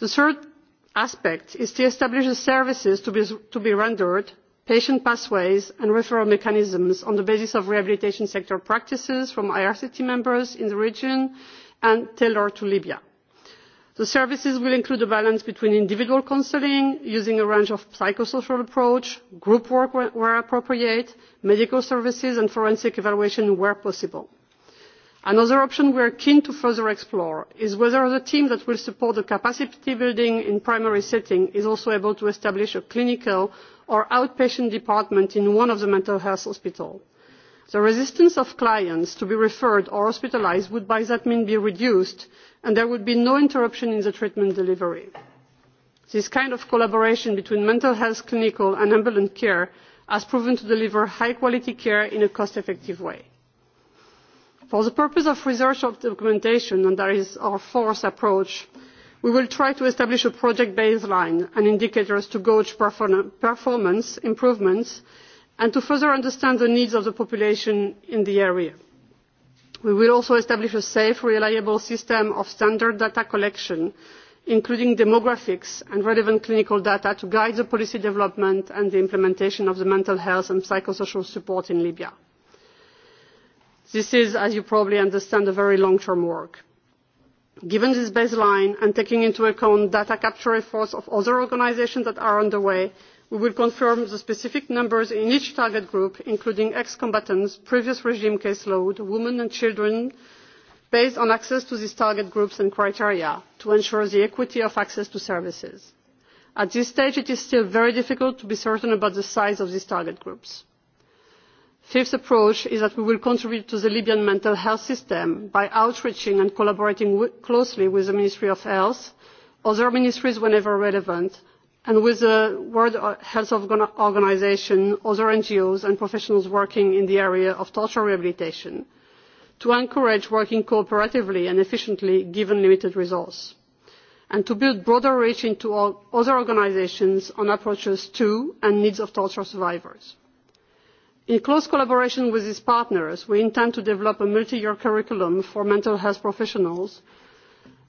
The third aspect is to establish the services to be rendered, patient pathways and referral mechanisms on the basis of rehabilitation sector practices from IRCT members in the region and tailored to Libya. The services will include a balance between individual counselling, using a range of psychosocial approach, group work where appropriate, medical services and forensic evaluation where possible. Another option we are keen to further explore is whether the team that will support the capacity building in primary setting is also able to establish a clinical or outpatient department in one of the mental health hospitals. The resistance of clients to be referred or hospitalised would by that means be reduced and there would be no interruption in the treatment delivery. This kind of collaboration between mental health clinical and ambulance care has proven to deliver high quality care in a cost effective way. For the purpose of research documentation, and that is our fourth approach, we will try to establish a project baseline and indicators to gauge performance improvements and to further understand the needs of the population in the area. We will also establish a safe, reliable system of standard data collection, including demographics and relevant clinical data to guide the policy development and the implementation of the mental health and psychosocial support in Libya. This is, as you probably understand, a very long-term work. Given this baseline and taking into account data capture efforts of other organisations that are underway, we will confirm the specific numbers in each target group, including ex-combatants, previous regime caseload, women and children, based on access to these target groups and criteria, to ensure the equity of access to services. At this stage, it is still very difficult to be certain about the size of these target groups fifth approach is that we will contribute to the libyan mental health system by outreaching and collaborating closely with the ministry of health other ministries whenever relevant and with the world health organisation other ngos and professionals working in the area of torture rehabilitation to encourage working cooperatively and efficiently given limited resources and to build broader reach into other organisations on approaches to and needs of torture survivors in close collaboration with these partners we intend to develop a multi year curriculum for mental health professionals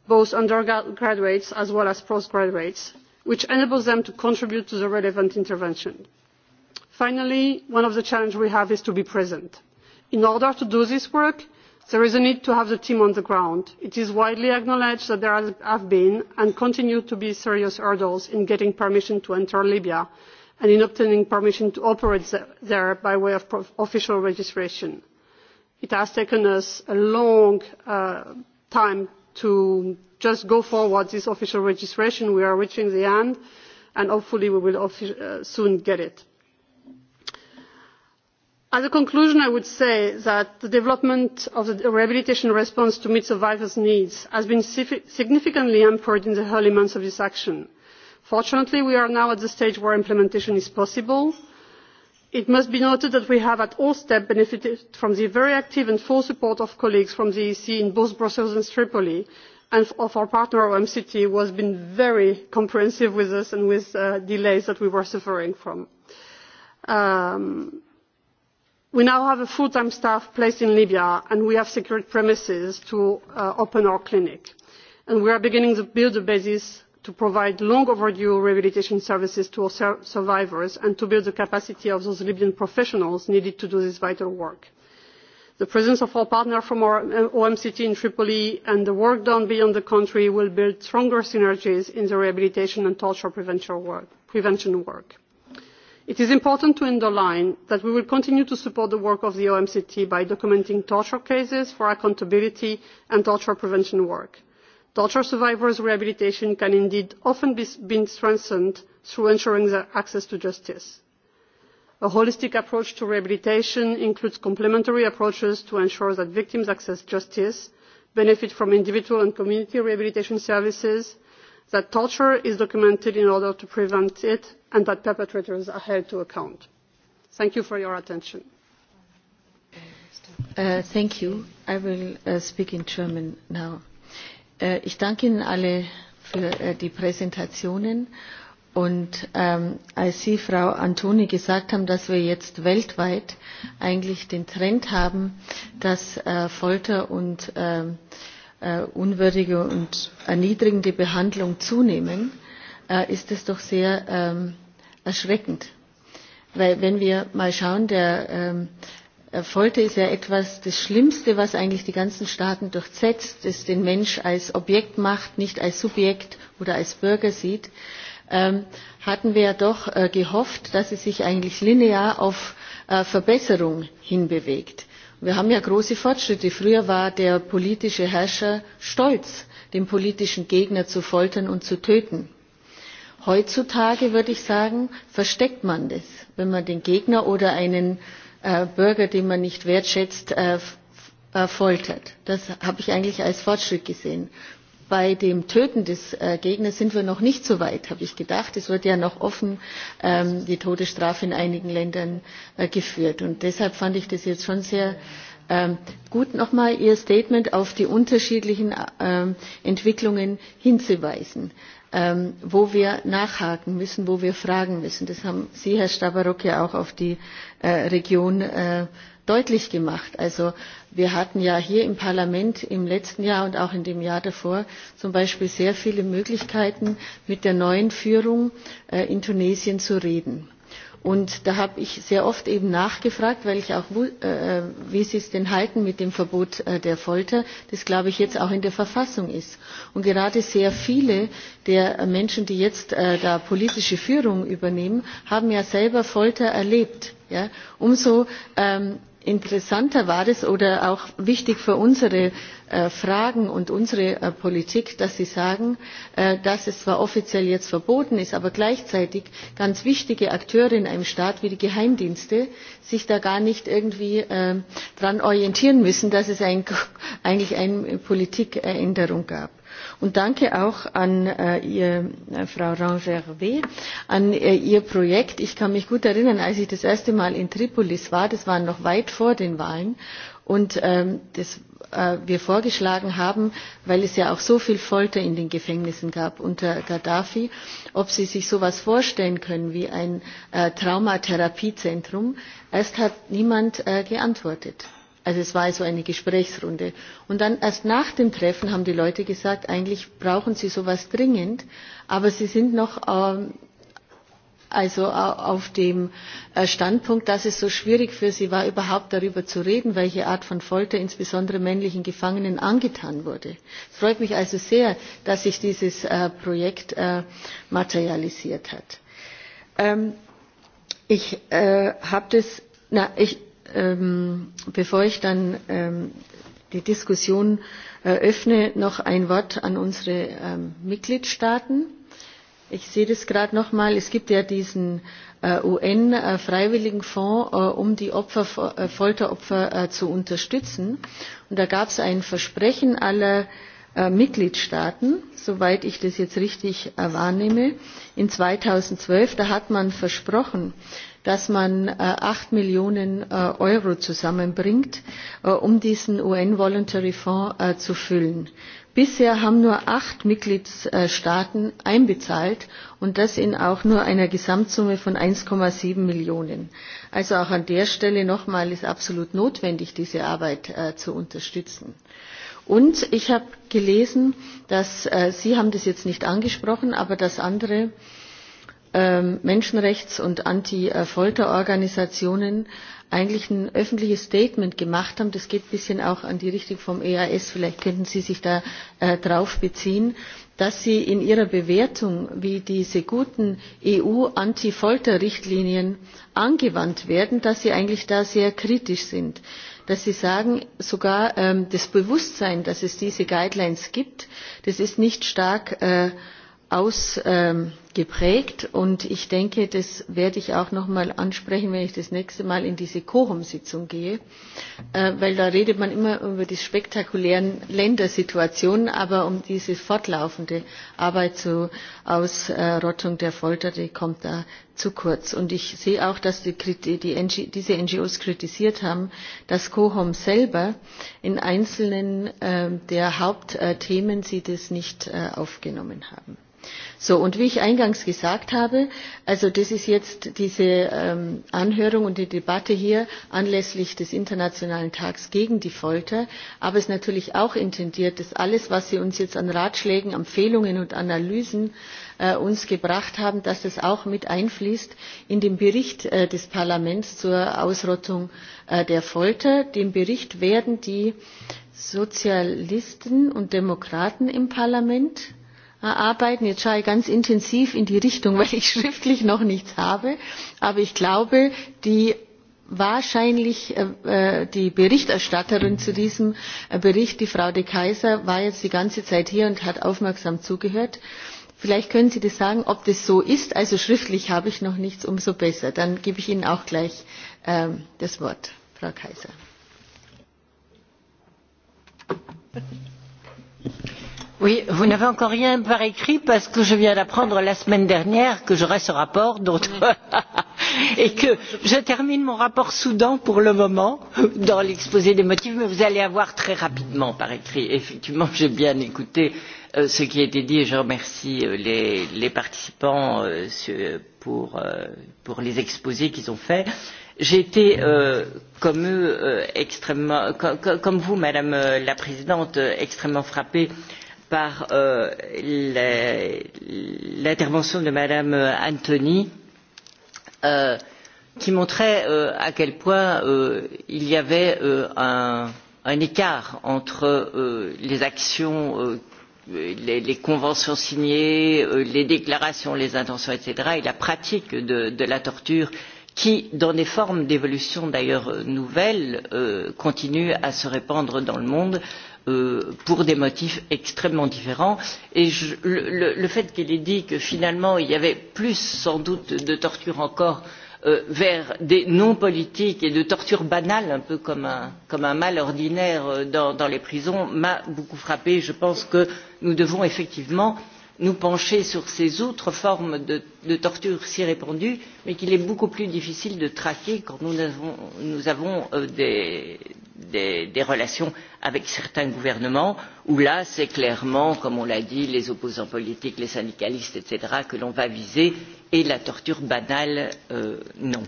both undergraduates as well as postgraduates which enables them to contribute to the relevant intervention. finally one of the challenges we have is to be present. in order to do this work there is a need to have the team on the ground. it is widely acknowledged that there have been and continue to be serious hurdles in getting permission to enter libya and in obtaining permission to operate there by way of official registration. It has taken us a long time to just go forward this official registration. We are reaching the end and hopefully we will soon get it. As a conclusion, I would say that the development of the rehabilitation response to meet survivors' needs has been significantly hampered in the early months of this action Fortunately, we are now at the stage where implementation is possible. It must be noted that we have at all steps benefited from the very active and full support of colleagues from the EC in both Brussels and Tripoli, and of our partner OMCT, who has been very comprehensive with us and with delays that we were suffering from. We now have a full-time staff placed in Libya, and we have secured premises to open our clinic. And we are beginning to build a basis to provide long overdue rehabilitation services to survivors and to build the capacity of those libyan professionals needed to do this vital work. the presence of our partner from omct in tripoli and the work done beyond the country will build stronger synergies in the rehabilitation and torture prevention work. it is important to underline that we will continue to support the work of the omct by documenting torture cases for accountability and torture prevention work Torture survivors' rehabilitation can indeed often be strengthened through ensuring their access to justice. A holistic approach to rehabilitation includes complementary approaches to ensure that victims access justice, benefit from individual and community rehabilitation services, that torture is documented in order to prevent it, and that perpetrators are held to account. Thank you for your attention. Thank you. I will speak in German now. Ich danke Ihnen alle für die Präsentationen. Und als Sie, Frau Antoni, gesagt haben, dass wir jetzt weltweit eigentlich den Trend haben, dass Folter und unwürdige und erniedrigende Behandlung zunehmen, ist es doch sehr erschreckend. Weil wenn wir mal schauen, der Folter ist ja etwas das Schlimmste, was eigentlich die ganzen Staaten durchsetzt, das den Mensch als Objekt macht, nicht als Subjekt oder als Bürger sieht. Hatten wir ja doch gehofft, dass es sich eigentlich linear auf Verbesserung hinbewegt. Wir haben ja große Fortschritte. Früher war der politische Herrscher stolz, den politischen Gegner zu foltern und zu töten. Heutzutage, würde ich sagen, versteckt man das. Wenn man den Gegner oder einen Bürger, die man nicht wertschätzt, foltert. Das habe ich eigentlich als Fortschritt gesehen. Bei dem Töten des Gegners sind wir noch nicht so weit, habe ich gedacht. Es wird ja noch offen die Todesstrafe in einigen Ländern geführt. Und deshalb fand ich das jetzt schon sehr gut nochmal Ihr Statement auf die unterschiedlichen Entwicklungen hinzuweisen, wo wir nachhaken müssen, wo wir fragen müssen. Das haben Sie, Herr Stabarok, ja auch auf die Region deutlich gemacht. Also wir hatten ja hier im Parlament im letzten Jahr und auch in dem Jahr davor zum Beispiel sehr viele Möglichkeiten, mit der neuen Führung in Tunesien zu reden Und da habe ich sehr oft eben nachgefragt, weil ich auch, wie Sie es denn halten mit dem Verbot der Folter, das glaube ich jetzt auch in der Verfassung ist. Und gerade sehr viele der Menschen, die jetzt da politische Führung übernehmen, haben ja selber Folter erlebt. Umso interessanter war es oder auch wichtig für unsere fragen und unsere politik dass sie sagen dass es zwar offiziell jetzt verboten ist aber gleichzeitig ganz wichtige akteure in einem staat wie die geheimdienste sich da gar nicht irgendwie daran orientieren müssen dass es eigentlich eine politikänderung gab. Und danke auch an Frau Rangervé, an ihr Projekt. Ich kann mich gut erinnern, als ich das erste Mal in Tripolis war, das war noch weit vor den Wahlen, und das wir vorgeschlagen haben, weil es ja auch so viel Folter in den Gefängnissen gab unter Gaddafi, ob Sie sich so etwas vorstellen können wie ein Traumatherapiezentrum. Erst hat niemand geantwortet. Also es war so eine Gesprächsrunde. Und dann erst nach dem Treffen haben die Leute gesagt, eigentlich brauchen sie sowas dringend, aber sie sind noch also auf dem Standpunkt, dass es so schwierig für sie war, überhaupt darüber zu reden, welche Art von Folter insbesondere männlichen Gefangenen angetan wurde. Es freut mich also sehr, dass sich dieses Projekt materialisiert hat. Ich habe das, bevor ich dann die Diskussion öffne, noch ein Wort an unsere Mitgliedstaaten. Ich sehe das gerade noch mal. Es gibt ja diesen UN-Freiwilligenfonds, um die Opfer Folteropfer zu unterstützen. Und da gab es ein Versprechen aller Mitgliedstaaten, soweit ich das jetzt richtig wahrnehme, in 2012. Da hat man versprochen, dass man acht Millionen Euro zusammenbringt, um diesen UN Voluntary Fonds zu füllen. Bisher haben nur acht Mitgliedstaaten einbezahlt und das in auch nur einer Gesamtsumme von 1,7 Millionen. Also auch an der Stelle nochmal ist absolut notwendig, diese Arbeit zu unterstützen. Und ich habe gelesen, dass Sie haben das jetzt nicht angesprochen, aber dass andere Menschenrechts- und anti folter eigentlich ein öffentliches Statement gemacht haben. Das geht ein bisschen auch an die Richtung vom EAS. Vielleicht könnten Sie sich da drauf beziehen, dass Sie in Ihrer Bewertung, wie diese guten EU-Anti-Folter-Richtlinien angewandt werden, dass Sie eigentlich da sehr kritisch sind. Dass Sie sagen, sogar das Bewusstsein, dass es diese Guidelines gibt, das ist nicht stark aus geprägt. Und ich denke, das werde ich auch noch mal ansprechen, wenn ich das nächste Mal in diese Kohom-Sitzung gehe, weil da redet man immer über die spektakulären Ländersituationen, aber um diese fortlaufende Arbeit zur Ausrottung der Folter, die kommt da zu kurz. Und ich sehe auch, dass diese NGOs kritisiert haben, dass COHOM selber in einzelnen der Hauptthemen sie das nicht aufgenommen haben. So, und wie ich eingangs gesagt habe, also das ist jetzt diese Anhörung und die Debatte hier anlässlich des Internationalen Tags gegen die Folter, aber es ist natürlich auch intendiert, dass alles, was Sie uns jetzt an Ratschlägen, Empfehlungen und Analysen uns gebracht haben, dass das auch mit einfließt in den Bericht des Parlaments zur Ausrottung der Folter. Dem Bericht werden die Sozialisten und Demokraten im Parlament arbeiten Jetzt schaue ich ganz intensiv in die Richtung, weil ich schriftlich noch nichts habe. Aber ich glaube, die wahrscheinlich die Berichterstatterin zu diesem Bericht, die Frau de Kaiser, war jetzt die ganze Zeit hier und hat aufmerksam zugehört. Vielleicht können Sie das sagen, ob das so ist. Also schriftlich habe ich noch nichts, umso besser. Dann gebe ich Ihnen auch gleich das Wort, Frau Kaiser. Oui, vous n'avez encore rien par écrit parce que je viens d'apprendre la semaine dernière que j'aurai ce rapport et que je termine mon rapport Soudan pour le moment dans l'exposé des motifs, mais vous allez avoir très rapidement par écrit. Effectivement, j'ai bien écouté ce qui a été dit et je remercie les participants pour les exposés qu'ils ont faits. J'ai été, comme eux, comme vous, Madame la Présidente, extrêmement frappée par l'intervention de Madame Anthony, qui montrait à quel point il y avait un écart entre les actions, les conventions signées, les déclarations, les intentions, etc., et la pratique de la torture qui, dans des formes d'évolution d'ailleurs nouvelles, continue à se répandre dans le monde pour des motifs extrêmement différents et le fait qu'elle ait dit que finalement il y avait plus sans doute de torture encore vers des non politiques et de torture banale un peu comme un mal ordinaire dans les prisons m'a beaucoup frappée. je pense que nous devons effectivement nous pencher sur ces autres formes de torture si répandues mais qu'il est beaucoup plus difficile de traquer quand nous avons des relations avec certains gouvernements où là c'est clairement comme on l'a dit les opposants politiques les syndicalistes etc. que l'on va viser et la torture banale non.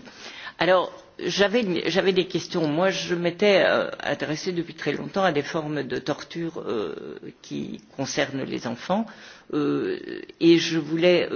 Alors, j'avais des questions. Moi, je m'étais intéressée depuis très longtemps à des formes de torture qui concernent les enfants et je voulais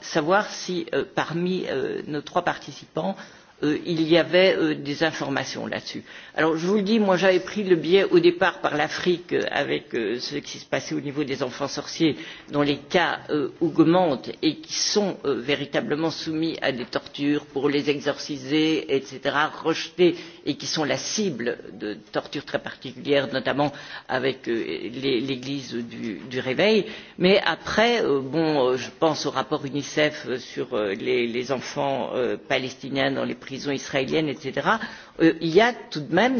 savoir si, parmi nos trois participants, il y avait des informations là dessus. alors je vous le dis moi j'avais pris le biais au départ par l'afrique avec ce qui se passait au niveau des enfants sorciers dont les cas augmentent et qui sont véritablement soumis à des tortures pour les exorciser etc. rejetés et qui sont la cible de tortures très particulières notamment avec l'église du réveil. mais après bon je pense au rapport unicef sur les enfants palestiniens dans les prisons israéliennes etc. il y a tout de même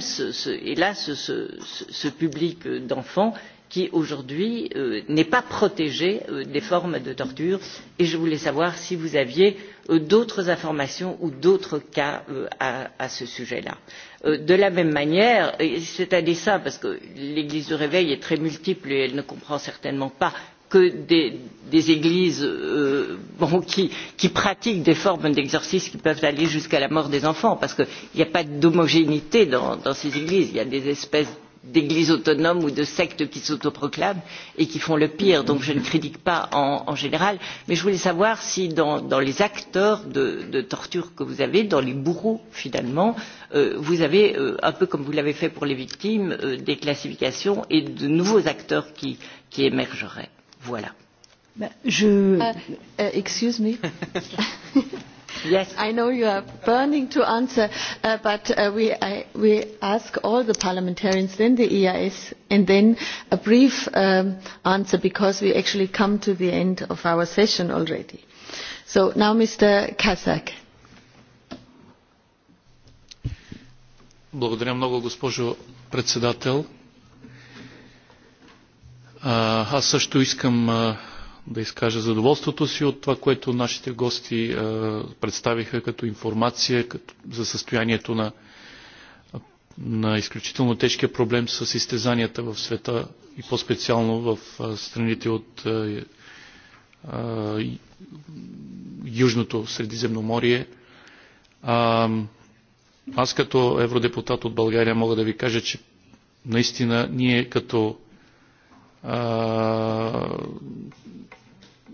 hélas ce public d'enfants qui aujourd'hui n'est pas protégé des formes de torture et je voulais savoir si vous aviez d'autres informations ou d'autres cas à ce sujet là. de la même manière et c'est à dessein parce que l'église du réveil est très multiple et elle ne comprend certainement pas que des églises qui pratiquent des formes d'exorcisme qui peuvent aller jusqu'à la mort des enfants parce qu'il n'y a pas d'homogénéité dans ces églises il y a des espèces d'églises autonomes ou de sectes qui s'autoproclament et qui font le pire donc je ne critique pas en général mais je voulais savoir si dans les acteurs de torture que vous avez dans les bourreaux finalement vous avez un peu comme vous l'avez fait pour les victimes des classifications et de nouveaux acteurs qui émergeraient. Voilà. Je... excuse me. Yes, I know you are burning to answer, but we ask all the parliamentarians, then the EIS, and then a brief answer because we actually come to the end of our session already. So now Mr. Kazak. Благодаря много, госпожо председател. Аз също искам да изкажа задоволството си от това, което нашите гости представиха като информация за състоянието на, на изключително тежкия проблем с изтезанията в света и по-специално в страните от Южното Средиземноморие. Аз като евродепутат от България мога да ви кажа, че наистина ние като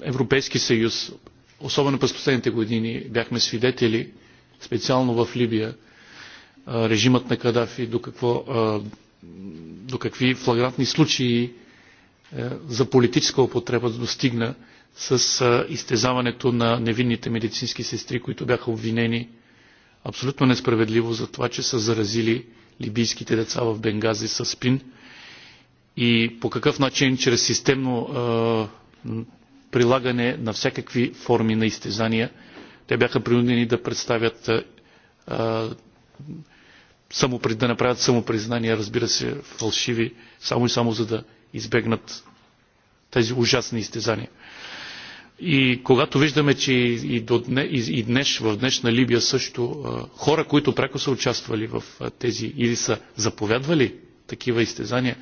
Европейски съюз, особено през последните години, бяхме свидетели, специално в Либия, режимът на Кадафи до, какво, до какви флагрантни случаи за политическа употреба достигна с изтезаването на невинните медицински сестри, които бяха обвинени абсолютно несправедливо за това, че са заразили либийските деца в Бенгази с спин – и по какъв начин чрез системно прилагане на всякакви форми на изтезания те бяха принудени да представят само да направят самопризнания, разбира се, фалшиви, само и само за да избегнат тези ужасни изтезания. И когато виждаме, че и, до дне, и днеш, в днешна Либия също хора, които пряко са участвали в тези или са заповядвали такива изтезания,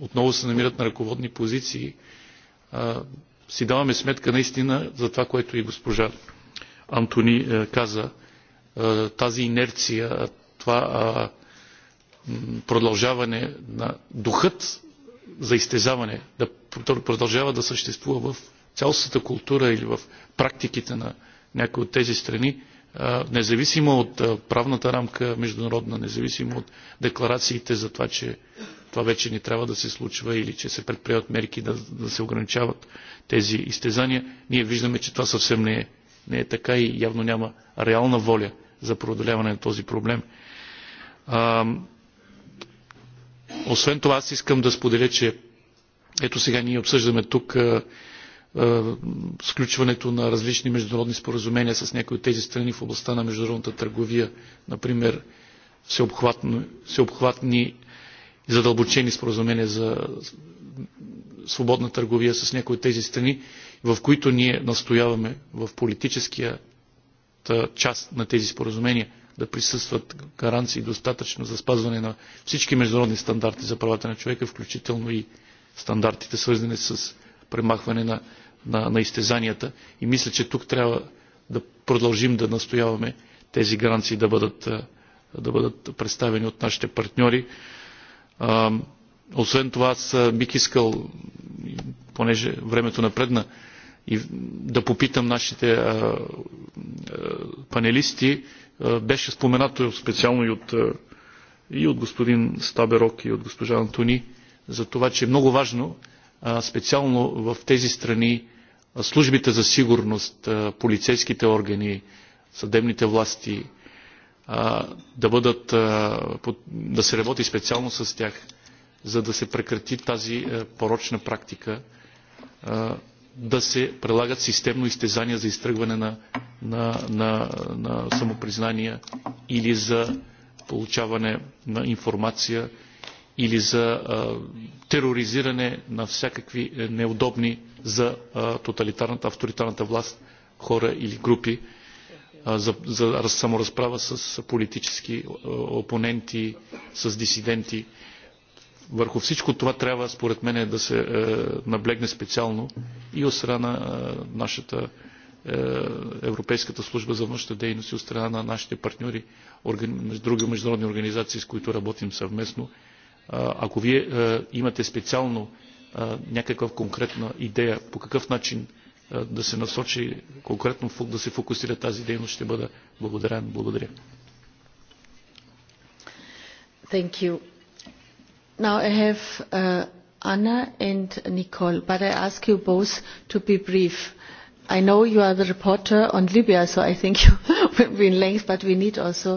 отново се намират на ръководни позиции, си даваме сметка наистина за това, което и госпожа Антони каза, тази инерция, това продължаване на духът за изтезаване да продължава да съществува в цялостната култура или в практиките на някои от тези страни, независимо от правната рамка международна, независимо от декларациите за това, че това вече не трябва да се случва или че се предприемат мерки да, да се ограничават тези изтезания. Ние виждаме, че това съвсем не е, не е така и явно няма реална воля за преодоляване на този проблем. А, освен това, аз искам да споделя, че ето сега ние обсъждаме тук а, а, сключването на различни международни споразумения с някои от тези страни в областта на международната търговия, например всеобхватни, всеобхватни задълбочени споразумения за свободна търговия с някои от тези страни, в които ние настояваме в политическия част на тези споразумения да присъстват гаранции достатъчно за спазване на всички международни стандарти за правата на човека, включително и стандартите, свързани с премахване на, на, на изтезанията. И мисля, че тук трябва да продължим да настояваме тези гаранции да бъдат, да бъдат представени от нашите партньори. Освен това, аз бих искал, понеже времето напредна, и да попитам нашите панелисти. Беше споменато специално и от, и от господин Стаберок и от госпожа Антони за това, че е много важно специално в тези страни службите за сигурност, полицейските органи, съдебните власти, да бъдат да се работи специално с тях, за да се прекрати тази порочна практика, да се прилагат системно изтезания за изтръгване на, на, на, на самопризнания или за получаване на информация или за а, тероризиране на всякакви неудобни за а, тоталитарната, авторитарната власт хора или групи за саморазправа с политически опоненти, с дисиденти. Върху всичко това трябва, според мен, да се наблегне специално и от страна на нашата Европейската служба за външна дейност и от страна на нашите партньори, други международни организации, с които работим съвместно. Ако вие имате специално някаква конкретна идея по какъв начин да се насочи конкретно да се фокусира тази дейност, ще бъда благодарен. Благодаря. Thank you. Now I have uh, Anna and Nicole, but I ask you both to be brief. I know you are the reporter on Libya, so I think you will be in length, but we need also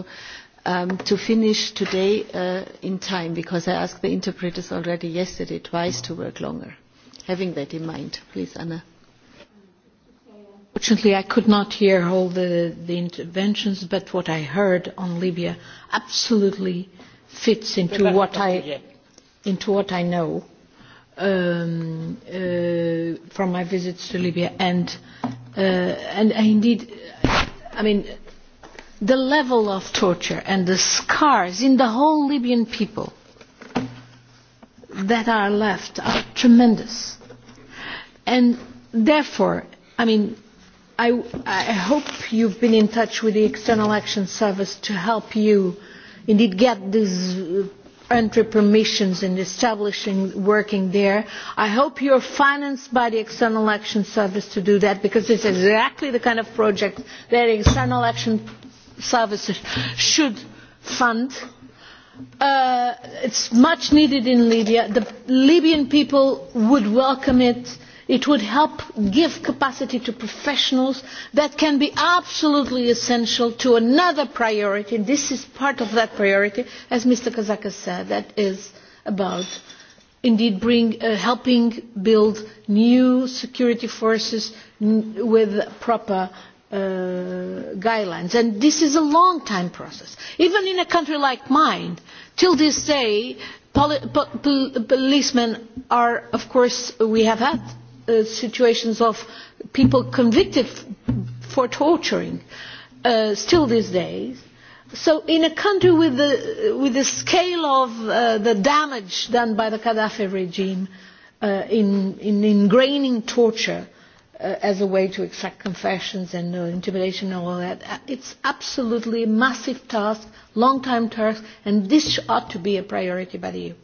um, to finish today uh, in time because I asked the interpreters already yesterday twice to work longer. Having that in mind, please, Anna. Unfortunately, I could not hear all the interventions, but what I heard on Libya absolutely fits into what I into what I know from my visits to Libya and and indeed, I mean, the level of torture and the scars in the whole Libyan people that are left are tremendous, and therefore, I mean I hope you have been in touch with the External Action Service to help you indeed get these entry permissions and establishing working there. I hope you are financed by the External Action Service to do that because it is exactly the kind of project that the External Action Service should fund. It is much needed in Libya. The Libyan people would welcome it It would help give capacity to professionals that can be absolutely essential to another priority. This is part of that priority, as Mr. Kazaka said, that is about indeed helping build new security forces with proper guidelines. And this is a long time process. Even in a country like mine, till this day, policemen are, of course, we have had situations of people convicted for torturing still these days. So in a country with the scale of the damage done by the Gaddafi regime in ingraining torture as a way to extract confessions and intimidation and all that, it's absolutely a massive task, long-time task, and this ought to be a priority by the EU.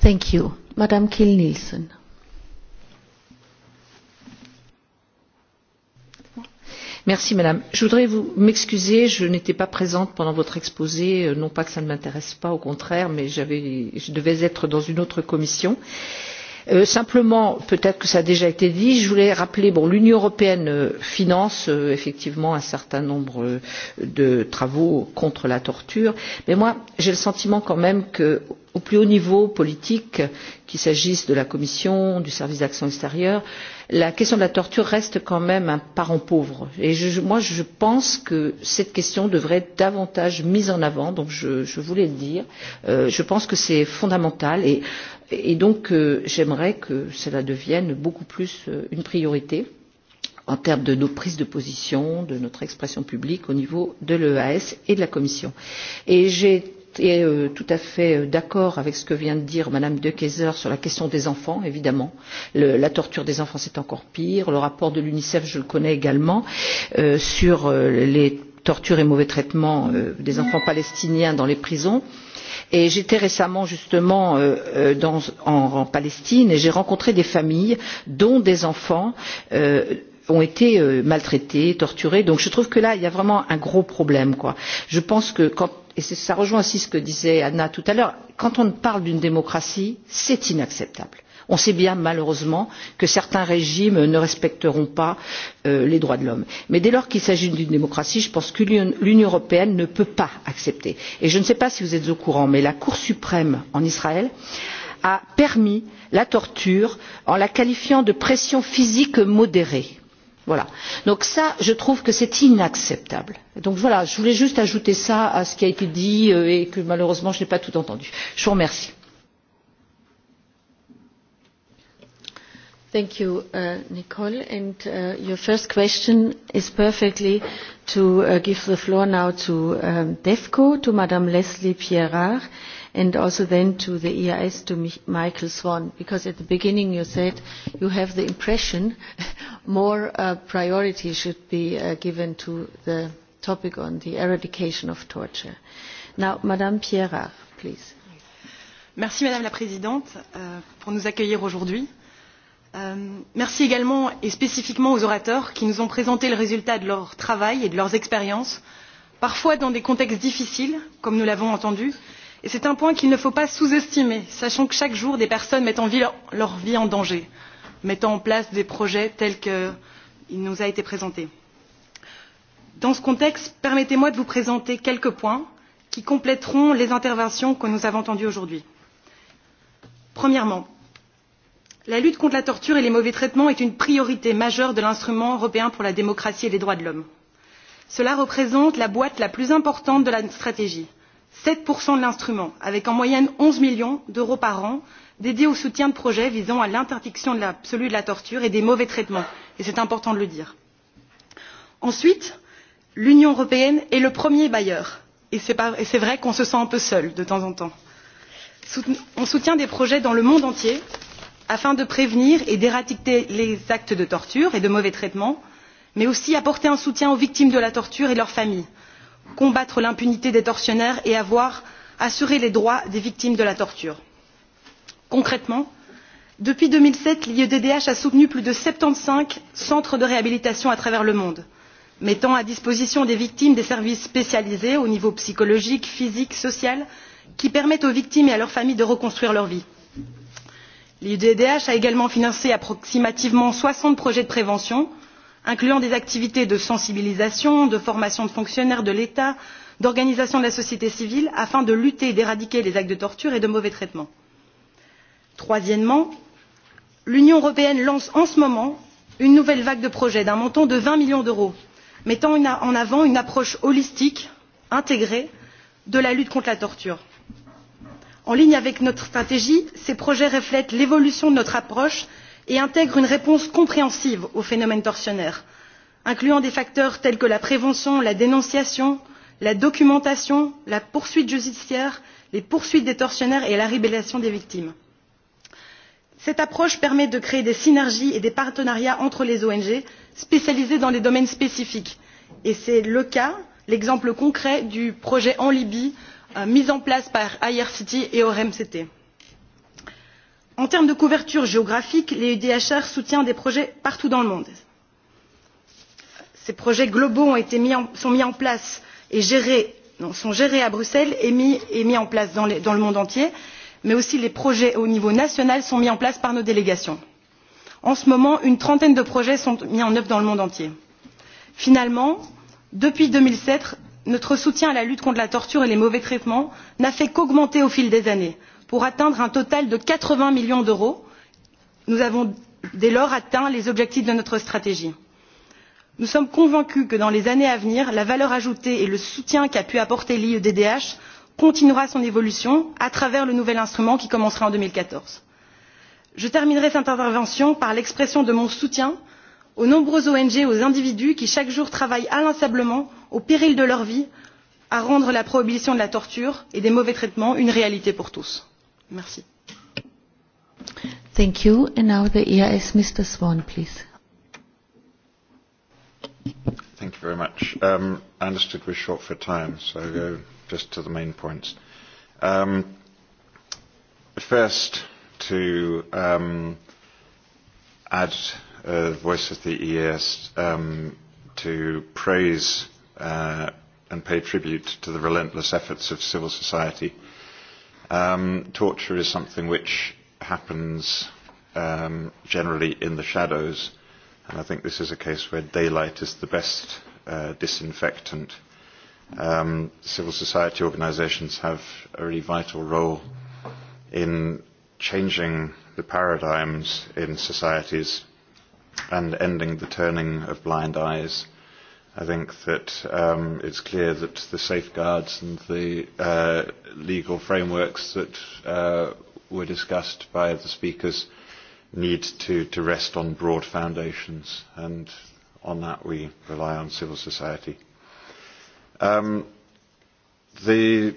Thank you. Madam Kiel-Nielsen. Merci madame. Je voudrais vous m'excuser, je n'étais pas présente pendant votre exposé, non pas que cela ne m'intéresse pas, au contraire, mais je devais être dans une autre commission simplement peut être que cela a déjà été dit je voulais rappeler que l'union européenne finance effectivement un certain nombre de travaux contre la torture mais j'ai le sentiment quand même qu'au plus haut niveau politique qu'il s'agisse de la commission du service pour l'action extérieure la question de la torture reste quand même un parent pauvre et je pense que cette question devrait être davantage mise en avant donc je voulais le dire je pense que c'est fondamental et Et donc, j'aimerais que cela devienne beaucoup plus une priorité en termes de nos prises de position, de notre expression publique au niveau de l'EAS et de la Commission. Et j'ai été tout à fait d'accord avec ce que vient de dire Mme De Keyser sur la question des enfants, évidemment. La torture des enfants, c'est encore pire. Le rapport de l'UNICEF, je le connais également, sur les tortures et mauvais traitements des enfants palestiniens dans les prisons j'étais récemment justement en palestine et j'ai rencontré des familles dont des enfants ont été maltraités torturés donc je trouve que là il y a vraiment un gros problème. je pense que et cela rejoint aussi ce que disait anna tout à l'heure quand on parle d'une démocratie c'est inacceptable on sait bien malheureusement que certains régimes ne respecteront pas les droits de l'homme mais dès lors qu'il s'agit d'une démocratie je pense que l'union européenne ne peut pas accepter et je ne sais pas si vous êtes au courant mais la cour suprême en israël a permis la torture en la qualifiant de pression physique modérée. Donc ça, je trouve que c'est inacceptable. Donc voilà, je voulais juste ajouter cela à ce qui a été dit et que malheureusement je n'ai pas tout entendu. Je vous remercie. Thank you, Nicole. And your first question is perfectly to give the floor now to DEFCO, to Madame Leslie Pierrard, and also then to the EIS, to Michael Swan, because at the beginning you said you have the impression more priority should be given to the topic on the eradication of torture. Now, Madame Pierre, please. Merci, Madame la Présidente, pour nous accueillir aujourd'hui Merci également et spécifiquement aux orateurs qui nous ont présenté le résultat de leur travail et de leurs expériences, parfois dans des contextes difficiles, comme nous l'avons entendu, et c'est un point qu'il ne faut pas sous estimer, sachant que chaque jour des personnes mettent leur vie en danger, mettant en place des projets tels qu'il nous a été présenté. Dans ce contexte, permettez moi de vous présenter quelques points qui compléteront les interventions que nous avons entendues aujourd'hui. Premièrement, la lutte contre la torture et les mauvais traitements est une priorité majeure de l'instrument européen pour la démocratie et les droits de l'homme. cela représente la boîte la plus importante de la stratégie sept de l'instrument avec en moyenne onze millions d'euros par an dédiés au soutien de projets visant à l'interdiction absolue de la torture et des mauvais traitements et c'est important de le dire. ensuite l'union européenne est le premier bailleur et c'est vrai qu'on se sent un peu seul de temps en temps. on soutient des projets dans le monde entier afin de prévenir et d'éradiquer les actes de torture et de mauvais traitements mais aussi apporter un soutien aux victimes de la torture et à leurs familles combattre l'impunité des tortionnaires et assurer les droits des victimes de la torture. concrètement depuis deux mille sept l'iedh a soutenu plus de soixante quinze centres de réhabilitation à travers le monde mettant à disposition des victimes des services spécialisés au niveau psychologique physique et social qui permettent aux victimes et à leurs familles de reconstruire leur vie l'idh a également financé approximativement soixante projets de prévention incluant des activités de sensibilisation de formation de fonctionnaires de l'état d'organisations de la société civile afin de lutter et d'éradiquer les actes de torture et de mauvais traitements. troisièmement l'union européenne lance en ce moment une nouvelle vague de projets d'un montant de vingt millions d'euros mettant en avant une approche holistique intégrée de la lutte contre la torture en ligne avec notre stratégie ces projets reflètent l'évolution de notre approche et intègrent une réponse compréhensive aux phénomènes tortionnaires incluant des facteurs tels que la prévention la dénonciation la documentation la poursuite judiciaire les poursuites des tortionnaires et la révélation des victimes. cette approche permet de créer des synergies et des partenariats entre les ong spécialisées dans des domaines spécifiques et c'est le cas l'exemple concret du projet en libye mis en place par IRCT et ormct. en termes de couverture géographique les soutient des projets partout dans le monde. ces projets globaux sont mis en place et gérés gérés à bruxelles et mis en place dans le monde entier mais aussi les projets au niveau national sont mis en place par nos délégations. en ce moment une trentaine de projets sont mis en œuvre dans le monde entier. finalement depuis deux mille notre soutien à la lutte contre la torture et les mauvais traitements n'a fait qu'augmenter au fil des années pour atteindre un total de quatre vingts millions d'euros. nous avons dès lors atteint les objectifs de notre stratégie. nous sommes convaincus que dans les années à venir la valeur ajoutée et le soutien qu'a pu apporter l'iedh continuera son évolution à travers le nouvel instrument qui commencera en. deux mille quatorze je terminerai cette intervention par l'expression de mon soutien aux nombreuses ong aux individus qui chaque jour travaillent inlassablement au péril de leur vie à rendre la prohibition de la torture et des mauvais traitements une réalité pour tous. merci the voice of the EAS to praise and pay tribute to the relentless efforts of civil society. Torture is something which happens generally in the shadows, and I think this is a case where daylight is the best disinfectant. Civil society organisations have a really vital role in changing the paradigms in societies and ending the turning of blind eyes. I think that um, it's clear that the safeguards and the legal frameworks that were discussed by the speakers need to, to rest on broad foundations, and on that we rely on civil society. Um, the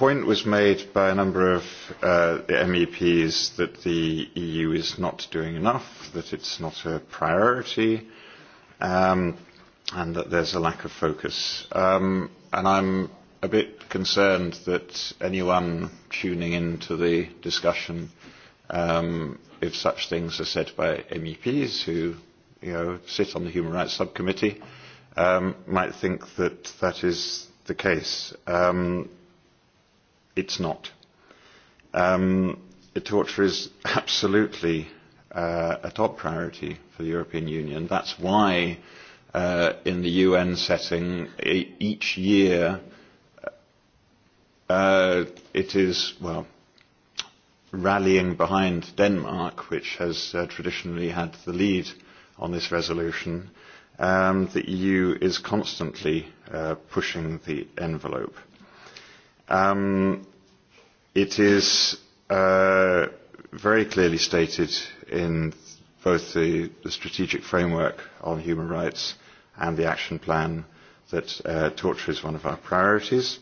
point was made by a number of the MEPs that the EU is not doing enough, that it's not a priority, and that there's a lack of focus. And I'm a bit concerned that anyone tuning into the discussion, if such things are said by MEPs who sit on the Human Rights Subcommittee, might think that that is the case. It's not. Torture is absolutely a top priority for the European Union. That's why in the UN setting each year it is, well, rallying behind Denmark, which has traditionally had the lead on this resolution. The EU is constantly pushing the envelope. It is very clearly stated in both the strategic framework on human rights and the action plan that torture is one of our priorities,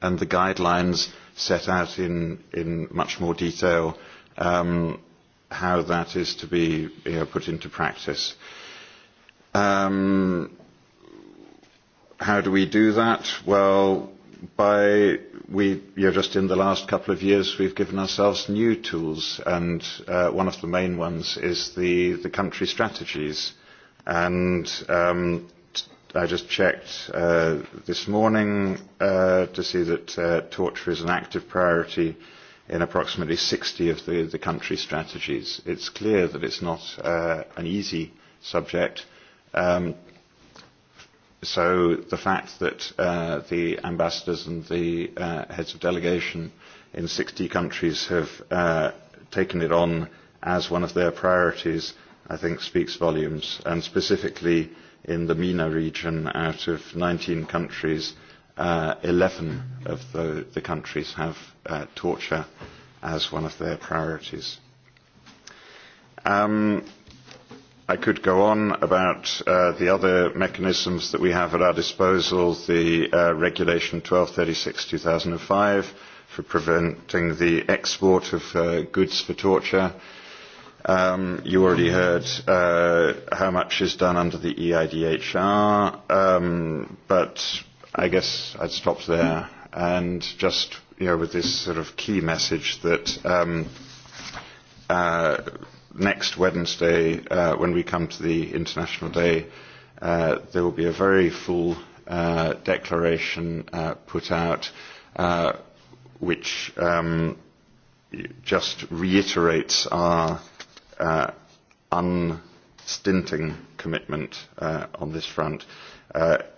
and the guidelines set out in much more detail how that is to be put into practice. How do we do that? Well, by we just in the last couple of years we've given ourselves new tools and one of the main ones is the the country strategies and I just checked this morning to see that torture is an active priority in approximately 60 of the the country strategies it's clear that it's not an easy subject So the fact that the ambassadors and the heads of delegation in 60 countries have taken it on as one of their priorities, I think, speaks volumes. And specifically in the MENA region, out of 19 countries, 11 of the countries have torture as one of their priorities. I could go on about the other mechanisms that we have at our disposal, the Regulation 1236/2005 for preventing the export of goods for torture. You already heard how much is done under the EIDHR, but I guess I'd stop there and just, you know, with this sort of key message that next Wednesday, when we come to the International Day, there will be a very full declaration put out, which just reiterates our unstinting commitment on this front.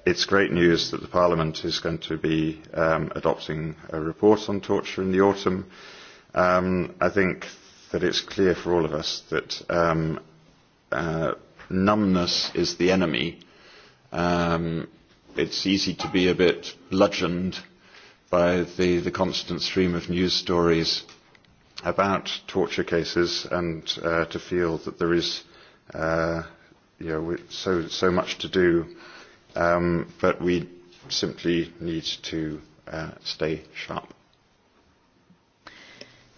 It's great news that the Parliament is going to be adopting a report on torture in the autumn. I think that it's clear for all of us that numbness is the enemy. It's easy to be a bit bludgeoned by the the constant stream of news stories about torture cases and to feel that there is you know so so much to do but we simply need to stay sharp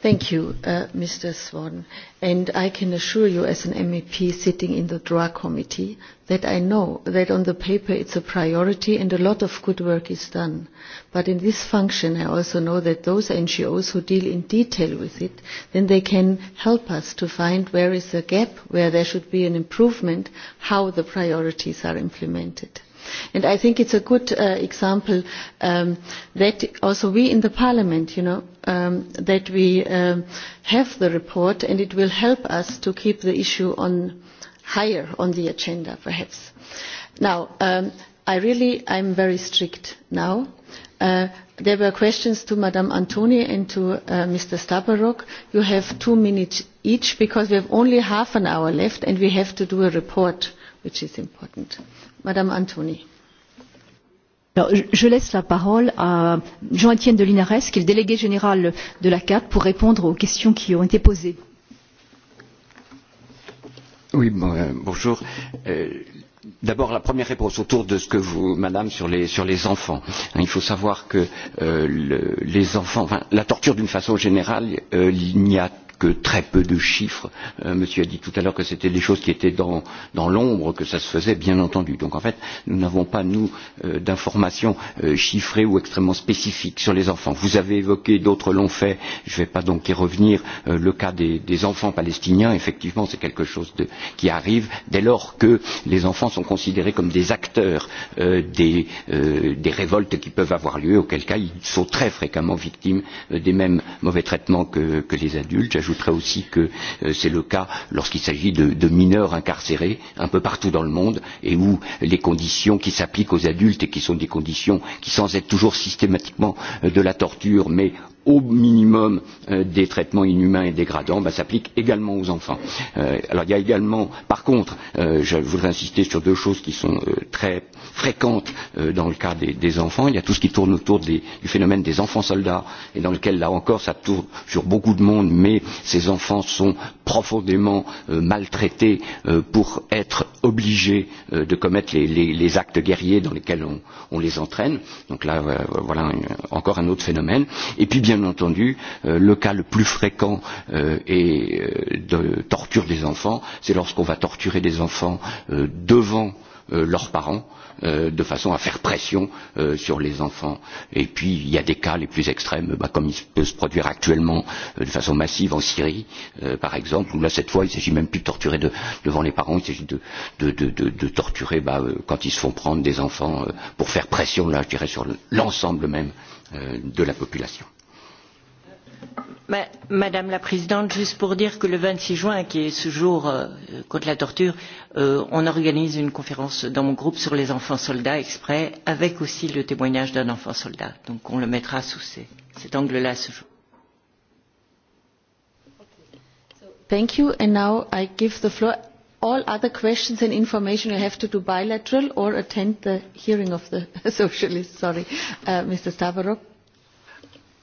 Thank you, Mr. Swan. And I can assure you, as an MEP sitting in the DRA committee, that I know that on the paper it's a priority and a lot of good work is done. But in this function, I also know that those NGOs who deal in detail with it, then they can help us to find where is a gap, where there should be an improvement, how the priorities are implemented. And I think it's a good example that also we in the Parliament, you know, that we have the report and it will help us to keep the issue on higher on the agenda, perhaps. Now, I really am very strict now. There were questions to Madame Antoni and to Mr. Stabarok. You have two minutes each because we have only half an hour left and we have to do a report, which is important. Madame Antoni Je laisse la parole à Jean-Étienne de Linares, qui est le délégué général de la CAP, pour répondre aux questions qui ont été posées. Oui, bonjour. D'abord, la première réponse autour de ce que vous, madame, sur les enfants. Il faut savoir que les enfants, la torture d'une façon générale, il n'y a que très peu de chiffres. Monsieur a dit tout à l'heure que c'était des choses qui étaient dans l'ombre, que ça se faisait, bien entendu. Donc en fait, nous n'avons pas, nous, d'informations chiffrées ou extrêmement spécifiques sur les enfants. Vous avez évoqué, d'autres l'ont fait, je ne vais pas donc y revenir, le cas des enfants palestiniens. Effectivement, c'est quelque chose qui arrive dès lors que les enfants sont considérés comme des acteurs des révoltes qui peuvent avoir lieu, auquel cas ils sont très fréquemment victimes des mêmes mauvais traitements que les adultes. J'ajouterai aussi que c'est le cas lorsqu'il s'agit de mineurs incarcérés un peu partout dans le monde et où les conditions qui s'appliquent aux adultes et qui sont des conditions qui, sans être toujours systématiquement de la torture, mais au minimum des traitements inhumains et dégradants s'appliquent également aux enfants. Alors il y a également, par contre, je voudrais insister sur deux choses qui sont très fréquente dans le cas des enfants. Il y a tout ce qui tourne autour du phénomène des enfants soldats et dans lequel, là encore, ça tourne sur beaucoup de monde, mais ces enfants sont profondément maltraités pour être obligés de commettre les actes guerriers dans lesquels on les entraîne. Donc là, voilà encore un autre phénomène. Et puis, bien entendu, le cas le plus fréquent de torture des enfants, c'est lorsqu'on va torturer des enfants devant leurs parents de façon à faire pression sur les enfants. Et puis, il y a des cas les plus extrêmes, bah, comme il peut se produire actuellement de façon massive en Syrie, par exemple, où là, cette fois, il ne s'agit même plus de torturer devant les parents, il s'agit de de, de, de, torturer bah, quand ils se font prendre des enfants pour faire pression, là, je dirais, sur l'ensemble même de la population madame la présidente juste pour dire que le vingt six juin qui est ce jour contre la torture on organise une conférence dans mon groupe sur les enfants soldats exprès avec aussi le témoignage d'un enfant soldat donc on le mettra sous cet angle là ce jour. thank you and now i give the floor all other questions and information you have to do bilateral or attend the hearing of the socialists sorry mr Stavarov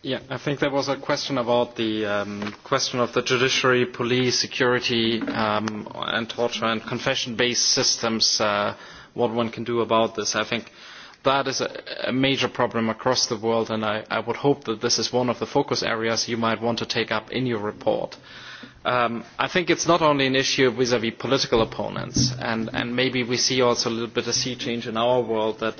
Yeah, I think there was a question about the question of the judiciary, police, security, and torture and confession-based systems, what one can do about this. I think that is a major problem across the world, and I would hope that this is one of the focus areas you might want to take up in your report. I think it's not only an issue vis-à-vis political opponents, and maybe we see also a little bit of sea change in our world that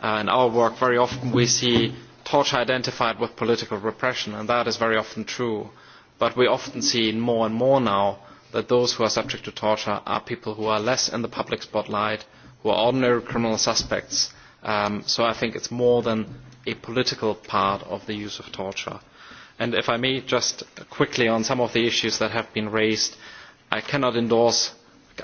in our work very often we see Torture identified with political repression, and that is very often true. But we often see more and more now that those who are subject to torture are people who are less in the public spotlight, who are ordinary criminal suspects. So I think it's more than a political part of the use of torture. And if I may, just quickly on some of the issues that have been raised, I cannot endorse.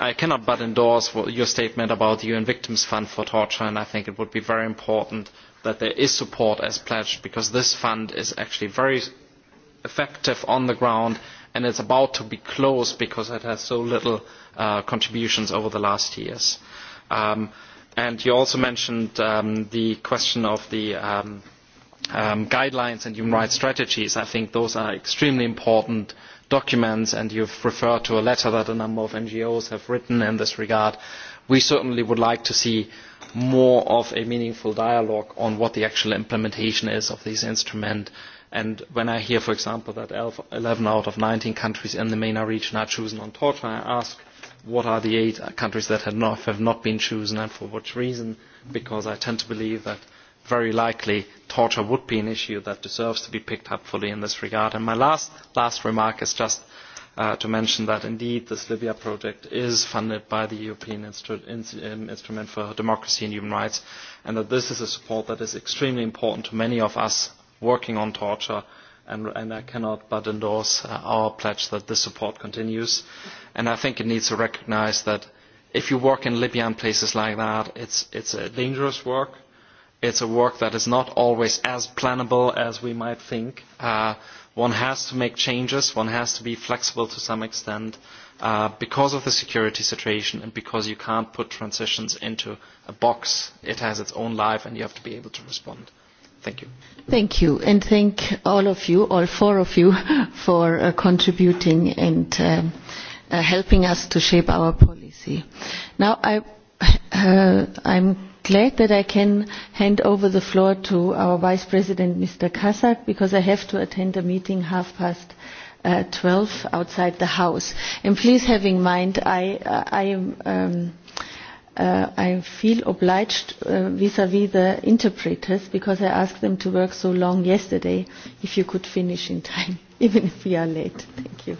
I cannot but endorse your statement about the UN Victims Fund for Torture, and I think it would be very important that there is support as pledged because this fund is actually very effective on the ground and it's about to be closed because it has so little contributions over the last years. And you also mentioned the question of the guidelines and human rights strategies. I think those are extremely important documents and you've referred to a letter that a number of NGOs have written in this regard we certainly would like to see more of a meaningful dialogue on what the actual implementation is of this instrument. And when I hear, for example, that 11 out of 19 countries in the MENA region are chosen on torture, I ask what are the eight countries that have not been chosen and for which reason, because I tend to believe that very likely torture would be an issue that deserves to be picked up fully in this regard. And my last remark is just to mention that indeed this Libya project is funded by the European Instrument for Democracy and Human Rights and that this is a support that is extremely important to many of us working on torture and I cannot but endorse our pledge that this support continues. And I think it needs to recognize that if you work in Libya and places like that, it's a dangerous work It's a work that is not always as plannable as we might think. One has to make changes, one has to be flexible to some extent because of the security situation and because you can't put transitions into a box. It has its own life and you have to be able to respond. Thank you. Thank you and thank all of you, all four of you, for contributing and helping us to shape our policy. Now I'm glad that I can hand over the floor to our Vice President, Mr. Kazak, because I have to attend a meeting half past 12 outside the House. And please have in mind, I I feel obliged vis-à-vis the interpreters because I asked them to work so long yesterday. If you could finish in time, even if we are late. Thank you.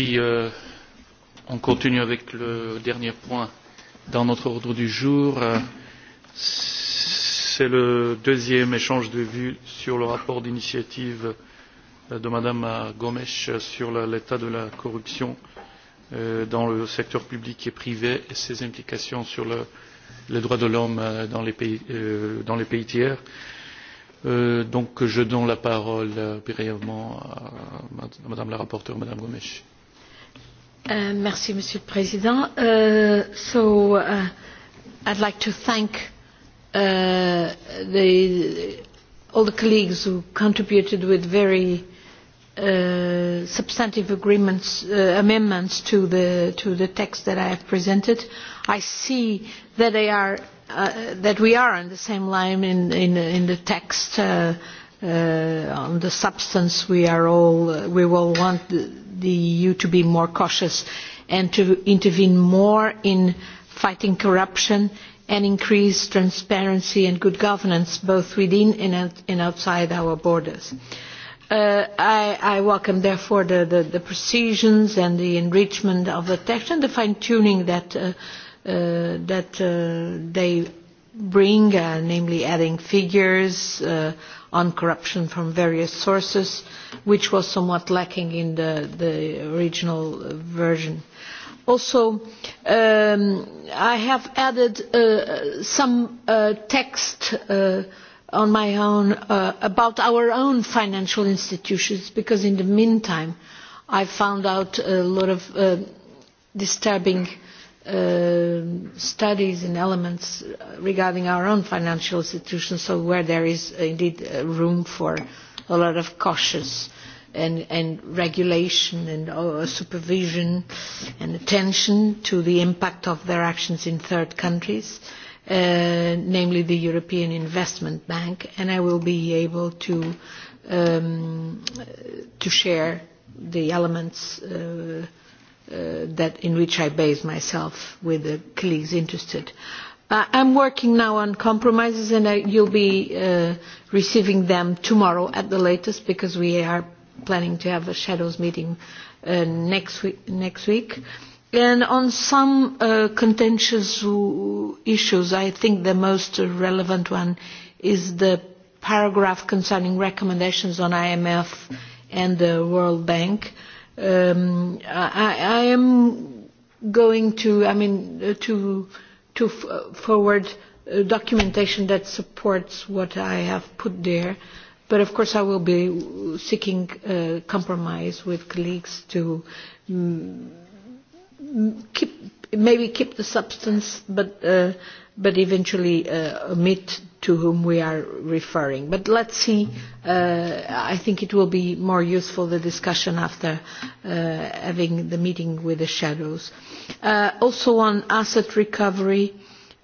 Oui, on continue avec le dernier point dans notre ordre du jour. C'est le deuxième échange de vues sur le rapport d'initiative de Mme Gomes sur l'état de la corruption dans le secteur public et privé et ses implications sur les droits de l'homme dans les pays tiers. Donc, je donne la parole brièvement à Mme la rapporteure, Mme Gomes. Merci, Monsieur le President. So I'd like to thank all the colleagues who contributed with very substantive agreements amendments to the to the text that I have presented. I see that they are that we are on the same line in in the text on the substance we are all we all want the EU to be more cautious and to intervene more in fighting corruption and increase transparency and good governance both within and outside our borders. I welcome therefore the precisions and the enrichment of the text and the fine tuning that they bring, namely adding figures on corruption from various sources, which was somewhat lacking in the original version. Also, I have added some text on my own about our own financial institutions, because in the meantime I found out a lot of disturbing studies and elements regarding our own financial institutions, so where there is indeed room for a lot of cautious and regulation and supervision and attention to the impact of their actions in third countries, namely the European Investment Bank, and I will be able to to share the elements that in which I base myself with the colleagues interested. I'm working now on compromises and you'll be receiving them tomorrow at the latest because we are planning to have a shadows meeting next week. And on some contentious issues, I think the most relevant one is the paragraph concerning recommendations on IMF and the World Bank I am going to, I mean, to to forward documentation that supports what I have put there, but of course I will be seeking compromise with colleagues to maybe keep the substance, but but eventually omit to whom we are referring. But let's see. I think it will be more useful, the discussion after having the meeting with the shadows. Also on asset recovery,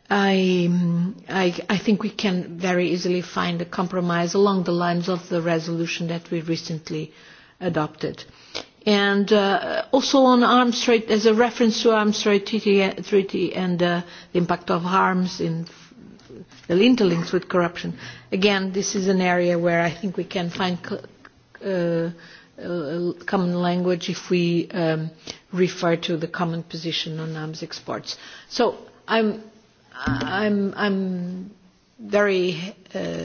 I think we can very easily find a compromise along the lines of the resolution that we recently adopted. And also on arms trade, as a reference to arms trade treaty and the impact of arms in The interlinks with corruption. Again, this is an area where I think we can find common language if we refer to the common position on arms exports. So I'm I'm very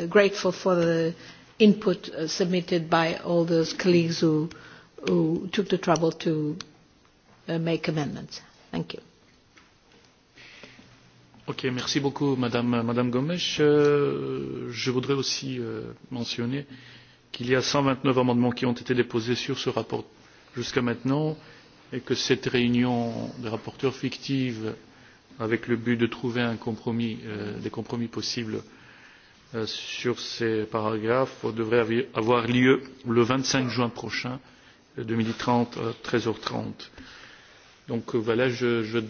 grateful for the input submitted by all those colleagues who took the trouble to make amendments. Thank you merci beaucoup Madame, Madame Gomes. Je voudrais aussi mentionner qu'il y a 129 amendements qui ont été déposés sur ce rapport jusqu'à maintenant et que cette réunion des rapporteurs fictive avec le but de trouver un compromis, des compromis possibles sur ces paragraphes devrait avoir lieu le 25 juin prochain, 2030, à 13h30. Donc voilà, je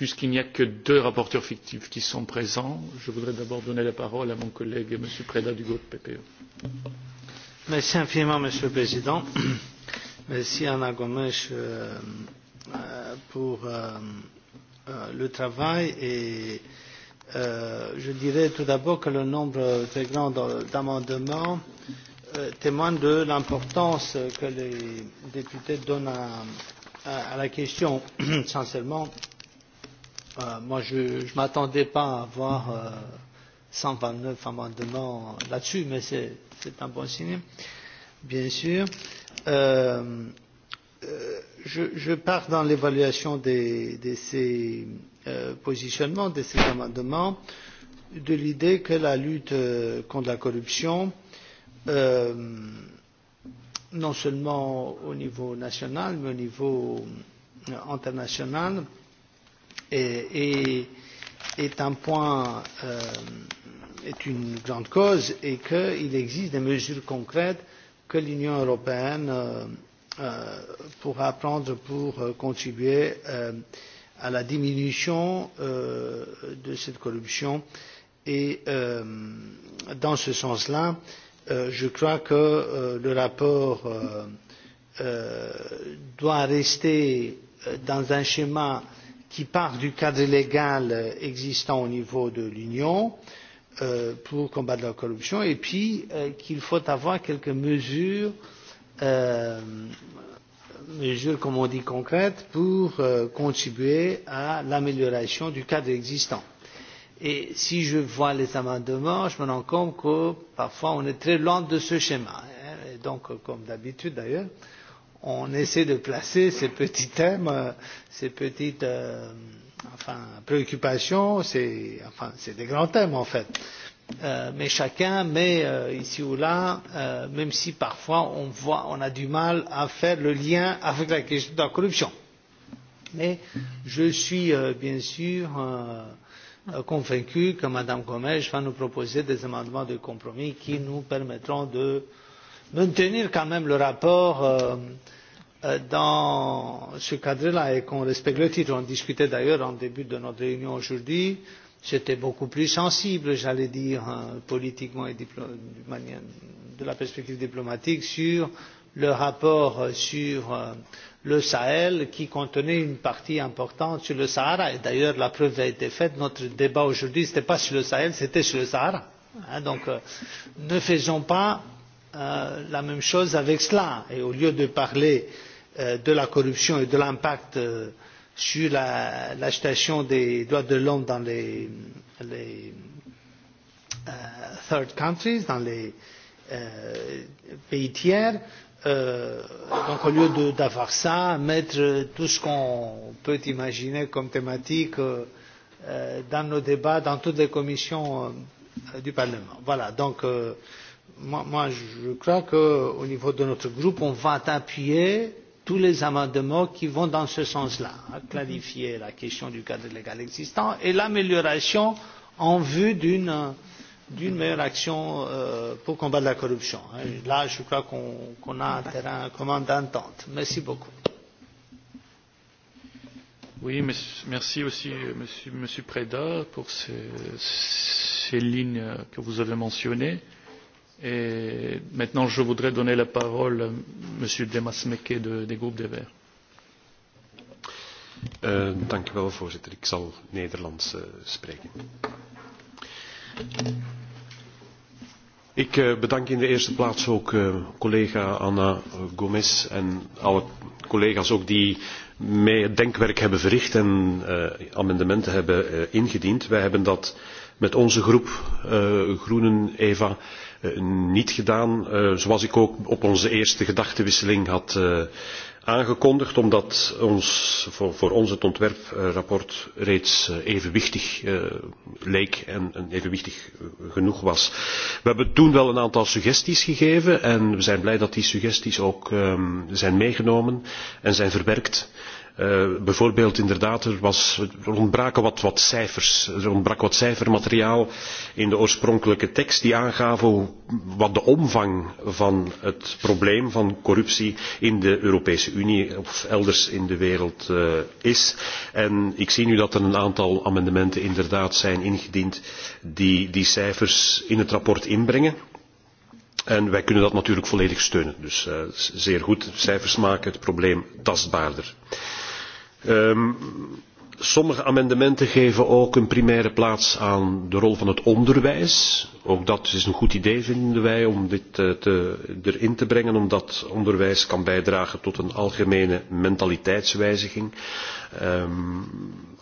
Puisqu'il n'y a que deux rapporteurs fictifs qui sont présents, je voudrais d'abord donner la parole à mon collègue M. Preda du groupe PPE. Merci infiniment, Monsieur le Président. Merci, Anna Gomes, pour le travail. Et je dirais tout d'abord que le nombre très grand d'amendements témoigne de l'importance que les députés donnent à la question. essentiellement. Moi, je ne m'attendais pas à avoir 129 amendements là-dessus, mais c'est un bon signe, bien sûr. Je pars dans l'évaluation de ces positionnements, de ces amendements, de l'idée que la lutte contre la corruption, non seulement au niveau national, mais au niveau international, est un point est une grande cause et qu'il existe des mesures concrètes que l'Union européenne pourra prendre pour contribuer à la diminution de cette corruption et dans ce sens là je crois que le rapport doit rester dans un schéma qui part du cadre légal existant au niveau de l'Union pour combattre la corruption et puis qu'il faut avoir quelques mesures, mesures comme on dit concrètes, pour contribuer à l'amélioration du cadre existant. Et si je vois les amendements, je me rends compte que parfois on est très loin de ce schéma. Donc, comme d'habitude d'ailleurs on essaie de placer ces petits thèmes, ces petites enfin, préoccupations, c'est enfin, des grands thèmes en fait. Mais chacun met ici ou là, même si parfois on voit, on a du mal à faire le lien avec la question de la corruption. Mais je suis bien sûr convaincu que Mme Gomes va nous proposer des amendements de compromis qui nous permettront de maintenir quand même le rapport dans ce cadre là et qu'on respecte le titre. On discutait d'ailleurs en début de notre réunion aujourd'hui. c'était beaucoup plus sensible, j'allais dire, politiquement et de la perspective diplomatique sur le rapport sur le Sahel qui contenait une partie importante sur le Sahara. Et d'ailleurs, la preuve a été faite. Notre débat aujourd'hui, ce n'était pas sur le Sahel, c'était sur le Sahara. Donc, ne faisons pas la même chose avec cela et au lieu de parler de la corruption et de l'impact sur la des droits de l'homme dans les third countries dans les pays tiers donc au lieu d'avoir ça mettre tout ce qu'on peut imaginer comme thématique dans nos débats dans toutes les commissions du parlement. voilà donc moi je crois qu'au niveau de notre groupe on va appuyer tous les amendements qui vont dans ce sens là à clarifier la question du cadre légal existant et l'amélioration en vue d'une meilleure action pour combattre la corruption. là je crois qu'on a un terrain commun d'entente. merci beaucoup. Oui, merci aussi Monsieur Preda pour ces lignes que vous avez mentionnées Et maintenant, je voudrais donner la parole à M. de des groupes des Verts. Dank u wel, voorzitter. Ik zal Nederlands spreken. Ik bedank in de eerste plaats ook collega Anna Gomez en alle collega's ook die mee het denkwerk hebben verricht en amendementen hebben ingediend. Wij hebben dat met onze groep Groenen, Eva niet gedaan, zoals ik ook op onze eerste gedachtenwisseling had aangekondigd, omdat voor ons het ontwerpverslag reeds evenwichtig leek en evenwichtig genoeg was. We hebben toen wel een aantal suggesties gegeven en we zijn blij dat die suggesties ook zijn meegenomen en zijn verwerkt Bijvoorbeeld inderdaad, er ontbraken wat cijfers. Er ontbrak wat cijfermateriaal in de oorspronkelijke tekst die aangaven wat de omvang van het probleem van corruptie in de Europese Unie of elders in de wereld is. En ik zie nu dat er een aantal amendementen inderdaad zijn ingediend die die cijfers in het rapport inbrengen. En wij kunnen dat natuurlijk volledig steunen. Dus zeer goed, cijfers maken het probleem tastbaarder. Sommige amendementen geven ook een primaire plaats aan de rol van het onderwijs. Ook dat is een goed idee, vinden wij, om dit erin te brengen, omdat onderwijs kan bijdragen tot een algemene mentaliteitswijziging.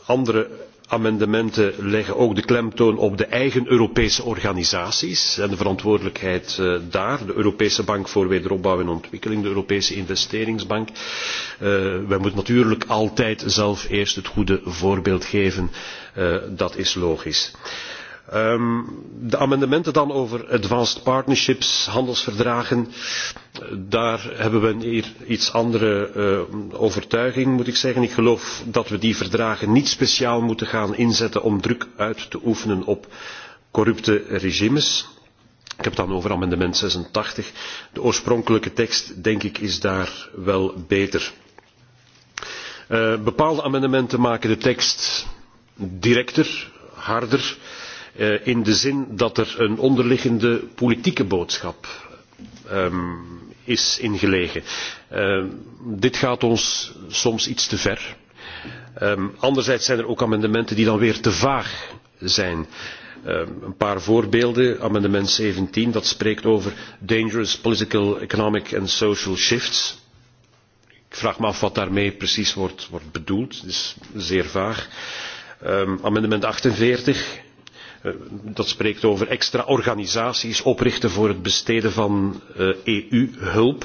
Andere amendementen leggen ook de klemtoon op de eigen Europese organisaties en de verantwoordelijkheid daar. De Europese Bank voor Wederopbouw en Ontwikkeling, de Europese Investeringsbank. Wij moeten natuurlijk altijd zelf eerst het goede voorbeeld geven. Dat is logisch. De amendementen dan over advanced partnerships, handelsverdragen, daar hebben we een iets andere overtuiging moet ik zeggen. Ik geloof dat we die verdragen niet speciaal moeten gaan inzetten om druk uit te oefenen op corrupte regimes. Ik heb het dan over amendement 86. De oorspronkelijke tekst, denk ik, is daar wel beter. Bepaalde amendementen maken de tekst directer, harder in de zin dat er een onderliggende politieke boodschap is ingelegen. Dit gaat ons soms iets te ver. Anderzijds zijn er ook amendementen die dan weer te vaag zijn. Een paar voorbeelden. Amendement 17, dat spreekt over dangerous political, economic and social shifts. Ik vraag me af wat daarmee precies wordt bedoeld. Het is zeer vaag. Amendement 48 dat spreekt over extra organisaties oprichten voor het besteden van eu hulp.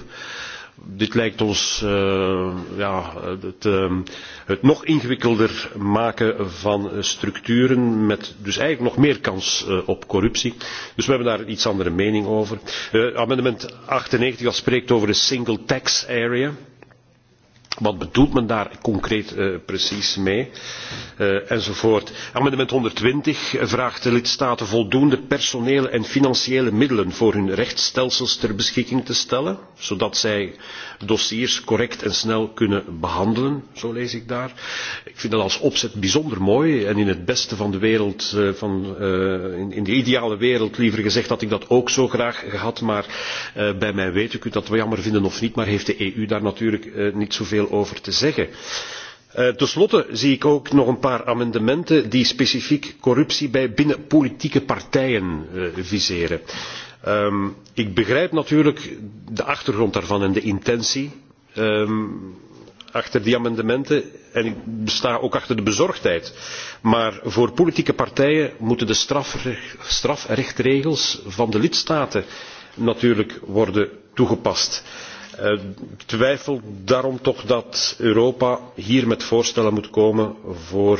dit lijkt ons het nog ingewikkelder maken van structuren met dus eigenlijk nog meer kans op corruptie. dus we hebben daar een iets andere mening over. amendement achtennegentig spreekt over een single tax area Wat bedoelt men daar concreet precies mee? Enzovoort. Amendement 120 vraagt de lidstaten voldoende personele en financiële middelen voor hun rechtsstelsels ter beschikking te stellen, zodat zij dossiers correct en snel kunnen behandelen, zo lees ik daar. Ik vind dat als opzet bijzonder mooi en in het beste van de wereld, in de ideale wereld liever gezegd had ik dat ook zo graag gehad, maar bij mij weet u kunt dat we jammer vinden of niet, maar heeft de EU daar natuurlijk niet zoveel over te zeggen. Ten slotte zie ik ook nog een paar amendementen die specifiek corruptie bij binnen politieke partijen viseren. Ik begrijp natuurlijk de achtergrond daarvan en de intentie achter die amendementen en ik sta ook achter de bezorgdheid. Maar voor politieke partijen moeten de strafrechtregels van de lidstaten natuurlijk worden toegepast. Ik twijfel daarom toch dat Europa hier met voorstellen moet komen voor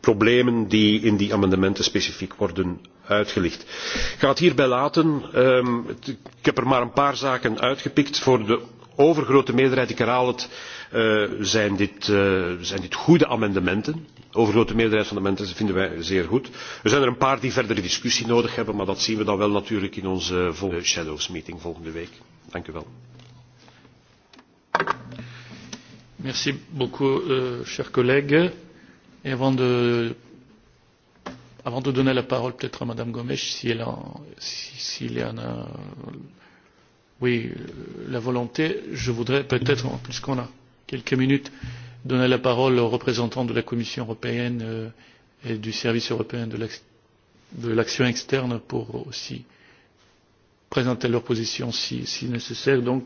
problemen die in die amendementen specifiek worden uitgelicht. Ik ga het hierbij laten. Ik heb er maar een paar zaken uitgepikt. Voor de overgrote meerderheid, ik herhaal het, zijn dit goede amendementen. De overgrote meerderheid van de amendementen vinden wij zeer goed. Er zijn er een paar die verdere discussie nodig hebben, maar dat zien we dan wel natuurlijk in onze volgende shadows meeting volgende week. Dank u wel. Et avant de, avant de donner la parole peut-être à Madame Gomes, si elle si, y en a, la volonté, je voudrais peut-être, puisqu'on a quelques minutes, donner la parole aux représentants de la Commission européenne et du Service européen de l'action externe pour aussi présenter leur position si, si nécessaire. Donc,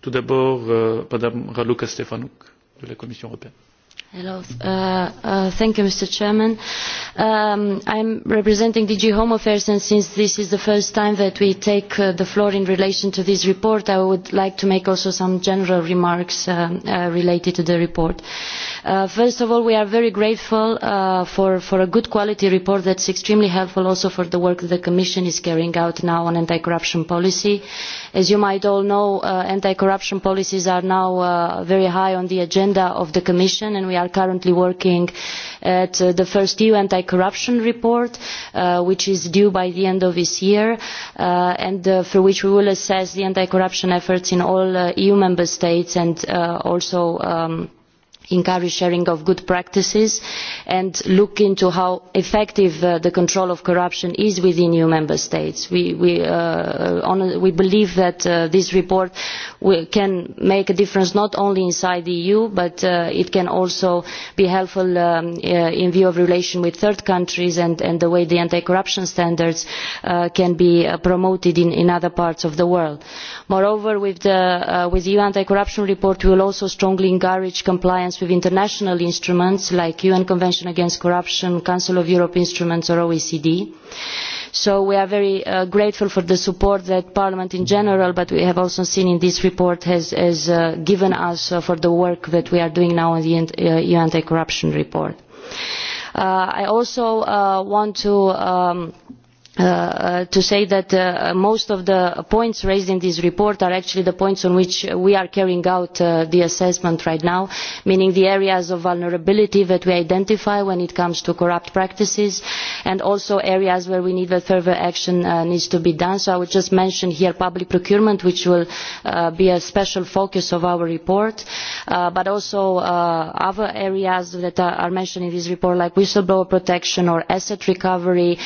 tout d'abord, Madame Raluca Stefanouk de la Commission européenne. Hello. Thank you, Mr. Chairman. I'm representing DG Home Affairs, and since this is the first time that we take the floor in relation to this report, I would like to make also some general remarks related to the report. First of all, we are very grateful for a good quality report that's extremely helpful also for the work that the Commission is carrying out now on anti-corruption policy. As you might all know, anti-corruption policies are now very high on the agenda of the Commission, and we we are currently working at the first eu anti corruption report which is due by the end of this year and for which we will assess the anti corruption efforts in all eu member states and also encourage sharing of good practices and look into how effective the control of corruption is within eu member states. we believe that this report can make a difference not only inside the eu but it can also be helpful in view of relations with third countries and the way the anti corruption standards can be promoted in other parts of the world. moreover with the eu anti corruption report we will also strongly encourage compliance with international instruments like the un convention against corruption council of europe instruments or oecd so we are very grateful for the support that parliament in general but we have also seen in this report has given us for the work that we are doing now on the eu anti corruption report. i also want to to say that most of the points raised in this report are actually the points on which we are carrying out the assessment right now meaning the areas of vulnerability that we identify when it comes to corrupt practices and also areas where we need further action needs to be done. so i would just mention here public procurement which will be a special focus of our report but also other areas that are mentioned in this report like whistleblower protection or asset recovery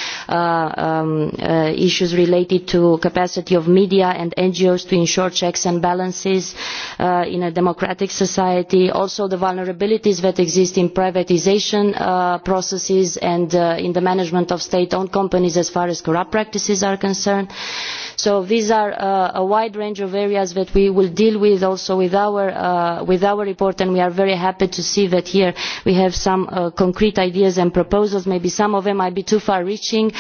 issues related to capacity of media and ngos to ensure checks and balances in a democratic society also the vulnerabilities that exist in privatisation processes and in the management of state owned companies as far as corrupt practices are concerned. so these are a wide range of areas that we will deal with also with our report and we are very happy to see that here we have some concrete ideas and proposals maybe some of them might be too far reaching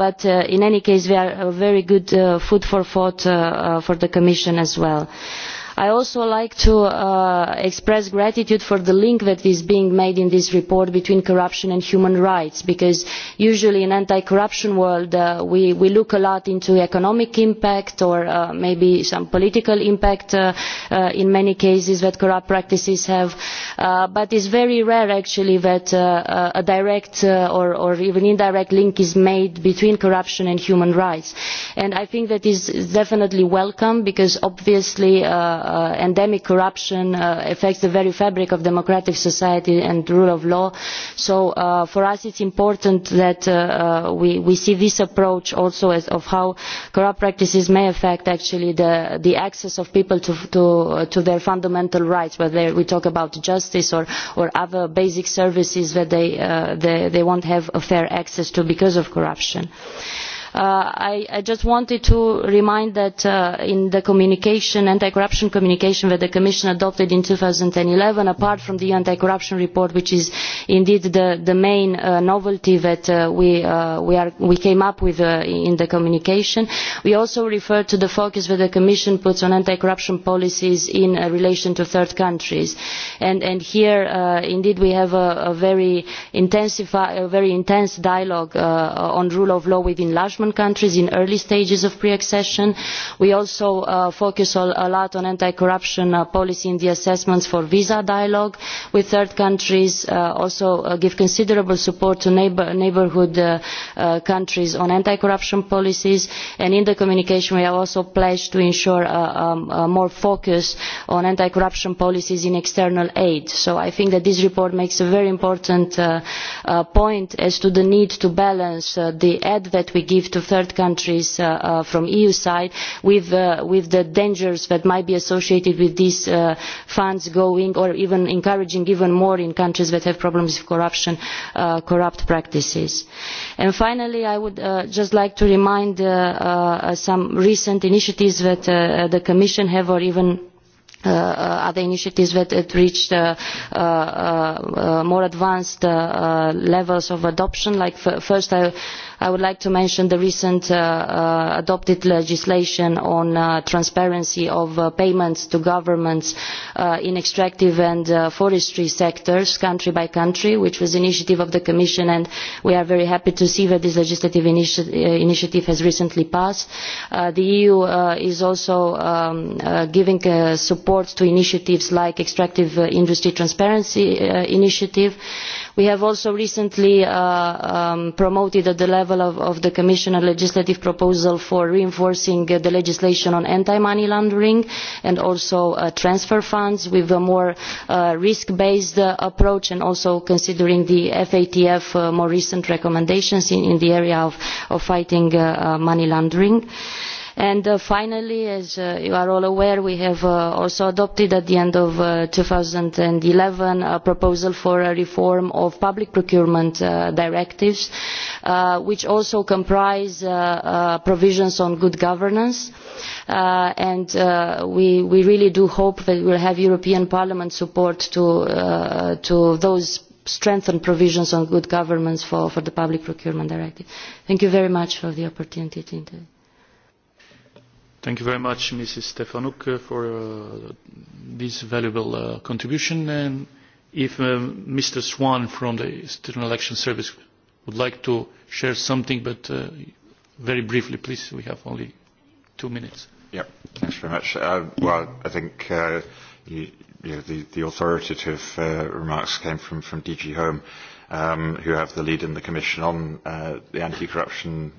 but in any case they are very good food for thought for the commission as well. I also like to express gratitude for the link that is being made in this report between corruption and human rights, because usually in anti corruption world we look a lot into economic impact or maybe some political impact in many cases that corrupt practices have, but it is very rare actually that a direct or even indirect link is made between corruption and human rights. and I think that is definitely welcome because obviously endemic corruption affects the very fabric of democratic society and rule of law. So for us it's important that we see this approach also as of how corrupt practices may affect actually the access of people to their fundamental rights, whether we talk about justice or other basic services that they won't have fair access to because of corruption. I just wanted to remind that in the anti-corruption communication that the Commission adopted in 2011, apart from the anti-corruption report, which is indeed the main novelty that we came up with in the communication, we also referred to the focus that the Commission puts on anti-corruption policies in relation to third countries. And here, indeed, we have a very intense dialogue on rule of law within enlargement countries in early stages of pre accession. we also focus a lot on anti corruption policy in the assessments for visa dialogue with third countries also give considerable support to neighbourhood countries on anti corruption policies and in the communication we have also pledged to ensure more focus on anti corruption policies in external aid. so i think that this report makes a very important point as to the need to balance the aid that we give to third countries from EU side with the dangers that might be associated with these funds going or even encouraging even more in countries that have problems with corruption, corrupt practices. And finally, I would just like to remind some recent initiatives that the Commission have or even other initiatives that have reached more advanced levels of adoption. Like first I I would like to mention the recent adopted legislation on transparency of payments to governments in extractive and forestry sectors, country by country, which was an initiative of the Commission and we are very happy to see that this legislative initiative has recently passed. The EU is also giving support to initiatives like Extractive Industry Transparency Initiative We have also recently promoted at the level of the Commission a legislative proposal for reinforcing the legislation on anti-money laundering and also transfer funds with a more risk-based approach and also considering the FATF more recent recommendations in the area of fighting money laundering. And finally, as you are all aware, we have also adopted at the end of 2011 a proposal for a reform of public procurement directives, which also comprise provisions on good governance. And we really do hope that we will have European Parliament support to those strengthened provisions on good governance for the public procurement directive. Thank you very much for the opportunity to Thank you very much, Mrs. Stefanuk, for this valuable contribution. And if Mr. Swan from the Student Election Service would like to share something, but very briefly, please, we have only two minutes. Yeah, thanks very much. Well, I think the authoritative remarks came from from DG Home, who have the lead in the Commission on the anti-corruption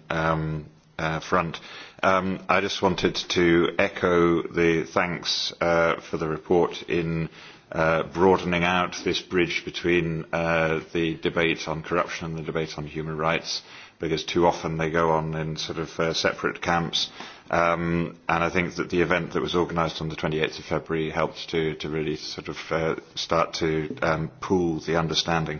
front. I just wanted to echo the thanks for the report in broadening out this bridge between the debate on corruption and the debate on human rights, because too often they go on in sort of separate camps. And I think that the event that was organised on the 28th of February helped to really sort of start to pool the understanding.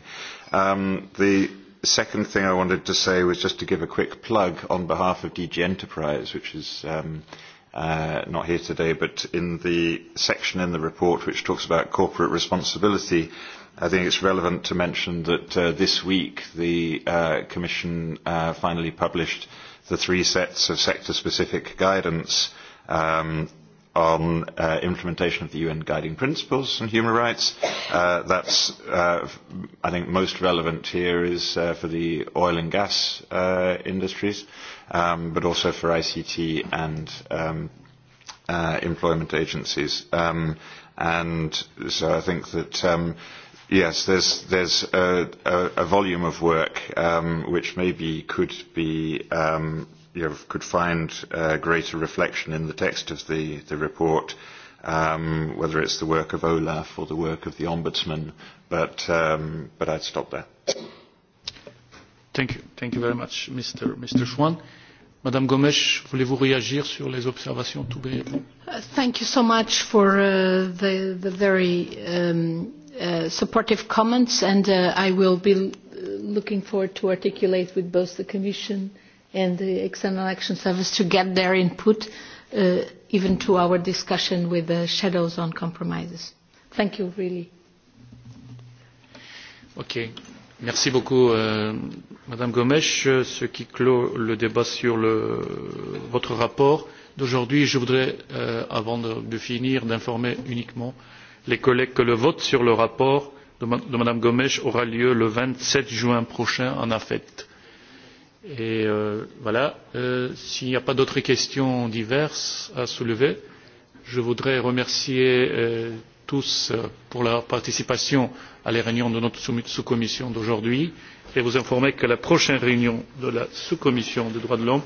The second thing I wanted to say was just to give a quick plug on behalf of DG Enterprise, which is not here today, but in the section in the report which talks about corporate responsibility, I think it's relevant to mention that this week the Commission finally published the three sets of sector-specific guidance on implementation of the UN Guiding Principles on Human Rights. That's, I think, most relevant here is for the oil and gas industries, but also for ICT and employment agencies. And so I think that, yes, there's there's a volume of work which maybe could be You could find greater reflection in the text of the report, whether it's the work of Olaf or the work of the Ombudsman, but I'd stop there. Thank you. Thank you very much, Mr. Schwan. Madame Gomes, voulez-vous réagir sur les observations tout Thank you so much for the very supportive comments, and I will be looking forward to articulate with both the Commission and the External Action Service to get their input, even to our discussion with the shadows on compromises. Thank you, really. Okay. Merci beaucoup, Madame Gomes, ce qui clôt le débat sur votre rapport d'aujourd'hui. Je voudrais, avant de finir, d'informer uniquement les collègues que le vote sur le rapport de Madame Gomes aura lieu le 27 juin prochain en AFET Et voilà, s'il n'y a pas d'autres questions diverses à soulever, je voudrais remercier tous pour leur participation à les réunions de notre sous commission d'aujourd'hui et vous informer que la prochaine réunion de la sous commission des droits de l'homme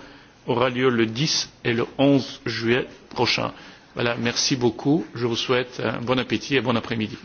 aura lieu le 10 et le 11 juillet prochain. Voilà, merci beaucoup, je vous souhaite un bon appétit et bon après midi.